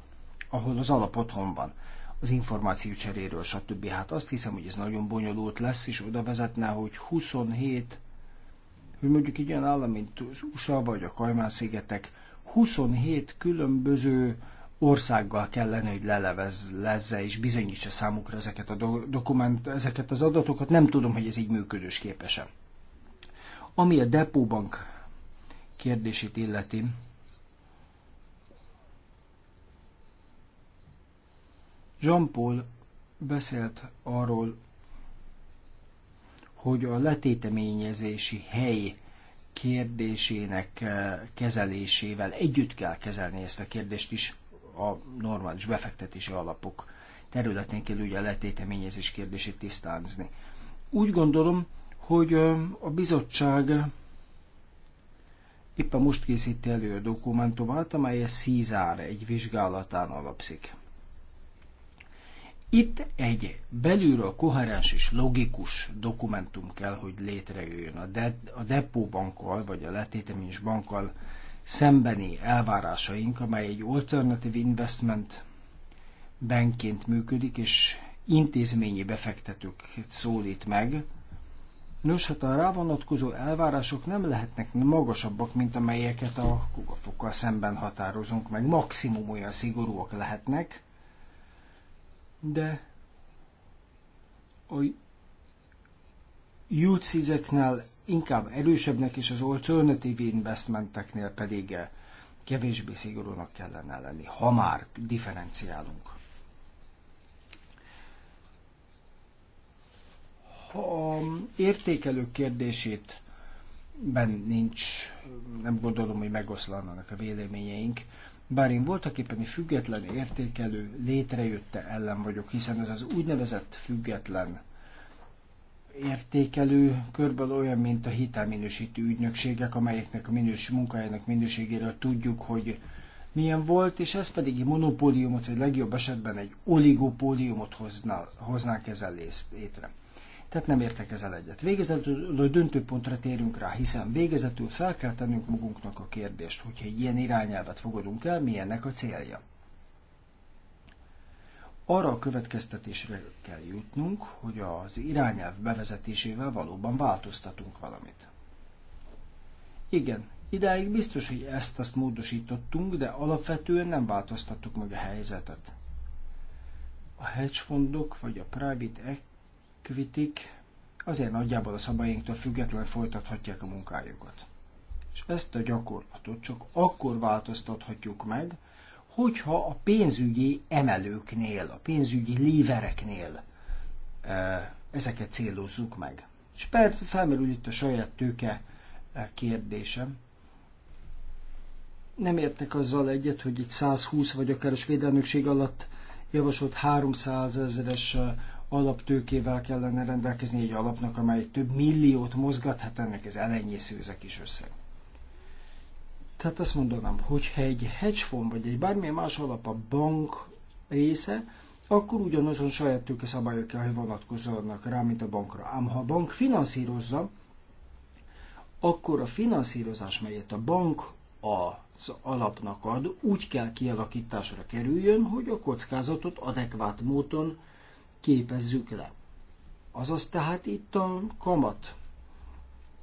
ahol az alapotthon van az információ cseréről, stb. Hát azt hiszem, hogy ez nagyon bonyolult lesz, és oda vezetne, hogy 27, hogy mondjuk egy olyan állam, mint az USA vagy a Kajmán-szigetek, 27 különböző országgal kellene, hogy lezze és bizonyítsa számukra ezeket a dokument, ezeket az adatokat. Nem tudom, hogy ez így működős képesen. Ami a depóbank kérdését illeti, Jean-Paul beszélt arról, hogy a letéteményezési hely kérdésének eh, kezelésével együtt kell kezelni ezt a kérdést is a normális befektetési alapok területén kell ugye a letéteményezés kérdését tisztázni. Úgy gondolom, hogy eh, a bizottság éppen most készíti elő a dokumentumát, amely a CISAR egy vizsgálatán alapszik. Itt egy belülről koherens és logikus dokumentum kell, hogy létrejöjjön. A, de, a depóbankkal, vagy a letéteményes bankkal szembeni elvárásaink, amely egy alternative investment bankként működik, és intézményi befektetőket szólít meg. Nos, hát a rávonatkozó elvárások nem lehetnek magasabbak, mint amelyeket a kugafokkal szemben határozunk meg. Maximum olyan szigorúak lehetnek, de a ucz eknél inkább erősebbnek és az alternative investmenteknél pedig kevésbé szigorúnak kellene lenni, ha már differenciálunk. Ha értékelők kérdését ben nincs, nem gondolom, hogy megoszlanának a véleményeink bár én voltak éppen egy független értékelő létrejötte ellen vagyok, hiszen ez az úgynevezett független értékelő körből olyan, mint a hitelminősítő ügynökségek, amelyeknek a minős, munkájának minőségéről tudjuk, hogy milyen volt, és ez pedig egy monopóliumot, vagy legjobb esetben egy oligopóliumot hozna, hoznánk ezzel létre. Tehát nem értek ezzel egyet. Végezetül a döntőpontra térünk rá, hiszen végezetül fel kell tennünk magunknak a kérdést, hogyha egy ilyen irányelvet fogadunk el, mi ennek a célja. Arra a következtetésre kell jutnunk, hogy az irányelv bevezetésével valóban változtatunk valamit. Igen, idáig biztos, hogy ezt-azt módosítottunk, de alapvetően nem változtattuk meg a helyzetet. A hedge vagy a private kritik azért nagyjából a szabályinktól független folytathatják a munkájukat. És ezt a gyakorlatot csak akkor változtathatjuk meg, hogyha a pénzügyi emelőknél, a pénzügyi lívereknél e, ezeket célozzuk meg. És persze felmerül itt a saját tőke e, kérdése. Nem értek azzal egyet, hogy itt 120 vagy akár a svéd alatt javasolt 300 ezeres e, alaptőkével kellene rendelkezni egy alapnak, amely több milliót mozgat, hát ennek ez elenyésző az a kis összeg. Tehát azt mondanám, hogyha egy hedge fund vagy egy bármilyen más alap a bank része, akkor ugyanazon saját tőke szabályok kell, hogy vonatkozzanak rá, mint a bankra. Ám ha a bank finanszírozza, akkor a finanszírozás, melyet a bank az alapnak ad, úgy kell kialakításra kerüljön, hogy a kockázatot adekvát módon képezzük le. Azaz tehát itt a kamat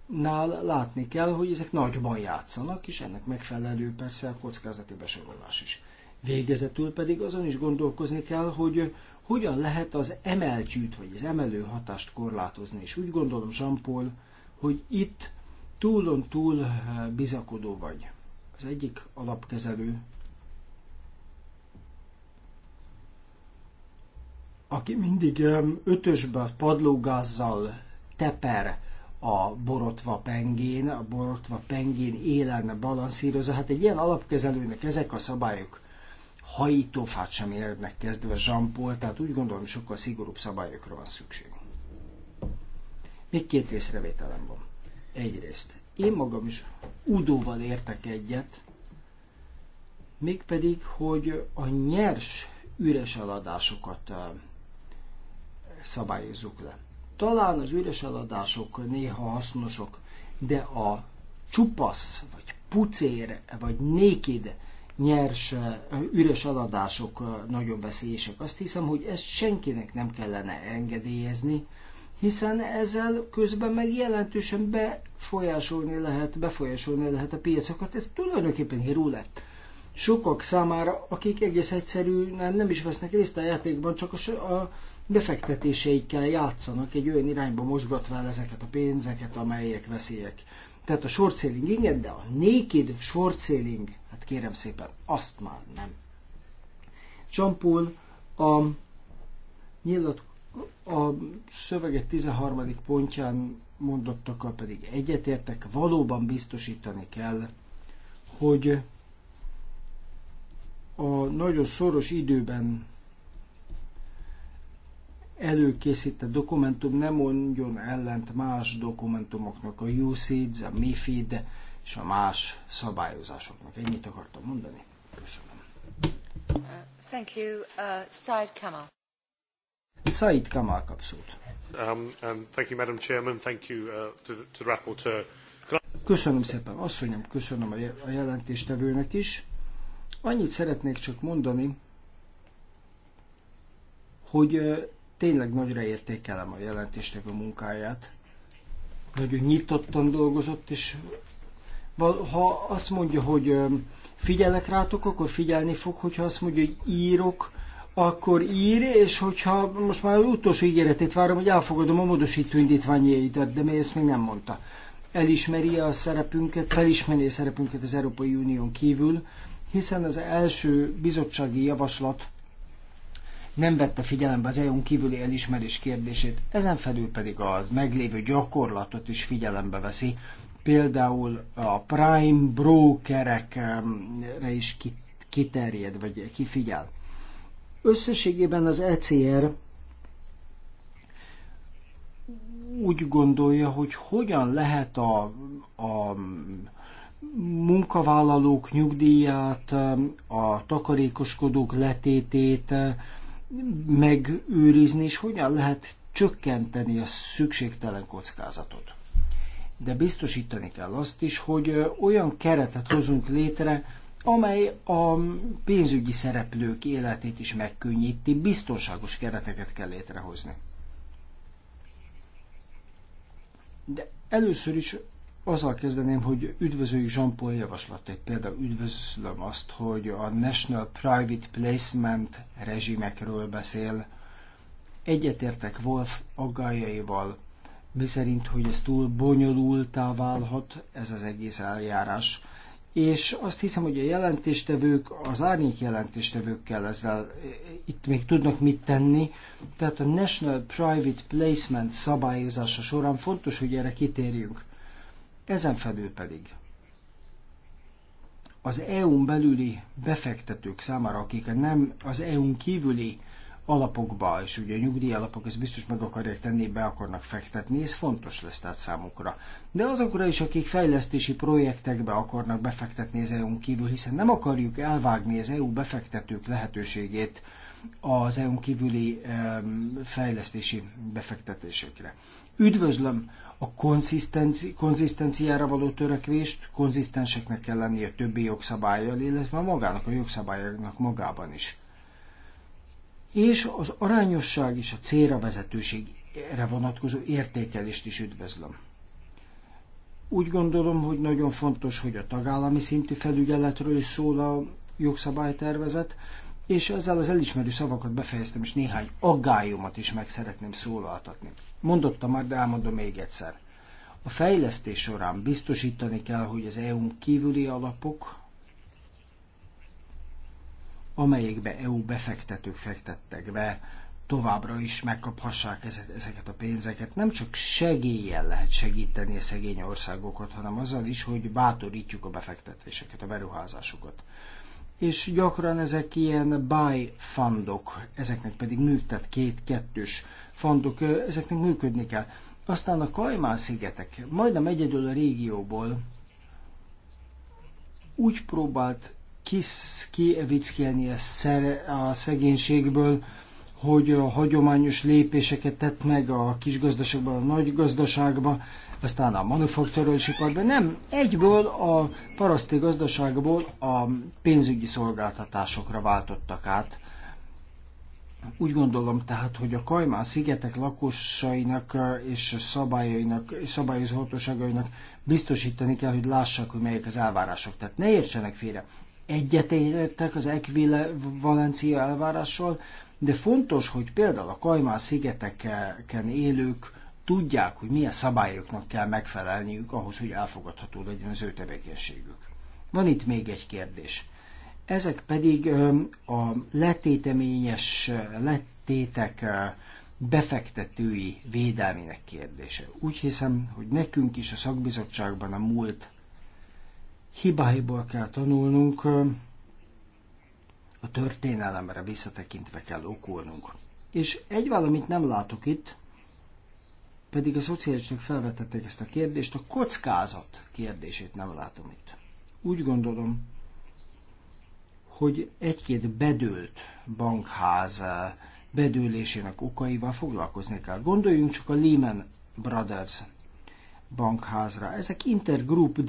nál látni kell, hogy ezek nagyban játszanak, és ennek megfelelő persze a kockázati besorolás is. Végezetül pedig azon is gondolkozni kell, hogy hogyan lehet az emeltyűt, vagy az emelő hatást korlátozni. És úgy gondolom, Jean-Paul, hogy itt túlon túl bizakodó vagy. Az egyik alapkezelő aki mindig ötösbe padlógázzal teper a borotva pengén, a borotva pengén élen balanszírozza. Hát egy ilyen alapkezelőnek ezek a szabályok hajítófát sem érnek kezdve zsampol, tehát úgy gondolom sokkal szigorúbb szabályokra van szükség. Még két észrevételem van. Egyrészt, én magam is udóval értek egyet, mégpedig, hogy a nyers üres eladásokat szabályozzuk le. Talán az üres eladások néha hasznosok, de a csupasz, vagy pucér, vagy nékid nyers, üres eladások nagyon veszélyesek. Azt hiszem, hogy ezt senkinek nem kellene engedélyezni, hiszen ezzel közben meg jelentősen befolyásolni lehet, befolyásolni lehet a piacokat. Ez tulajdonképpen lett. Sokak számára, akik egész egyszerűen nem is vesznek részt a játékban, csak a, a befektetéseikkel játszanak, egy olyan irányba mozgatva el ezeket a pénzeket, amelyek veszélyek. Tehát a short selling igen, de a naked short selling, hát kérem szépen, azt már nem. Jean-Paul a, nyilat, a szöveget 13. pontján mondottakkal pedig egyetértek, valóban biztosítani kell, hogy a nagyon szoros időben előkészített dokumentum nem mondjon ellent más dokumentumoknak, a USAIDS, a MIFID és a más szabályozásoknak. Ennyit akartam mondani. Köszönöm. Uh, thank you. Uh, Said Kamal. Said Kamal kapszót. Um, um, thank you, Madam Chairman. Thank you uh, to, to the rapporteur. Köszönöm szépen, asszonyom, köszönöm a jelentéstevőnek is. Annyit szeretnék csak mondani, hogy uh, tényleg nagyra értékelem a a munkáját. Nagyon nyitottan dolgozott, és ha azt mondja, hogy figyelek rátok, akkor figyelni fog, hogyha azt mondja, hogy írok, akkor ír, és hogyha most már utolsó ígéretét várom, hogy elfogadom a módosító indítványjaidat, de még ezt még nem mondta. Elismeri a szerepünket, felismeri a szerepünket az Európai Unión kívül, hiszen az első bizottsági javaslat nem vette figyelembe az EU-n kívüli elismerés kérdését, ezen felül pedig a meglévő gyakorlatot is figyelembe veszi, például a prime brokerekre is kiterjed, vagy kifigyel. Összességében az ECR úgy gondolja, hogy hogyan lehet a, a munkavállalók nyugdíját, a takarékoskodók letétét, megőrizni, és hogyan lehet csökkenteni a szükségtelen kockázatot. De biztosítani kell azt is, hogy olyan keretet hozunk létre, amely a pénzügyi szereplők életét is megkönnyíti, biztonságos kereteket kell létrehozni. De először is azzal kezdeném, hogy üdvözöljük Jean-Paul javaslatét. Például üdvözlöm azt, hogy a National Private Placement rezsimekről beszél. Egyetértek Wolf aggájaival, miszerint, hogy ez túl bonyolultá válhat ez az egész eljárás. És azt hiszem, hogy a jelentéstevők, az árnyék jelentéstevőkkel ezzel eh, eh, itt még tudnak mit tenni. Tehát a National Private Placement szabályozása során fontos, hogy erre kitérjünk ezen felül pedig az EU-n belüli befektetők számára, akik nem az EU-n kívüli alapokba, és ugye a nyugdíjalapok ezt biztos meg akarják tenni, be akarnak fektetni, ez fontos lesz tehát számukra. De azokra is, akik fejlesztési projektekbe akarnak befektetni az EU-n kívül, hiszen nem akarjuk elvágni az EU befektetők lehetőségét az EU-n kívüli um, fejlesztési befektetésekre. Üdvözlöm a konzisztenci, konzisztenciára való törekvést, konzisztenseknek kell lennie a többi jogszabályjal, illetve magának a jogszabályoknak magában is. És az arányosság és a célra vezetőségre vonatkozó értékelést is üdvözlöm. Úgy gondolom, hogy nagyon fontos, hogy a tagállami szintű felügyeletről is szól a jogszabálytervezet, és ezzel az elismerő szavakat befejeztem, és néhány aggályomat is meg szeretném szólaltatni. Mondottam már, de elmondom még egyszer. A fejlesztés során biztosítani kell, hogy az EU-n kívüli alapok, amelyekbe EU befektetők fektettek be, továbbra is megkaphassák ezeket a pénzeket. Nem csak segéllyel lehet segíteni a szegény országokat, hanem azzal is, hogy bátorítjuk a befektetéseket, a beruházásokat és gyakran ezek ilyen buy fundok, ezeknek pedig működtet két-kettős fundok, ezeknek működni kell. Aztán a Kajmán szigetek, majdnem egyedül a régióból úgy próbált kievickelni a szegénységből, hogy a hagyományos lépéseket tett meg a kis gazdaságban, a nagy gazdaságba, aztán a iparban, nem, egyből a paraszti gazdaságból a pénzügyi szolgáltatásokra váltottak át. Úgy gondolom tehát, hogy a Kajmán szigetek lakosainak és szabályainak, és szabályozó hatóságainak biztosítani kell, hogy lássák, hogy melyek az elvárások. Tehát ne értsenek félre. értek az ekvivalencia elvárással, de fontos, hogy például a Kajmán szigeteken élők tudják, hogy milyen szabályoknak kell megfelelniük ahhoz, hogy elfogadható legyen az ő tevékenységük. Van itt még egy kérdés. Ezek pedig a letéteményes letétek befektetői védelmének kérdése. Úgy hiszem, hogy nekünk is a szakbizottságban a múlt hibáiból kell tanulnunk, a történelemre visszatekintve kell okulnunk. És egy valamit nem látok itt, pedig a szociálisnak felvetették ezt a kérdést, a kockázat kérdését nem látom itt. Úgy gondolom, hogy egy-két bedőlt bankház eh, bedőlésének okaival foglalkozni kell. Gondoljunk csak a Lehman Brothers bankházra. Ezek intergroup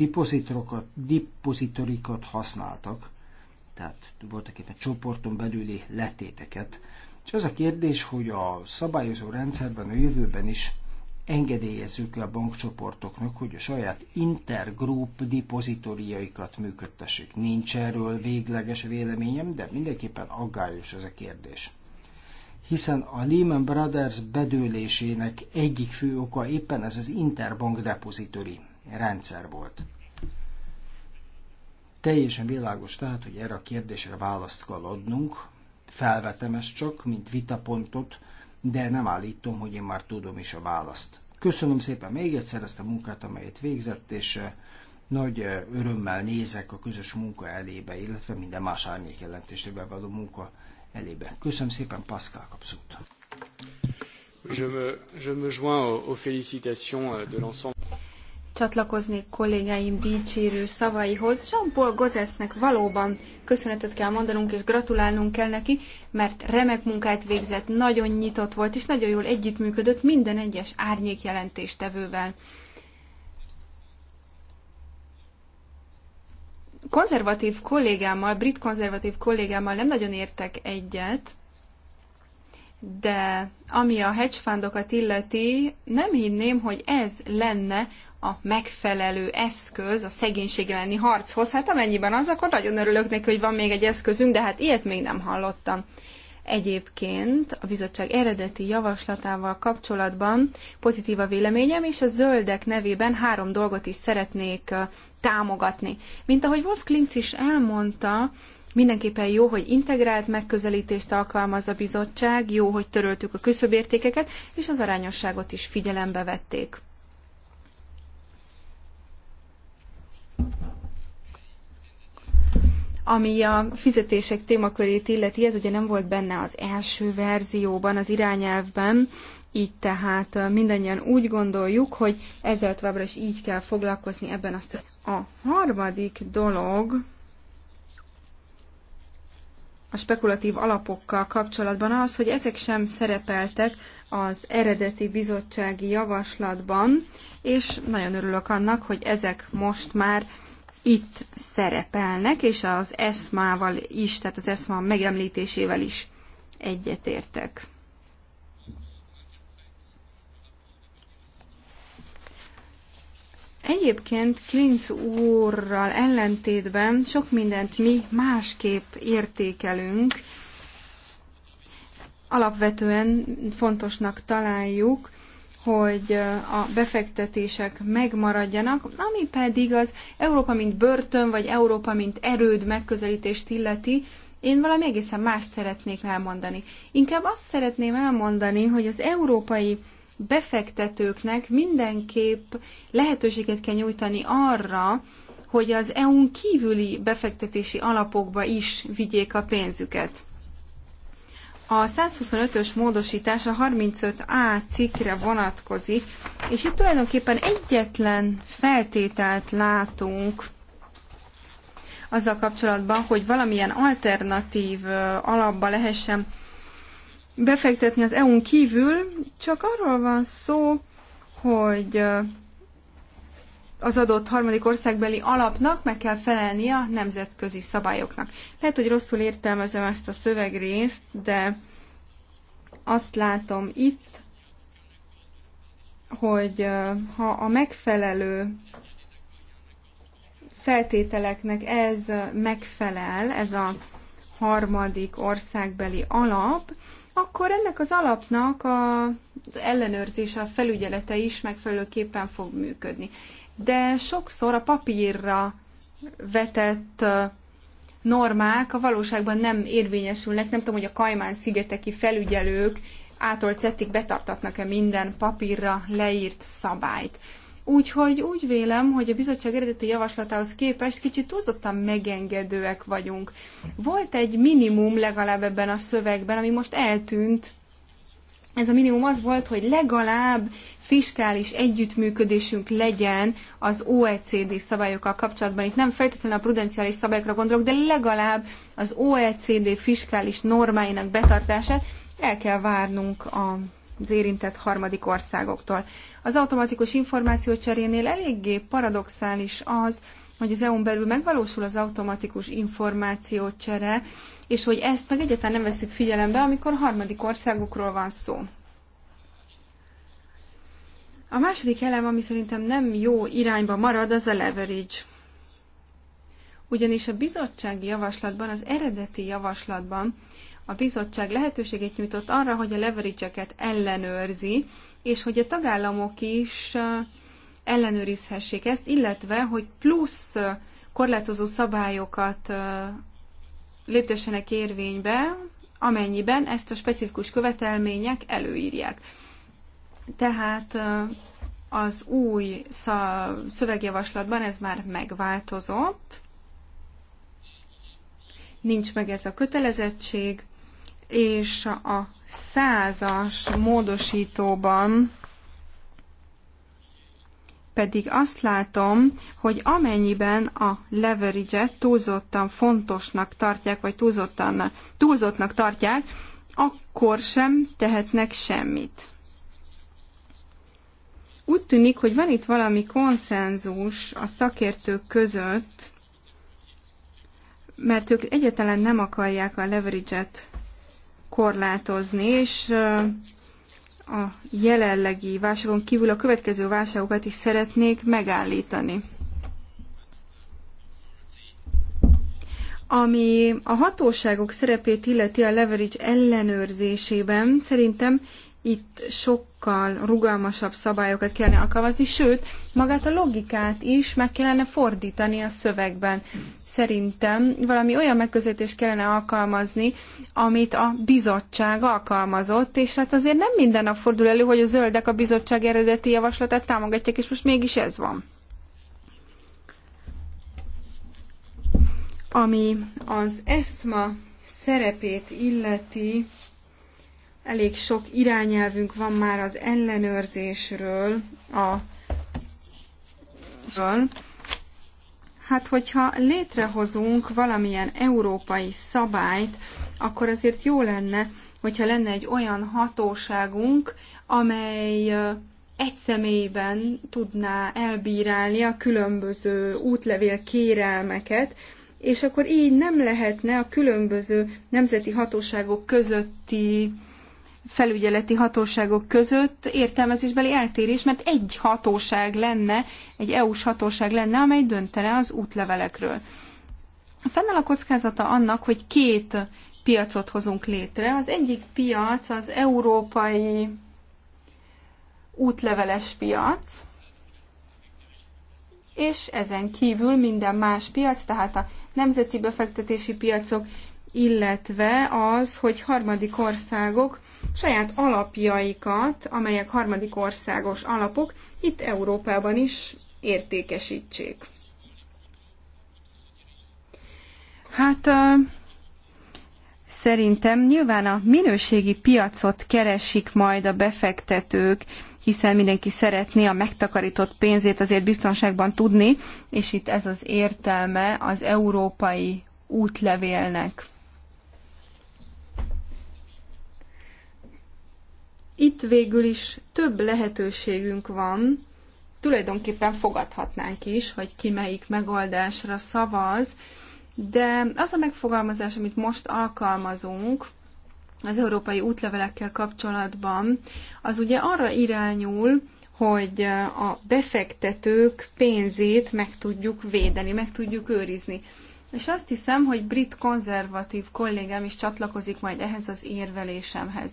depositorikat használtak, tehát voltak éppen csoporton belüli letéteket. És az a kérdés, hogy a szabályozó rendszerben a jövőben is engedélyezzük a bankcsoportoknak, hogy a saját intergroup depozitoriaikat működtessék. Nincs erről végleges véleményem, de mindenképpen aggályos ez a kérdés. Hiszen a Lehman Brothers bedőlésének egyik fő oka éppen ez az interbank depozitori rendszer volt. Teljesen világos tehát, hogy erre a kérdésre választ kell adnunk. Felvetem ezt csak, mint vitapontot, de nem állítom, hogy én már tudom is a választ. Köszönöm szépen még egyszer ezt a munkát, amelyet végzett, és eh, nagy eh, örömmel nézek a közös munka elébe, illetve minden más árnyék jelentésével való munka elébe. Köszönöm szépen, Pascal Kapszút. Je me, je me joins aux félicitations eh, de l'ensemble csatlakoznék kollégáim dicsérő szavaihoz. Jean-Paul Gozesnek valóban köszönetet kell mondanunk, és gratulálnunk kell neki, mert remek munkát végzett, nagyon nyitott volt, és nagyon jól együttműködött minden egyes árnyék jelentéstevővel. Konzervatív kollégámmal, brit konzervatív kollégámmal nem nagyon értek egyet, de ami a hedge fundokat illeti, nem hinném, hogy ez lenne a megfelelő eszköz a szegénység elleni harchoz. Hát amennyiben az, akkor nagyon örülök neki, hogy van még egy eszközünk, de hát ilyet még nem hallottam. Egyébként a bizottság eredeti javaslatával kapcsolatban pozitív a véleményem, és a zöldek nevében három dolgot is szeretnék támogatni. Mint ahogy Wolf Klinc is elmondta, Mindenképpen jó, hogy integrált megközelítést alkalmaz a bizottság, jó, hogy töröltük a küszöbértékeket, és az arányosságot is figyelembe vették. Ami a fizetések témakörét illeti, ez ugye nem volt benne az első verzióban, az irányelvben, így tehát mindannyian úgy gondoljuk, hogy ezzel továbbra is így kell foglalkozni ebben a A harmadik dolog a spekulatív alapokkal kapcsolatban az, hogy ezek sem szerepeltek az eredeti bizottsági javaslatban, és nagyon örülök annak, hogy ezek most már itt szerepelnek, és az eszmával val is, tehát az eszma megemlítésével is egyetértek. Egyébként Klinz úrral ellentétben sok mindent mi másképp értékelünk. Alapvetően fontosnak találjuk hogy a befektetések megmaradjanak, ami pedig az Európa mint börtön, vagy Európa mint erőd megközelítést illeti, én valami egészen mást szeretnék elmondani. Inkább azt szeretném elmondani, hogy az európai befektetőknek mindenképp lehetőséget kell nyújtani arra, hogy az EU-n kívüli befektetési alapokba is vigyék a pénzüket. A 125-ös módosítás a 35A cikkre vonatkozik, és itt tulajdonképpen egyetlen feltételt látunk azzal kapcsolatban, hogy valamilyen alternatív alapba lehessen befektetni az EU-n kívül, csak arról van szó, hogy az adott harmadik országbeli alapnak meg kell felelnie a nemzetközi szabályoknak. Lehet, hogy rosszul értelmezem ezt a szövegrészt, de azt látom itt, hogy ha a megfelelő feltételeknek ez megfelel, ez a harmadik országbeli alap, akkor ennek az alapnak az ellenőrzése, a felügyelete is megfelelőképpen fog működni de sokszor a papírra vetett normák a valóságban nem érvényesülnek. Nem tudom, hogy a Kajmán-szigeteki felügyelők ától cettig betartatnak-e minden papírra leírt szabályt. Úgyhogy úgy vélem, hogy a bizottság eredeti javaslatához képest kicsit túlzottan megengedőek vagyunk. Volt egy minimum legalább ebben a szövegben, ami most eltűnt. Ez a minimum az volt, hogy legalább fiskális együttműködésünk legyen az OECD szabályokkal kapcsolatban. Itt nem feltétlenül a prudenciális szabályokra gondolok, de legalább az OECD fiskális normáinak betartását el kell várnunk a az érintett harmadik országoktól. Az automatikus információcserénél eléggé paradoxális az, hogy az EU-n belül megvalósul az automatikus csere, és hogy ezt meg egyáltalán nem veszük figyelembe, amikor harmadik országokról van szó. A második elem, ami szerintem nem jó irányba marad, az a leverage. Ugyanis a bizottsági javaslatban, az eredeti javaslatban a bizottság lehetőséget nyújtott arra, hogy a leverage ellenőrzi, és hogy a tagállamok is ellenőrizhessék ezt, illetve hogy plusz korlátozó szabályokat léptessenek érvénybe, amennyiben ezt a specifikus követelmények előírják. Tehát az új szövegjavaslatban ez már megváltozott, nincs meg ez a kötelezettség, és a százas módosítóban pedig azt látom, hogy amennyiben a leverage-et túlzottan fontosnak tartják, vagy túlzottan, túlzottnak tartják, akkor sem tehetnek semmit. Úgy tűnik, hogy van itt valami konszenzus a szakértők között, mert ők egyetlen nem akarják a leverage-et korlátozni, és a jelenlegi válságon kívül a következő válságokat is szeretnék megállítani. Ami a hatóságok szerepét illeti a leverage ellenőrzésében, szerintem itt sokkal rugalmasabb szabályokat kellene alkalmazni, sőt, magát a logikát is meg kellene fordítani a szövegben. Szerintem valami olyan megközelítést kellene alkalmazni, amit a bizottság alkalmazott, és hát azért nem minden nap fordul elő, hogy a zöldek a bizottság eredeti javaslatát támogatják, és most mégis ez van. Ami az ESMA szerepét illeti, Elég sok irányelvünk van már az ellenőrzésről, a Hát, hogyha létrehozunk valamilyen európai szabályt, akkor azért jó lenne, hogyha lenne egy olyan hatóságunk, amely egy személyben tudná elbírálni a különböző útlevél kérelmeket, és akkor így nem lehetne a különböző nemzeti hatóságok közötti felügyeleti hatóságok között értelmezésbeli eltérés, mert egy hatóság lenne, egy EU-s hatóság lenne, amely döntene az útlevelekről. Fennáll a kockázata annak, hogy két piacot hozunk létre. Az egyik piac az európai útleveles piac, és ezen kívül minden más piac, tehát a nemzeti befektetési piacok, illetve az, hogy harmadik országok saját alapjaikat, amelyek harmadik országos alapok, itt Európában is értékesítsék. Hát szerintem nyilván a minőségi piacot keresik majd a befektetők, hiszen mindenki szeretné a megtakarított pénzét azért biztonságban tudni, és itt ez az értelme az európai útlevélnek. itt végül is több lehetőségünk van, tulajdonképpen fogadhatnánk is, hogy ki melyik megoldásra szavaz, de az a megfogalmazás, amit most alkalmazunk az európai útlevelekkel kapcsolatban, az ugye arra irányul, hogy a befektetők pénzét meg tudjuk védeni, meg tudjuk őrizni. És azt hiszem, hogy brit konzervatív kollégám is csatlakozik majd ehhez az érvelésemhez.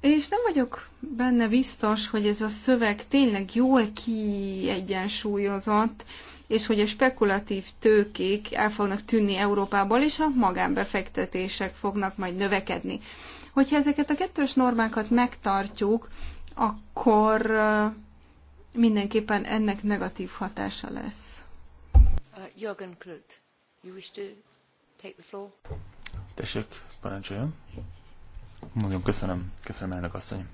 És nem vagyok benne biztos, hogy ez a szöveg tényleg jól kiegyensúlyozott, és hogy a spekulatív tőkék el fognak tűnni Európából, és a magánbefektetések fognak majd növekedni. Hogyha ezeket a kettős normákat megtartjuk, akkor mindenképpen ennek negatív hatása lesz. Uh, Jürgen Klut, you wish to take the floor? Tessék, parancsoljon. Nagyon köszönöm. Köszönöm, elnök asszony.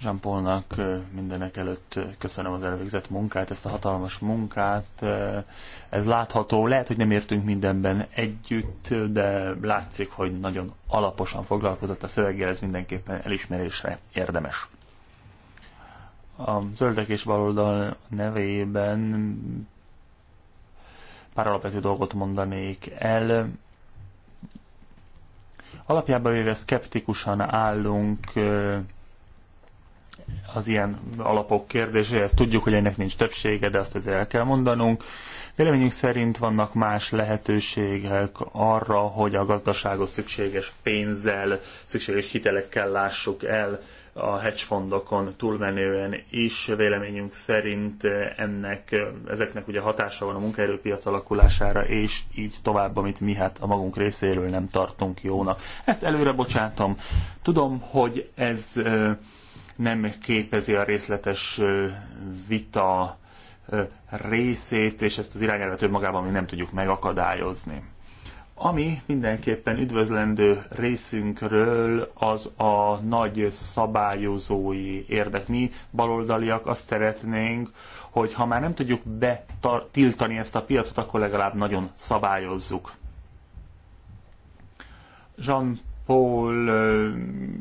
jean Paulnak mindenek előtt köszönöm az elvégzett munkát, ezt a hatalmas munkát. Ez látható, lehet, hogy nem értünk mindenben együtt, de látszik, hogy nagyon alaposan foglalkozott a szöveggel, ez mindenképpen elismerésre érdemes. A zöldek és baloldal nevében Pár alapvető dolgot mondanék el. Alapjában véve szkeptikusan állunk az ilyen alapok kérdéséhez. Tudjuk, hogy ennek nincs többsége, de azt ezért el kell mondanunk. Véleményünk szerint vannak más lehetőségek arra, hogy a gazdaságos szükséges pénzzel, szükséges hitelekkel lássuk el a hedge fundokon túlmenően is. Véleményünk szerint ennek, ezeknek ugye hatása van a munkaerőpiac alakulására, és így tovább, amit mi hát a magunk részéről nem tartunk jónak. Ezt előre bocsátom. Tudom, hogy ez nem képezi a részletes vita részét, és ezt az irányelvet önmagában mi nem tudjuk megakadályozni. Ami mindenképpen üdvözlendő részünkről az a nagy szabályozói érdek. Mi baloldaliak azt szeretnénk, hogy ha már nem tudjuk betiltani ezt a piacot, akkor legalább nagyon szabályozzuk. Jean Paul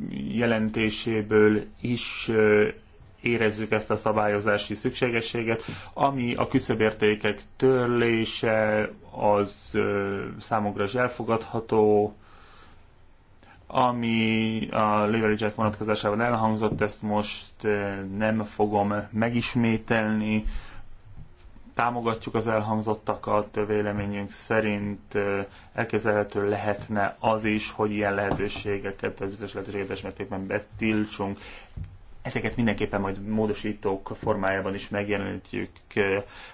jelentéséből is érezzük ezt a szabályozási szükségességet, ami a küszöbértékek törlése, az számunkra is elfogadható, ami a leverage vonatkozásában elhangzott, ezt most nem fogom megismételni. Támogatjuk az elhangzottakat, véleményünk szerint elképzelhető lehetne az is, hogy ilyen lehetőségeket, bizonyos lehetőséget mértékben betiltsunk ezeket mindenképpen majd módosítók formájában is megjelenítjük.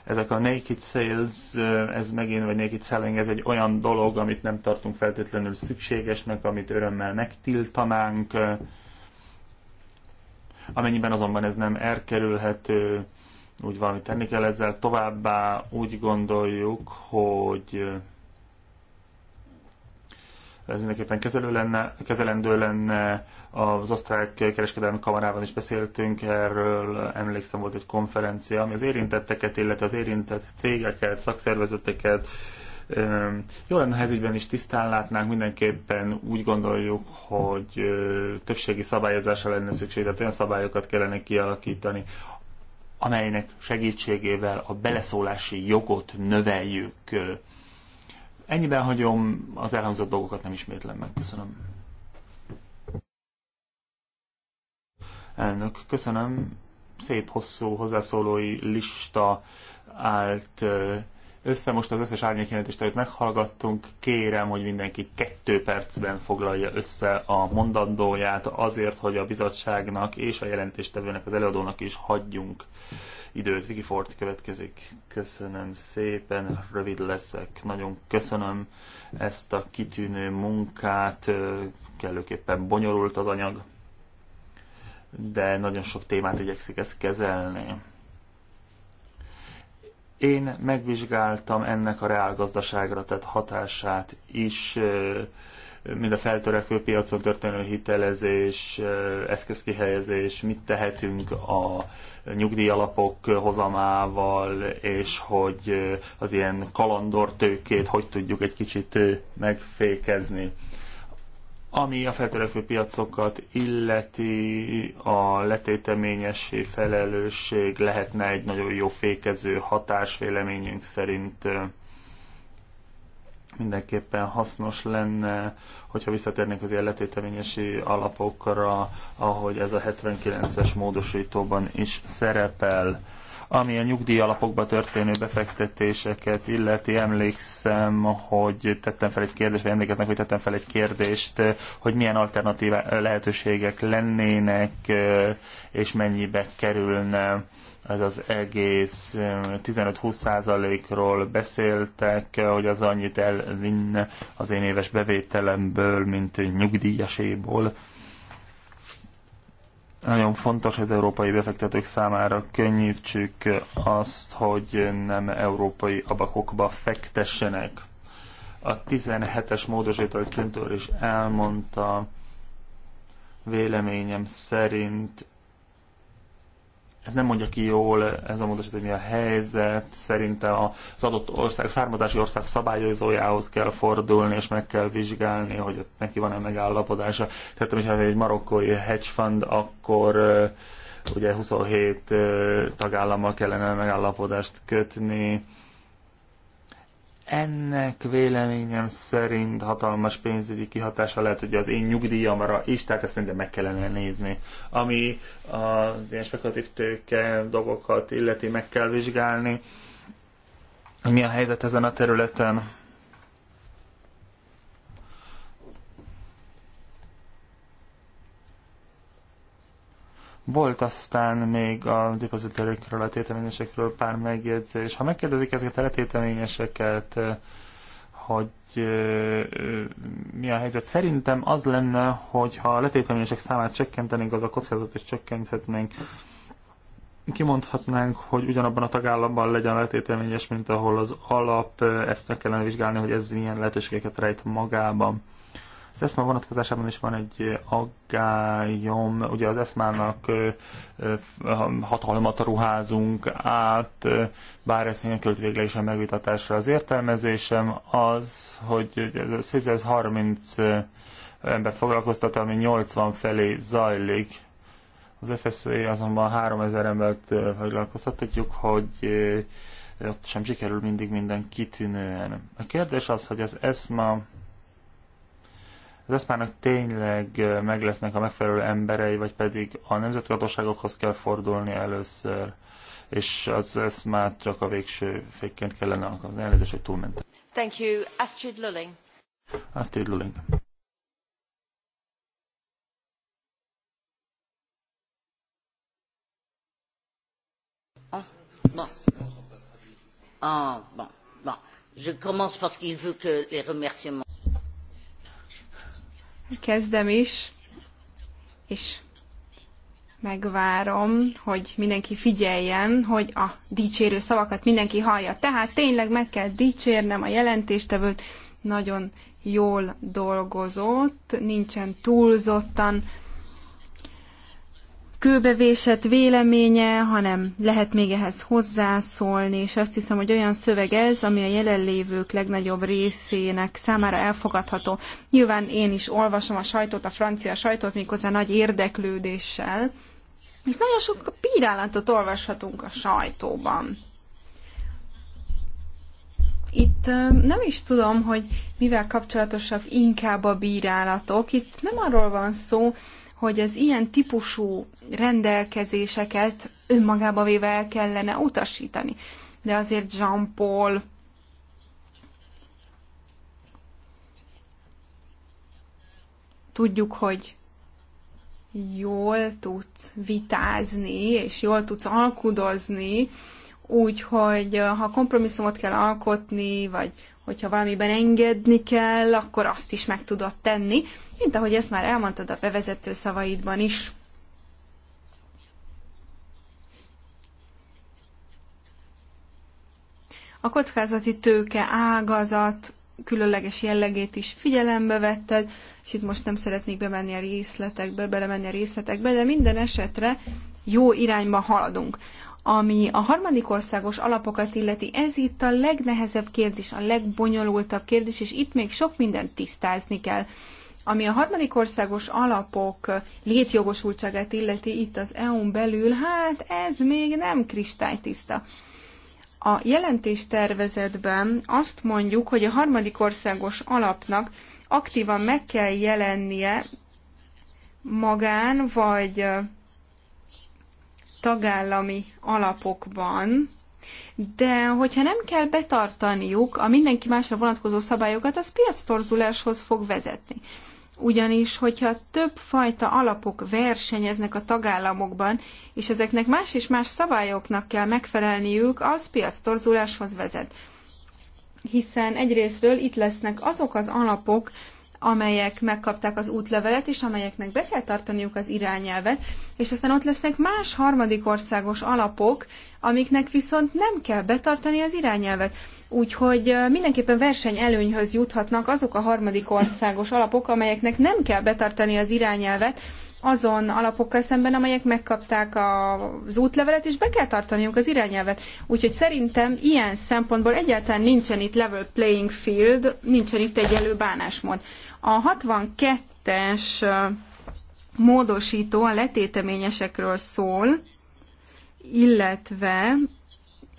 Ezek a naked sales, ez megint, vagy naked selling, ez egy olyan dolog, amit nem tartunk feltétlenül szükségesnek, amit örömmel megtiltanánk. Amennyiben azonban ez nem elkerülhető, úgy valami tenni kell ezzel továbbá, úgy gondoljuk, hogy ez mindenképpen kezelő lenne, kezelendő lenne. Az osztrák kereskedelmi kamarában is beszéltünk erről, emlékszem volt egy konferencia, ami az érintetteket, illetve az érintett cégeket, szakszervezeteket, jó lenne, ha ezügyben is tisztán látnánk, mindenképpen úgy gondoljuk, hogy többségi szabályozásra lenne szükség, tehát olyan szabályokat kellene kialakítani, amelynek segítségével a beleszólási jogot növeljük Ennyiben hagyom, az elhangzott dolgokat nem ismétlem meg. Köszönöm. Elnök, köszönöm. Szép hosszú hozzászólói lista állt össze. Most az összes árnyékjelentést, amit meghallgattunk, kérem, hogy mindenki kettő percben foglalja össze a mondandóját azért, hogy a bizottságnak és a jelentéstevőnek, az előadónak is hagyjunk időt. Vicky Ford következik. Köszönöm szépen, rövid leszek. Nagyon köszönöm ezt a kitűnő munkát, kellőképpen bonyolult az anyag, de nagyon sok témát igyekszik ezt kezelni. Én megvizsgáltam ennek a reálgazdaságra tett hatását is, mind a feltörekvő piacon történő hitelezés, eszközkihelyezés, mit tehetünk a nyugdíjalapok hozamával, és hogy az ilyen kalandortőkét hogy tudjuk egy kicsit megfékezni. Ami a feltörekvő piacokat illeti, a letéteményesé, felelősség lehetne egy nagyon jó fékező hatás véleményünk szerint mindenképpen hasznos lenne, hogyha visszatérnék az életételényesi alapokra, ahogy ez a 79-es módosítóban is szerepel. Ami a nyugdíj alapokba történő befektetéseket illeti, emlékszem, hogy tettem fel egy kérdést, vagy emlékeznek, hogy tettem fel egy kérdést, hogy milyen alternatív lehetőségek lennének, és mennyibe kerülne ez az egész 15-20 százalékról beszéltek, hogy az annyit elvinne az én éves bevételemből, mint nyugdíjaséból. Nagyon fontos az európai befektetők számára könnyítsük azt, hogy nem európai abakokba fektessenek. A 17-es módosítói kintől is elmondta, véleményem szerint ez nem mondja ki jól, ez a módosítás, hogy mi a helyzet, szerinte az adott ország, származási ország szabályozójához kell fordulni, és meg kell vizsgálni, hogy ott neki van-e megállapodása. Tehát, hogyha egy marokkói hedge fund, akkor ugye 27 tagállammal kellene megállapodást kötni, ennek véleményem szerint hatalmas pénzügyi kihatása lehet, hogy az én nyugdíjamra is, tehát ezt szerintem meg kellene nézni. Ami az ilyen spekulatív tőke dolgokat illeti, meg kell vizsgálni, mi a helyzet ezen a területen. Volt aztán még a depozitőrökről, a tételményesekről pár megjegyzés. Ha megkérdezik ezeket a tételményeseket, eh, hogy eh, eh, mi a helyzet. Szerintem az lenne, hogy ha a letéteményesek számát csökkentenénk, az a kockázatot is csökkenthetnénk. Kimondhatnánk, hogy ugyanabban a tagállamban legyen letételményes, mint ahol az alap, ezt meg kellene vizsgálni, hogy ez milyen lehetőségeket rejt magában. ESMA vonatkozásában is van egy aggályom, ugye az ESMA-nak hatalmat ruházunk át, bár ez még nem került a megvitatásra. Az értelmezésem az, hogy ez 630 embert foglalkoztat, ami 80 felé zajlik. Az FSZ azonban 3000 embert foglalkoztatjuk, hogy ott sem sikerül mindig minden kitűnően. A kérdés az, hogy az ESMA az eszpának tényleg meg lesznek a megfelelő emberei, vagy pedig a nemzetgatóságokhoz kell fordulni először, és az ezt már csak a végső fékként kellene alkalmazni. Elnézést, hogy túlmentem. Thank you. Astrid Lulling. Astrid Lulling. Ah, bon. Ah, bon, bon. Je commence parce qu'il veut que les remerciements. Kezdem is, és megvárom, hogy mindenki figyeljen, hogy a dicsérő szavakat mindenki hallja. Tehát tényleg meg kell dicsérnem a jelentéstevőt, nagyon jól dolgozott, nincsen túlzottan kőbevésett véleménye, hanem lehet még ehhez hozzászólni, és azt hiszem, hogy olyan szöveg ez, ami a jelenlévők legnagyobb részének számára elfogadható. Nyilván én is olvasom a sajtót, a francia sajtót, méghozzá nagy érdeklődéssel, és nagyon sok bírálatot olvashatunk a sajtóban. Itt nem is tudom, hogy mivel kapcsolatosabb inkább a bírálatok. Itt nem arról van szó, hogy az ilyen típusú rendelkezéseket önmagába véve el kellene utasítani. De azért Jean-Paul tudjuk, hogy jól tudsz vitázni, és jól tudsz alkudozni, úgyhogy eh, ha kompromisszumot kell alkotni, vagy hogyha valamiben engedni kell, akkor azt is meg tudod tenni mint ahogy ezt már elmondtad a bevezető szavaidban is. A kockázati tőke ágazat különleges jellegét is figyelembe vetted, és itt most nem szeretnék bemenni a részletekbe, belemenni a részletekbe, de minden esetre jó irányba haladunk. Ami a harmadik országos alapokat illeti, ez itt a legnehezebb kérdés, a legbonyolultabb kérdés, és itt még sok mindent tisztázni kell. Ami a harmadik országos alapok létjogosultságát illeti itt az EU-n belül, hát ez még nem kristálytiszta. A jelentéstervezetben azt mondjuk, hogy a harmadik országos alapnak aktívan meg kell jelennie magán vagy tagállami alapokban, de hogyha nem kell betartaniuk a mindenki másra vonatkozó szabályokat, az piactorzuláshoz fog vezetni. Ugyanis, hogyha több fajta alapok versenyeznek a tagállamokban, és ezeknek más és más szabályoknak kell megfelelniük, az piactorzuláshoz vezet. Hiszen egyrésztről itt lesznek azok az alapok, amelyek megkapták az útlevelet, és amelyeknek be kell tartaniuk az irányelvet, és aztán ott lesznek más harmadik országos alapok, amiknek viszont nem kell betartani az irányelvet. Úgyhogy mindenképpen versenyelőnyhöz juthatnak azok a harmadik országos alapok, amelyeknek nem kell betartani az irányelvet, azon alapokkal szemben, amelyek megkapták az útlevelet, és be kell tartaniuk az irányelvet. Úgyhogy szerintem ilyen szempontból egyáltalán nincsen itt level playing field, nincsen itt egyenlő bánásmód. A 62-es módosító a letéteményesekről szól, illetve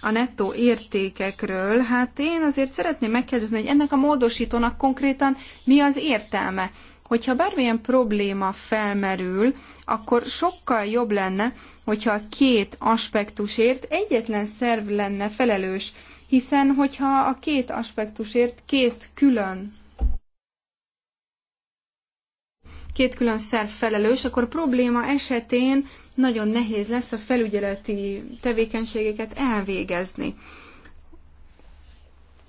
a nettó értékekről, hát én azért szeretném megkérdezni, hogy ennek a módosítónak konkrétan mi az értelme. Hogyha bármilyen probléma felmerül, akkor sokkal jobb lenne, hogyha a két aspektusért egyetlen szerv lenne felelős, hiszen hogyha a két aspektusért két külön két külön szerv felelős, akkor probléma esetén nagyon nehéz lesz a felügyeleti tevékenységeket elvégezni.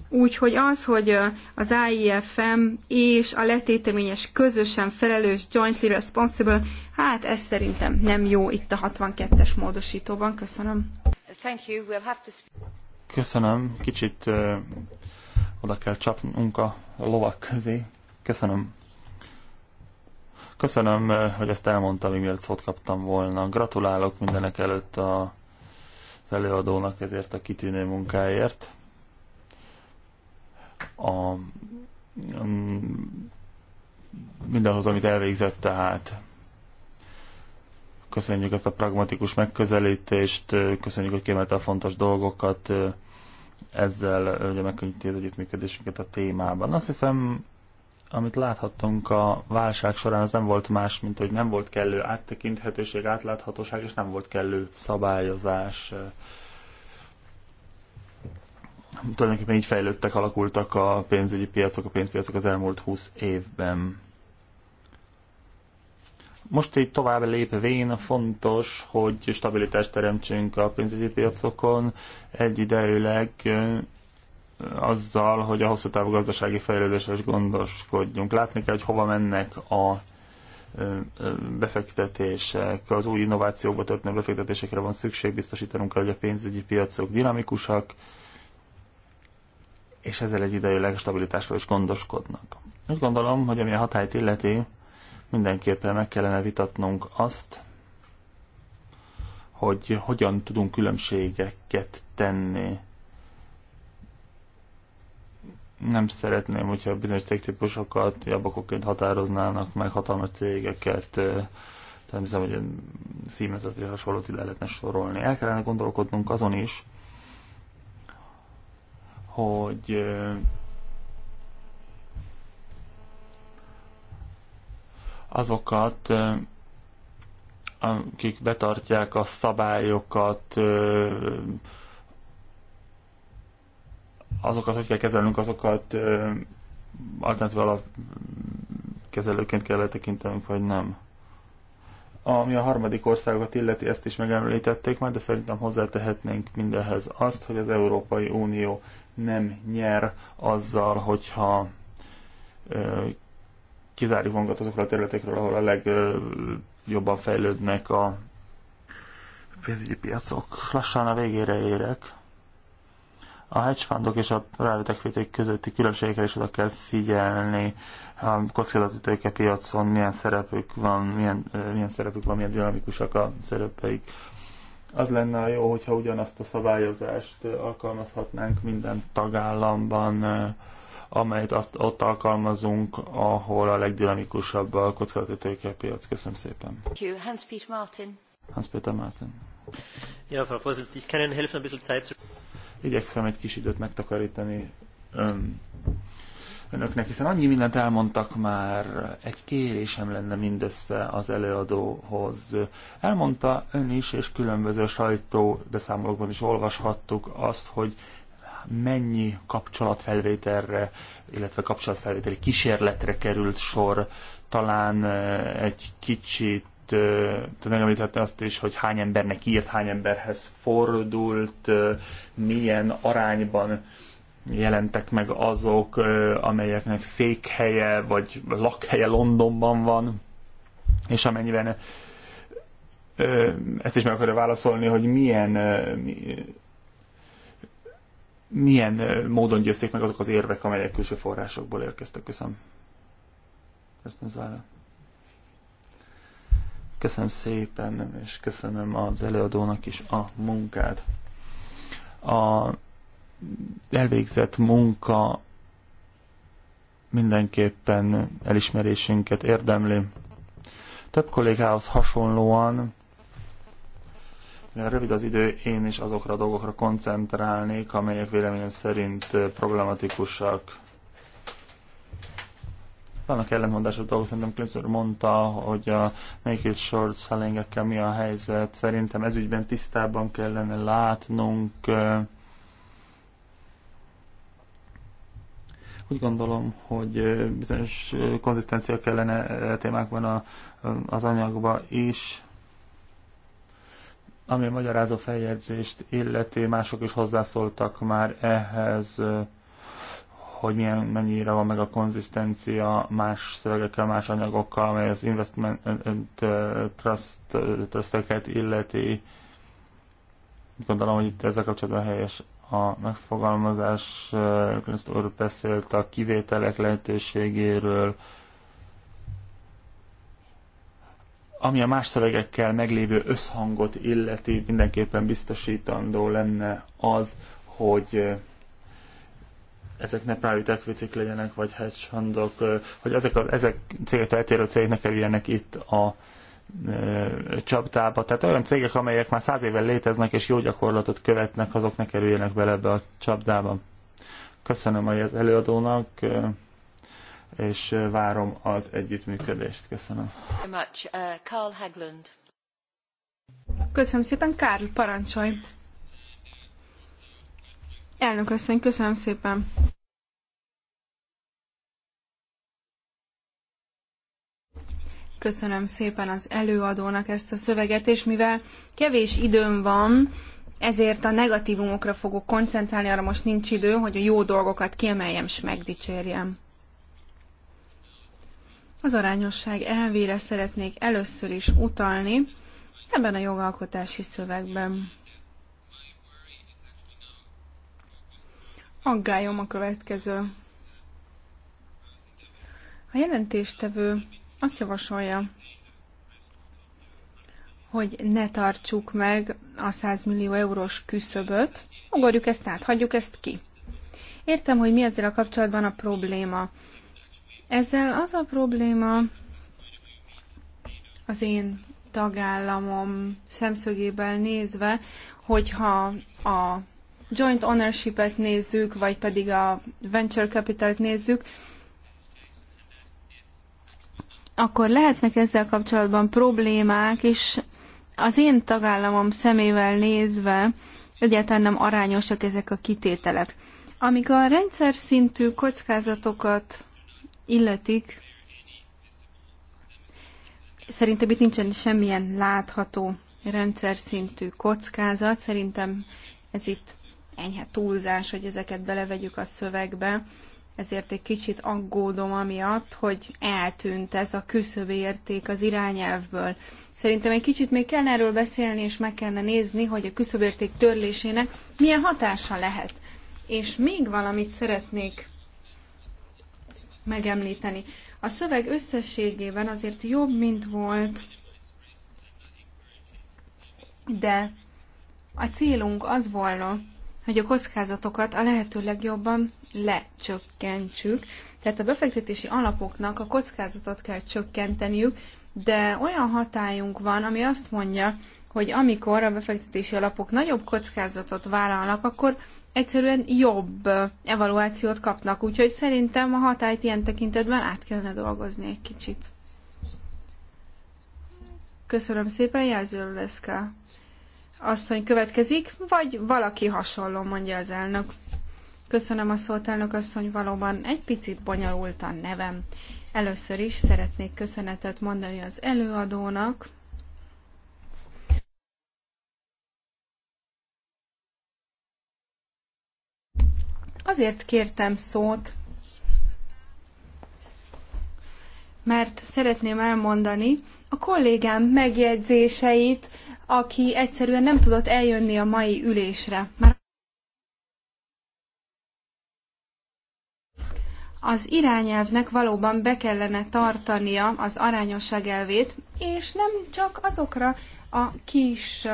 Úgyhogy az, hogy az AIFM e és a letéteményes közösen felelős jointly responsible, hát ez szerintem nem jó itt a 62-es módosítóban. Köszönöm. Köszönöm. Kicsit uh, oda kell csapnunk a lovak közé. Köszönöm. Köszönöm, eh, hogy ezt elmondtam, még mielőtt szót kaptam volna. Gratulálok mindenek előtt a, az előadónak ezért a kitűnő munkáért. A, mm, mindenhoz, amit elvégzett tehát. Köszönjük ezt a pragmatikus megközelítést, eh, köszönjük, hogy kiemelte a fontos dolgokat, eh, ezzel ugye megkönnyíti az együttműködésünket a témában. Azt hiszem, amit láthattunk a válság során, az nem volt más, mint hogy nem volt kellő áttekinthetőség, átláthatóság, és nem volt kellő szabályozás. Tulajdonképpen így fejlődtek, alakultak a pénzügyi piacok, a pénzpiacok az elmúlt 20 évben. Most így tovább lépvén fontos, hogy stabilitást teremtsünk a pénzügyi piacokon, egyidejűleg azzal, hogy a hosszú távú gazdasági fejlődéses gondoskodjunk. Látni kell, hogy hova mennek a befektetések, az új innovációkba történő befektetésekre van szükség, biztosítanunk kell, hogy a pénzügyi piacok dinamikusak, és ezzel egy idejűleg stabilitásról is gondoskodnak. Úgy gondolom, hogy ami a hatályt illeti, mindenképpen meg kellene vitatnunk azt, hogy hogyan tudunk különbségeket tenni nem szeretném, hogyha bizonyos cégtípusokat jabakokként határoznának meg hatalmas cégeket, tehát hiszem, hogy szímezet vagy hasonlót ide lehetne sorolni. El kellene gondolkodnunk azon is, hogy azokat, akik betartják a szabályokat, azokat hogy kell kezelnünk, azokat alternatív alap kezelőként kell letekintenünk, vagy nem. Ami a harmadik országokat illeti, ezt is megemlítették már, de szerintem hozzátehetnénk mindehhez azt, hogy az Európai Unió nem nyer azzal, hogyha ö, kizárjuk magunkat azokra a területekről, ahol a legjobban fejlődnek a pénzügyi piacok. Lassan a végére érek. A hedgefundok és a private equity közötti különbségekre is oda kell figyelni. A kockázati piacon milyen szerepük van, milyen, milyen szerepük van, milyen dinamikusak a szerepeik. Az lenne jó, hogyha ugyanazt a szabályozást alkalmazhatnánk minden tagállamban, amelyet azt ott alkalmazunk, ahol a legdinamikusabb a kockázati piac. Köszönöm szépen. Hans-Peter Martin. Hans-Peter Martin. Ja, Frau Vorsitz, ich kann Ihnen helfen, ein bisschen Zeit zu... Igyekszem egy kis időt megtakarítani ön, önöknek, hiszen annyi mindent elmondtak már, egy kérésem lenne mindössze az előadóhoz. Elmondta ön is, és különböző sajtó beszámolókban is olvashattuk azt, hogy mennyi kapcsolatfelvételre, illetve kapcsolatfelvételi kísérletre került sor, talán egy kicsit itt megemlítette azt is, hogy hány embernek írt, hány emberhez fordult, milyen arányban jelentek meg azok, amelyeknek székhelye vagy lakhelye Londonban van, és amennyiben ezt is meg akarja válaszolni, hogy milyen milyen módon győzték meg azok az érvek, amelyek külső forrásokból érkeztek. Köszönöm. Köszönöm, Zára. Köszönöm szépen, és köszönöm az előadónak is a munkát. A elvégzett munka mindenképpen elismerésünket érdemli. Több kollégához hasonlóan, mivel rövid az idő, én is azokra a dolgokra koncentrálnék, amelyek véleményem szerint problematikusak vannak ellenmondások dolgok, szerintem Klinzor mondta, hogy a naked short selling mi a helyzet. Szerintem ez ügyben tisztában kellene látnunk. Úgy gondolom, hogy bizonyos konzisztencia kellene témákban a, az anyagba is, ami a magyarázó feljegyzést illeti, mások is hozzászóltak már ehhez hogy milyen, mennyire van meg a konzisztencia más szövegekkel, más anyagokkal, amely az investment trust, trusteket illeti. Gondolom, hogy itt ezzel kapcsolatban helyes a megfogalmazás. Kriszt úr beszélt a kivételek lehetőségéről, ami a más szövegekkel meglévő összhangot illeti, mindenképpen biztosítandó lenne az, hogy ezek ne private equity legyenek, vagy hedge fundok, hogy ezek, a, ezek céget eltérő cégek ne kerüljenek itt a e, csaptába. Tehát olyan cégek, amelyek már száz éve léteznek és jó gyakorlatot követnek, azok ne kerüljenek bele ebbe a csapdába. Köszönöm az előadónak, és várom az együttműködést. Köszönöm. Uh, Köszönöm szépen, Karl, parancsolj! Elnök asszony, köszönöm szépen. Köszönöm szépen az előadónak ezt a szöveget, és mivel kevés időm van, ezért a negatívumokra fogok koncentrálni, arra most nincs idő, hogy a jó dolgokat kiemeljem és megdicsérjem. Az arányosság elvére szeretnék először is utalni ebben a jogalkotási szövegben. Aggályom a következő. A jelentéstevő azt javasolja, hogy ne tartsuk meg a 100 millió eurós küszöböt, ugorjuk ezt át, hagyjuk ezt ki. Értem, hogy mi ezzel a kapcsolatban a probléma. Ezzel az a probléma az én tagállamom szemszögéből nézve, hogyha a joint ownership-et nézzük, vagy pedig a venture capital-t nézzük, akkor lehetnek ezzel kapcsolatban problémák, és az én tagállamom szemével nézve egyáltalán nem arányosak ezek a kitételek. Amik a rendszer szintű kockázatokat illetik, szerintem itt nincsen semmilyen látható rendszer szintű kockázat, szerintem ez itt enyhe túlzás, hogy ezeket belevegyük a szövegbe, ezért egy kicsit aggódom amiatt, hogy eltűnt ez a küszöbérték az irányelvből. Szerintem egy kicsit még kell erről beszélni, és meg kellene nézni, hogy a küszöbérték törlésének milyen hatása lehet. És még valamit szeretnék megemlíteni. A szöveg összességében azért jobb, mint volt, de a célunk az volna, hogy a kockázatokat a lehető legjobban lecsökkentsük. Tehát a befektetési alapoknak a kockázatot kell csökkenteniük, de olyan hatályunk van, ami azt mondja, hogy amikor a befektetési alapok nagyobb kockázatot vállalnak, akkor egyszerűen jobb evaluációt kapnak, úgyhogy szerintem a hatályt ilyen tekintetben át kellene dolgozni egy kicsit. Köszönöm szépen, Jelző Leszka asszony következik, vagy valaki hasonló, mondja az elnök. Köszönöm a szót, elnök asszony, valóban egy picit bonyolult a nevem. Először is szeretnék köszönetet mondani az előadónak, Azért kértem szót, mert szeretném elmondani a kollégám megjegyzéseit, aki egyszerűen nem tudott eljönni a mai ülésre. Már az irányelvnek valóban be kellene tartania az arányosság elvét, és nem csak azokra a kis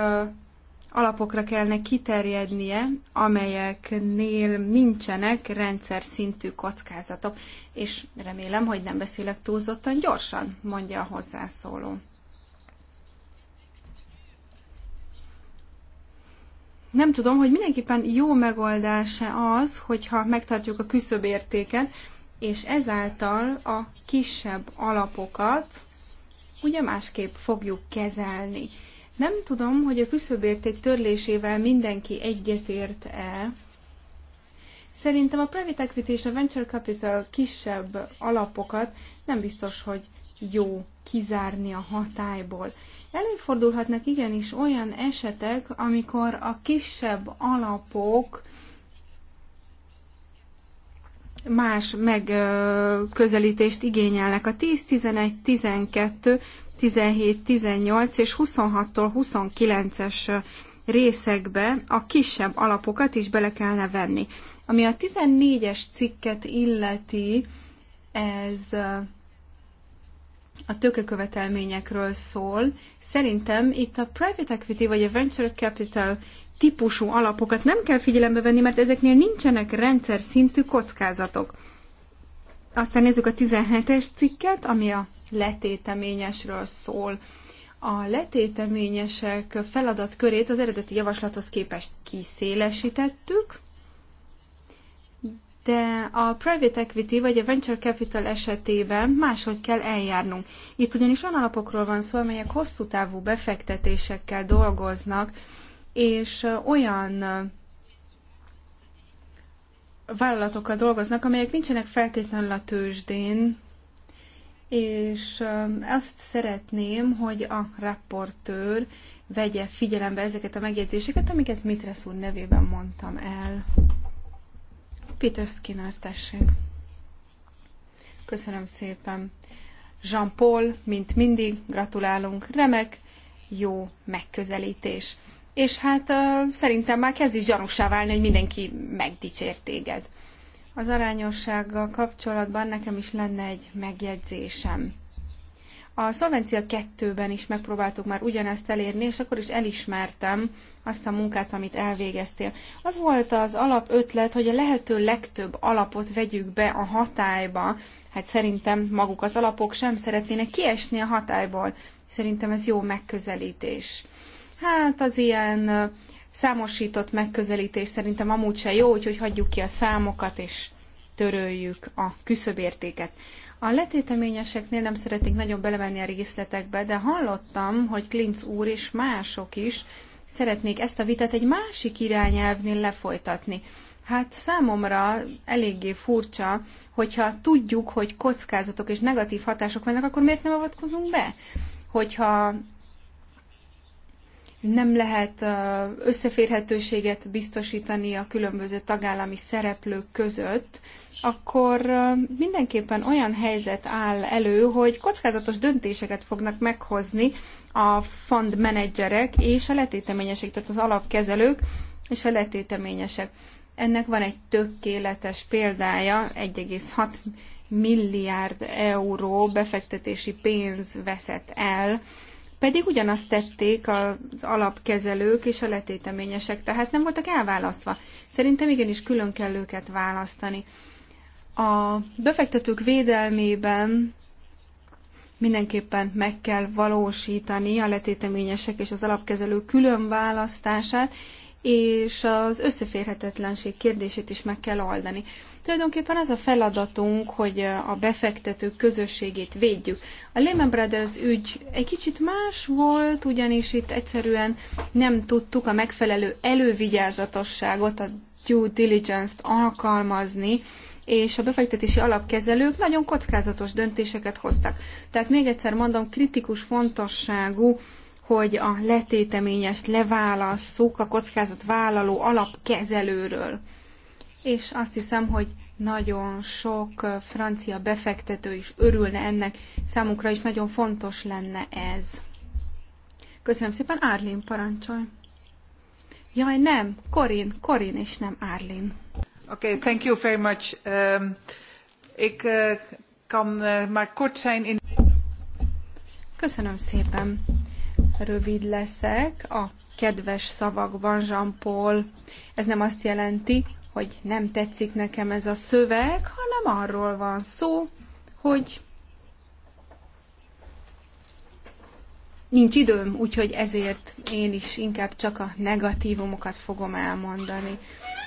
alapokra kellene kiterjednie, amelyeknél nincsenek rendszer szintű kockázatok. És remélem, hogy nem beszélek túlzottan gyorsan, mondja a hozzászóló. nem tudom, hogy mindenképpen jó megoldása az, hogyha megtartjuk a küszöbértéket, és ezáltal a kisebb alapokat ugye másképp fogjuk kezelni. Nem tudom, hogy a küszöbérték törlésével mindenki egyetért-e. Szerintem a private equity és a venture capital kisebb alapokat nem biztos, hogy jó kizárni a hatályból. Előfordulhatnak igenis olyan esetek, amikor a kisebb alapok más megközelítést igényelnek. A 10, 11, 12, 17, 18 és 26-tól 29-es részekbe a kisebb alapokat is bele kellene venni. Ami a 14-es cikket illeti, ez a tőkekövetelményekről szól. Szerintem itt a private equity vagy a venture capital típusú alapokat nem kell figyelembe venni, mert ezeknél nincsenek rendszer szintű kockázatok. Aztán nézzük a 17-es cikket, ami a letéteményesről szól. A letéteményesek feladatkörét az eredeti javaslathoz képest kiszélesítettük, de a private equity vagy a venture capital esetében máshogy kell eljárnunk. Itt ugyanis olyan alapokról van szó, amelyek hosszú távú befektetésekkel dolgoznak, és olyan vállalatokkal dolgoznak, amelyek nincsenek feltétlenül a tőzsdén, és azt szeretném, hogy a rapportőr vegye figyelembe ezeket a megjegyzéseket, amiket Mitres úr nevében mondtam el. Peter Skinner, tessék. Köszönöm szépen. Jean-Paul, mint mindig, gratulálunk. Remek, jó megközelítés. És hát uh, szerintem már kezd is gyanúsá válni, hogy mindenki megdicsért téged. Az arányossággal kapcsolatban nekem is lenne egy megjegyzésem. A Szolvencia 2-ben is megpróbáltuk már ugyanezt elérni, és akkor is elismertem azt a munkát, amit elvégeztél. Az volt az alapötlet, hogy a lehető legtöbb alapot vegyük be a hatályba. Hát szerintem maguk az alapok sem szeretnének kiesni a hatályból. Szerintem ez jó megközelítés. Hát az ilyen számosított megközelítés szerintem amúgy se jó, úgyhogy hagyjuk ki a számokat, és töröljük a küszöbértéket. A letéteményeseknél nem szeretnék nagyon belemenni a részletekbe, de hallottam, hogy Klinc úr és mások is szeretnék ezt a vitát egy másik irányelvnél lefolytatni. Hát számomra eléggé furcsa, hogyha tudjuk, hogy kockázatok és negatív hatások vannak, akkor miért nem avatkozunk be? Hogyha nem lehet összeférhetőséget biztosítani a különböző tagállami szereplők között, akkor mindenképpen olyan helyzet áll elő, hogy kockázatos döntéseket fognak meghozni a fund menedzserek és a letéteményesek, tehát az alapkezelők és a letéteményesek. Ennek van egy tökéletes példája, 1,6 milliárd euró befektetési pénz veszett el pedig ugyanazt tették az alapkezelők és a letéteményesek, tehát nem voltak elválasztva. Szerintem igenis külön kell őket választani. A befektetők védelmében mindenképpen meg kell valósítani a letéteményesek és az alapkezelők külön választását, és az összeférhetetlenség kérdését is meg kell oldani. Tulajdonképpen az a feladatunk, hogy a befektetők közösségét védjük. A Lehman Brothers ügy egy kicsit más volt, ugyanis itt egyszerűen nem tudtuk a megfelelő elővigyázatosságot, a due diligence-t alkalmazni, és a befektetési alapkezelők nagyon kockázatos döntéseket hoztak. Tehát még egyszer mondom, kritikus fontosságú, hogy a letéteményest leválasszuk a kockázatvállaló alapkezelőről és azt hiszem, hogy nagyon sok francia befektető is örülne ennek, számukra is nagyon fontos lenne ez. Köszönöm szépen, Árlin parancsolj! Jaj, nem, Korin, Korin, és nem Árlin. Oké, okay, thank you very much. Um, ik uh, kan uh, maar kort zijn in... Köszönöm szépen. Rövid leszek a kedves szavakban, Jean-Paul. Ez nem azt jelenti, hogy nem tetszik nekem ez a szöveg, hanem arról van szó, hogy nincs időm, úgyhogy ezért én is inkább csak a negatívumokat fogom elmondani.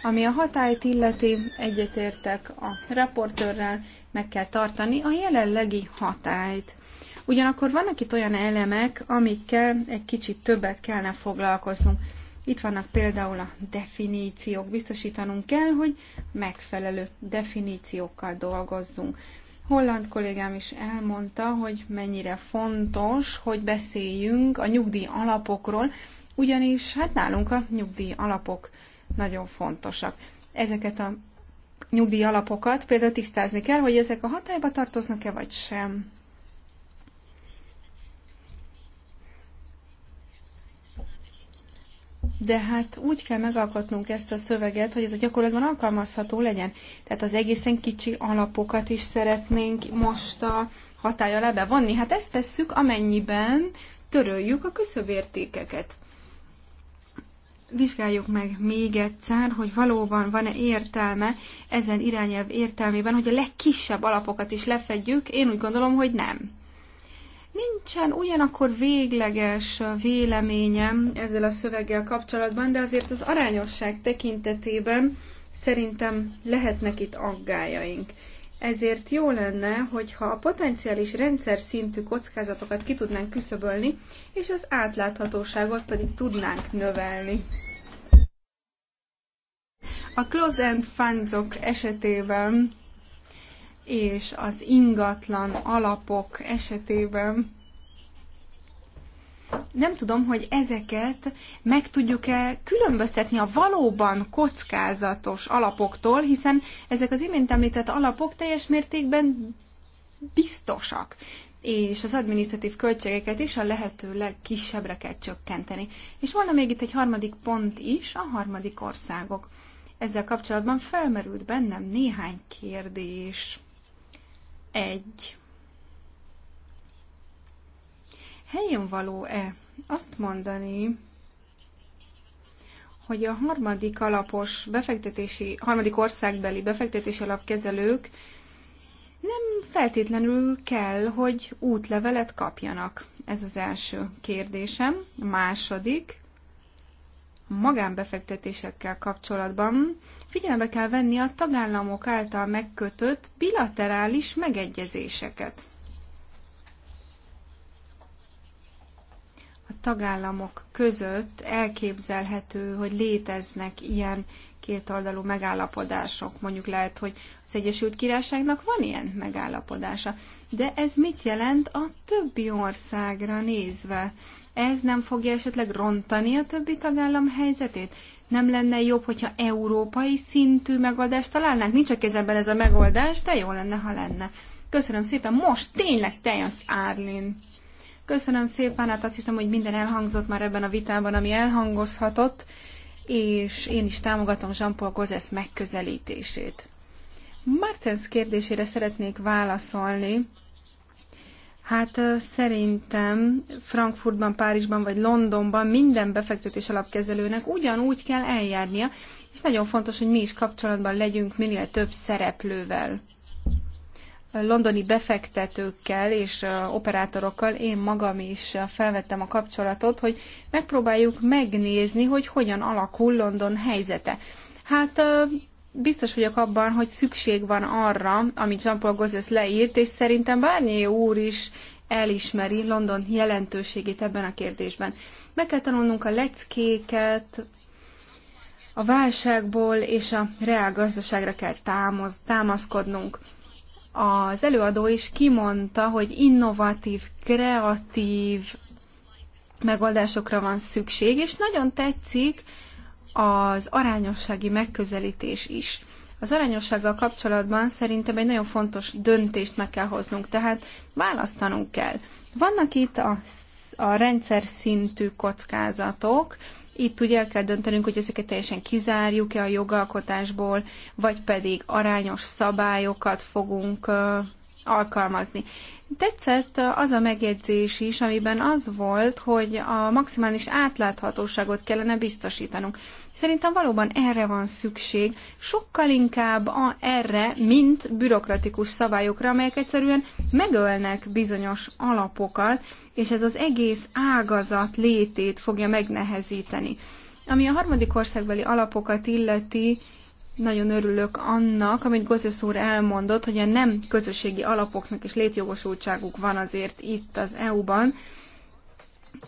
Ami a hatályt illeti, egyetértek a reportőrrel, meg kell tartani a jelenlegi hatályt. Ugyanakkor vannak itt olyan elemek, amikkel egy kicsit többet kellene foglalkoznunk. Itt vannak például a definíciók. Biztosítanunk kell, hogy megfelelő definíciókkal dolgozzunk. Holland kollégám is elmondta, hogy mennyire fontos, hogy beszéljünk a nyugdíj alapokról, ugyanis hát nálunk a nyugdíj alapok nagyon fontosak. Ezeket a nyugdíj alapokat például tisztázni kell, hogy ezek a hatályba tartoznak-e vagy sem. de hát úgy kell megalkotnunk ezt a szöveget, hogy ez a gyakorlatban alkalmazható legyen. Tehát az egészen kicsi alapokat is szeretnénk most a hatály alá bevonni. Hát ezt tesszük, amennyiben töröljük a küszöbértékeket. Vizsgáljuk meg még egyszer, hogy valóban van-e értelme ezen irányelv értelmében, hogy a legkisebb alapokat is lefedjük. Én úgy gondolom, hogy nem. Nincsen ugyanakkor végleges véleményem ezzel a szöveggel kapcsolatban, de azért az arányosság tekintetében szerintem lehetnek itt aggájaink. Ezért jó lenne, hogyha a potenciális rendszer szintű kockázatokat ki tudnánk küszöbölni, és az átláthatóságot pedig tudnánk növelni. A close-end fundsok esetében és az ingatlan alapok esetében nem tudom, hogy ezeket meg tudjuk-e különböztetni a valóban kockázatos alapoktól, hiszen ezek az imént említett alapok teljes mértékben biztosak, és az adminisztratív költségeket is a lehető legkisebbre kell csökkenteni. És volna még itt egy harmadik pont is, a harmadik országok. Ezzel kapcsolatban felmerült bennem néhány kérdés. 1. Helyén való-e azt mondani, hogy a harmadik alapos befektetési, harmadik országbeli befektetési alapkezelők nem feltétlenül kell, hogy útlevelet kapjanak. Ez az első kérdésem. A második, magánbefektetésekkel kapcsolatban figyelembe kell venni a tagállamok által megkötött bilaterális megegyezéseket. A tagállamok között elképzelhető, hogy léteznek ilyen kétoldalú megállapodások. Mondjuk lehet, hogy az Egyesült Királyságnak van ilyen megállapodása. De ez mit jelent a többi országra nézve? Ez nem fogja esetleg rontani a többi tagállam helyzetét? nem lenne jobb, hogyha európai szintű megoldást találnánk? Nincs a kezemben ez a megoldás, de jó lenne, ha lenne. Köszönöm szépen, most tényleg te jössz, Árlin. Köszönöm szépen, hát azt hiszem, hogy minden elhangzott már ebben a vitában, ami elhangozhatott, és én is támogatom Jean-Paul Gozesz megközelítését. Martens kérdésére szeretnék válaszolni. Hát szerintem Frankfurtban, Párizsban vagy Londonban minden befektetés alapkezelőnek ugyanúgy kell eljárnia, és nagyon fontos, hogy mi is kapcsolatban legyünk minél több szereplővel. Londoni befektetőkkel és operátorokkal én magam is felvettem a kapcsolatot, hogy megpróbáljuk megnézni, hogy hogyan alakul London helyzete. Hát biztos vagyok abban, hogy szükség van arra, amit Jean-Paul Gozes leírt, és szerintem Bárnyé úr is elismeri London jelentőségét ebben a kérdésben. Meg kell tanulnunk a leckéket, a válságból és a reál gazdaságra kell támasz, támaszkodnunk. Az előadó is kimondta, hogy innovatív, kreatív megoldásokra van szükség, és nagyon tetszik, az arányossági megközelítés is. Az arányossággal kapcsolatban szerintem egy nagyon fontos döntést meg kell hoznunk, tehát választanunk kell. Vannak itt a, a rendszer szintű kockázatok, itt ugye el kell döntenünk, hogy ezeket teljesen kizárjuk-e a jogalkotásból, vagy pedig arányos szabályokat fogunk alkalmazni. Tetszett az a megjegyzés is, amiben az volt, hogy a maximális átláthatóságot kellene biztosítanunk. Szerintem valóban erre van szükség, sokkal inkább a, erre, mint bürokratikus szabályokra, amelyek egyszerűen megölnek bizonyos alapokat, és ez az egész ágazat létét fogja megnehezíteni. Ami a harmadik országbeli alapokat illeti, nagyon örülök annak, amit Gozes úr elmondott, hogy a nem közösségi alapoknak is létjogosultságuk van azért itt az EU-ban,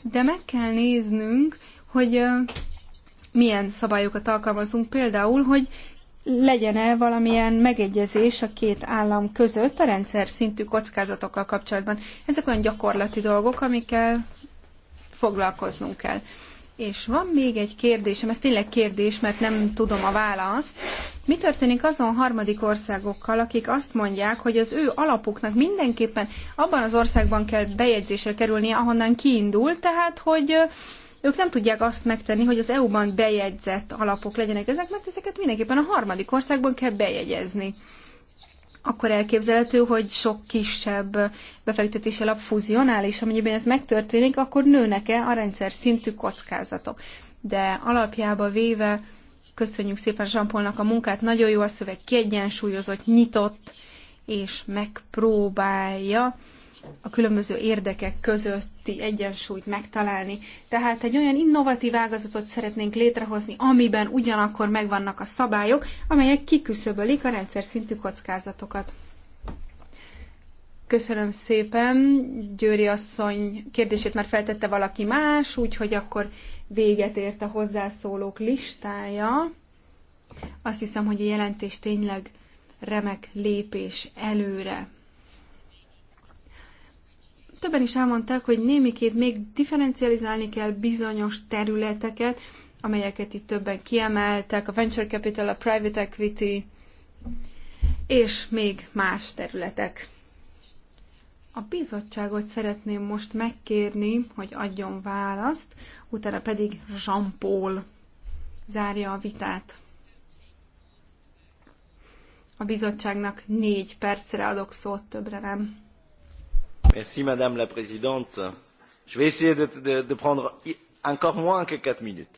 de meg kell néznünk, hogy milyen szabályokat alkalmazunk, például, hogy legyen-e valamilyen megegyezés a két állam között a rendszer szintű kockázatokkal kapcsolatban. Ezek olyan gyakorlati dolgok, amikkel foglalkoznunk kell. És van még egy kérdésem, ez tényleg kérdés, mert nem tudom a választ. Mi történik azon harmadik országokkal, akik azt mondják, hogy az ő alapuknak mindenképpen abban az országban kell bejegyzésre kerülnie, ahonnan kiindul, tehát hogy ők nem tudják azt megtenni, hogy az EU-ban bejegyzett alapok legyenek ezek, mert ezeket mindenképpen a harmadik országban kell bejegyezni akkor elképzelhető, hogy sok kisebb befektetési alap fúzionál, és amennyiben ez megtörténik, akkor nőnek-e a rendszer szintű kockázatok. De alapjába véve köszönjük szépen Zsampolnak a munkát, nagyon jó a szöveg, kiegyensúlyozott, nyitott, és megpróbálja a különböző érdekek közötti egyensúlyt megtalálni. Tehát egy olyan innovatív ágazatot szeretnénk létrehozni, amiben ugyanakkor megvannak a szabályok, amelyek kiküszöbölik a rendszer szintű kockázatokat. Köszönöm szépen. Győri asszony kérdését már feltette valaki más, úgyhogy akkor véget ért a hozzászólók listája. Azt hiszem, hogy a jelentés tényleg remek lépés előre Többen is elmondták, hogy némiképp még differencializálni kell bizonyos területeket, amelyeket itt többen kiemeltek, a venture capital, a private equity, és még más területek. A bizottságot szeretném most megkérni, hogy adjon választ, utána pedig Jean-Paul zárja a vitát. A bizottságnak négy percre adok szót, többre nem. Merci, Madame la Présidente. Je vais essayer de, de, de prendre encore moins que quatre minutes.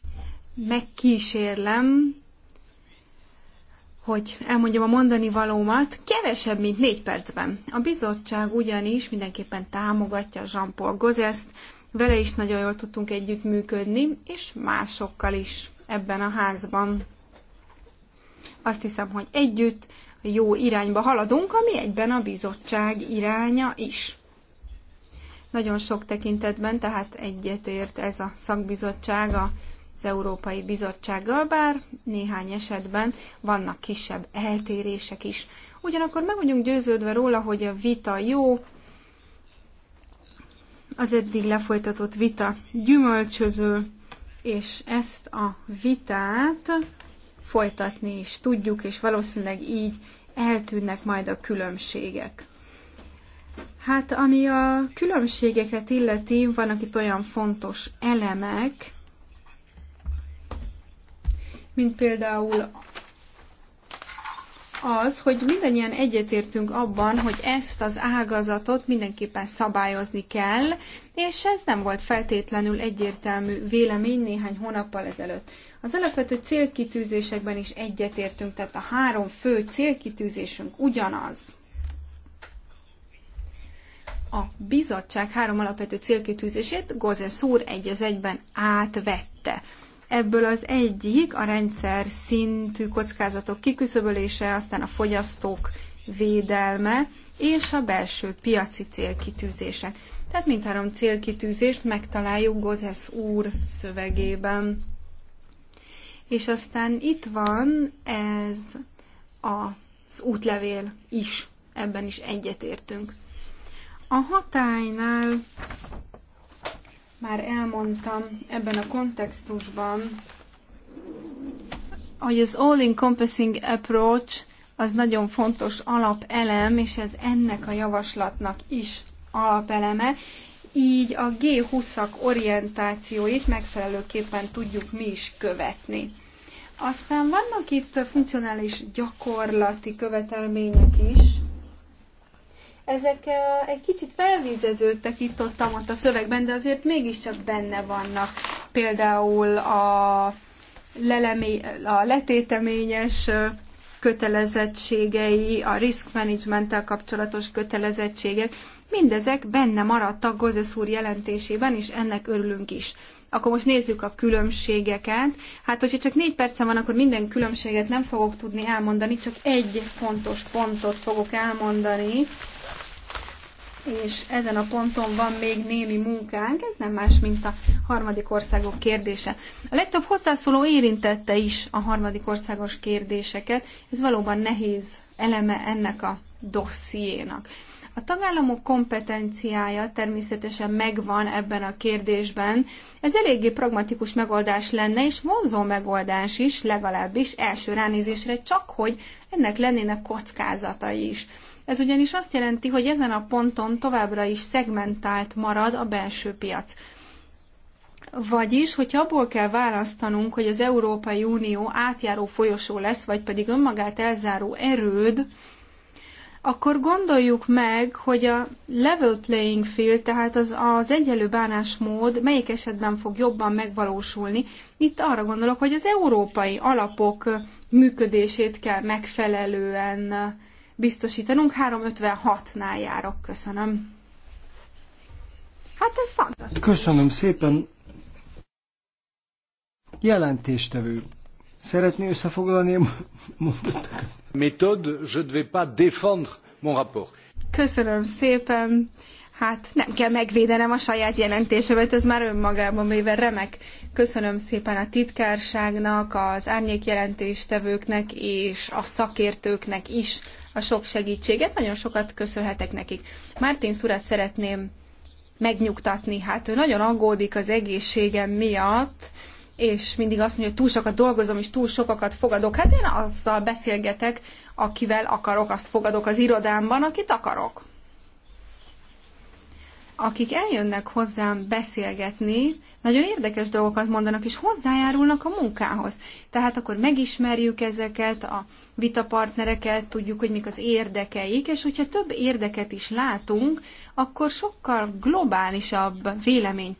Megkísérlem, hogy elmondjam a mondani valómat, kevesebb, mint négy percben. A bizottság ugyanis mindenképpen támogatja Jean-Paul Gozeszt, vele is nagyon jól tudtunk együttműködni, és másokkal is ebben a házban. Azt hiszem, hogy együtt jó irányba haladunk, ami egyben a bizottság iránya is nagyon sok tekintetben, tehát egyetért ez a szakbizottság az Európai Bizottsággal, bár néhány esetben vannak kisebb eltérések is. Ugyanakkor meg vagyunk győződve róla, hogy a vita jó, az eddig lefolytatott vita gyümölcsöző, és ezt a vitát folytatni is tudjuk, és valószínűleg így eltűnnek majd a különbségek. Hát ami a különbségeket illeti, vannak itt olyan fontos elemek, mint például az, hogy mindannyian egyetértünk abban, hogy ezt az ágazatot mindenképpen szabályozni kell, és ez nem volt feltétlenül egyértelmű vélemény néhány hónappal ezelőtt. Az alapvető célkitűzésekben is egyetértünk, tehát a három fő célkitűzésünk ugyanaz a bizottság három alapvető célkitűzését Gozes úr egy az egyben átvette. Ebből az egyik a rendszer szintű kockázatok kiküszöbölése, aztán a fogyasztók védelme és a belső piaci célkitűzése. Tehát mindhárom célkitűzést megtaláljuk Gozes úr szövegében. És aztán itt van ez az útlevél is, ebben is egyetértünk. A hatálynál már elmondtam ebben a kontextusban, hogy az all-encompassing approach az nagyon fontos alapelem, és ez ennek a javaslatnak is alapeleme, így a G20-ak orientációit megfelelőképpen tudjuk mi is követni. Aztán vannak itt funkcionális gyakorlati követelmények is, ezek egy kicsit felvízeződtek itt ott, ott a szövegben, de azért mégiscsak benne vannak. Például a, lelemé, a letéteményes kötelezettségei, a risk management kapcsolatos kötelezettségek, mindezek benne maradtak Gozes úr jelentésében, és ennek örülünk is. Akkor most nézzük a különbségeket. Hát, hogyha csak négy percem van, akkor minden különbséget nem fogok tudni elmondani, csak egy fontos pontot fogok elmondani és ezen a ponton van még némi munkánk, ez nem más, mint a harmadik országok kérdése. A legtöbb hozzászóló érintette is a harmadik országos kérdéseket, ez valóban nehéz eleme ennek a dossziénak. A tagállamok kompetenciája természetesen megvan ebben a kérdésben. Ez eléggé pragmatikus megoldás lenne, és vonzó megoldás is, legalábbis első ránézésre, csak hogy ennek lennének kockázatai is. Ez ugyanis azt jelenti, hogy ezen a ponton továbbra is szegmentált marad a belső piac. Vagyis, hogy abból kell választanunk, hogy az Európai Unió átjáró folyosó lesz, vagy pedig önmagát elzáró erőd, akkor gondoljuk meg, hogy a level playing field, tehát az, az egyenlő bánásmód melyik esetben fog jobban megvalósulni. Itt arra gondolok, hogy az európai alapok működését kell megfelelően biztosítanunk. 356-nál járok. Köszönöm. Hát ez fantasztikus. Köszönöm szépen. Jelentéstevő. Szeretné összefoglalni a mondatokat? Méthode, je ne vais pas défendre mon rapport. Köszönöm szépen. Hát nem kell megvédenem a saját jelentésemet, ez már önmagában véve remek. Köszönöm szépen a titkárságnak, az jelentéstevőknek és a szakértőknek is a sok segítséget, nagyon sokat köszönhetek nekik. Mártin Szurát szeretném megnyugtatni, hát ő nagyon aggódik az egészségem miatt, és mindig azt mondja, hogy túl sokat dolgozom, és túl sokakat fogadok. Hát én azzal beszélgetek, akivel akarok, azt fogadok az irodámban, akit akarok. Akik eljönnek hozzám beszélgetni, nagyon érdekes dolgokat mondanak, és hozzájárulnak a munkához. Tehát akkor megismerjük ezeket, a vitapartnereket, tudjuk, hogy mik az érdekeik, és hogyha több érdeket is látunk, akkor sokkal globálisabb véleményt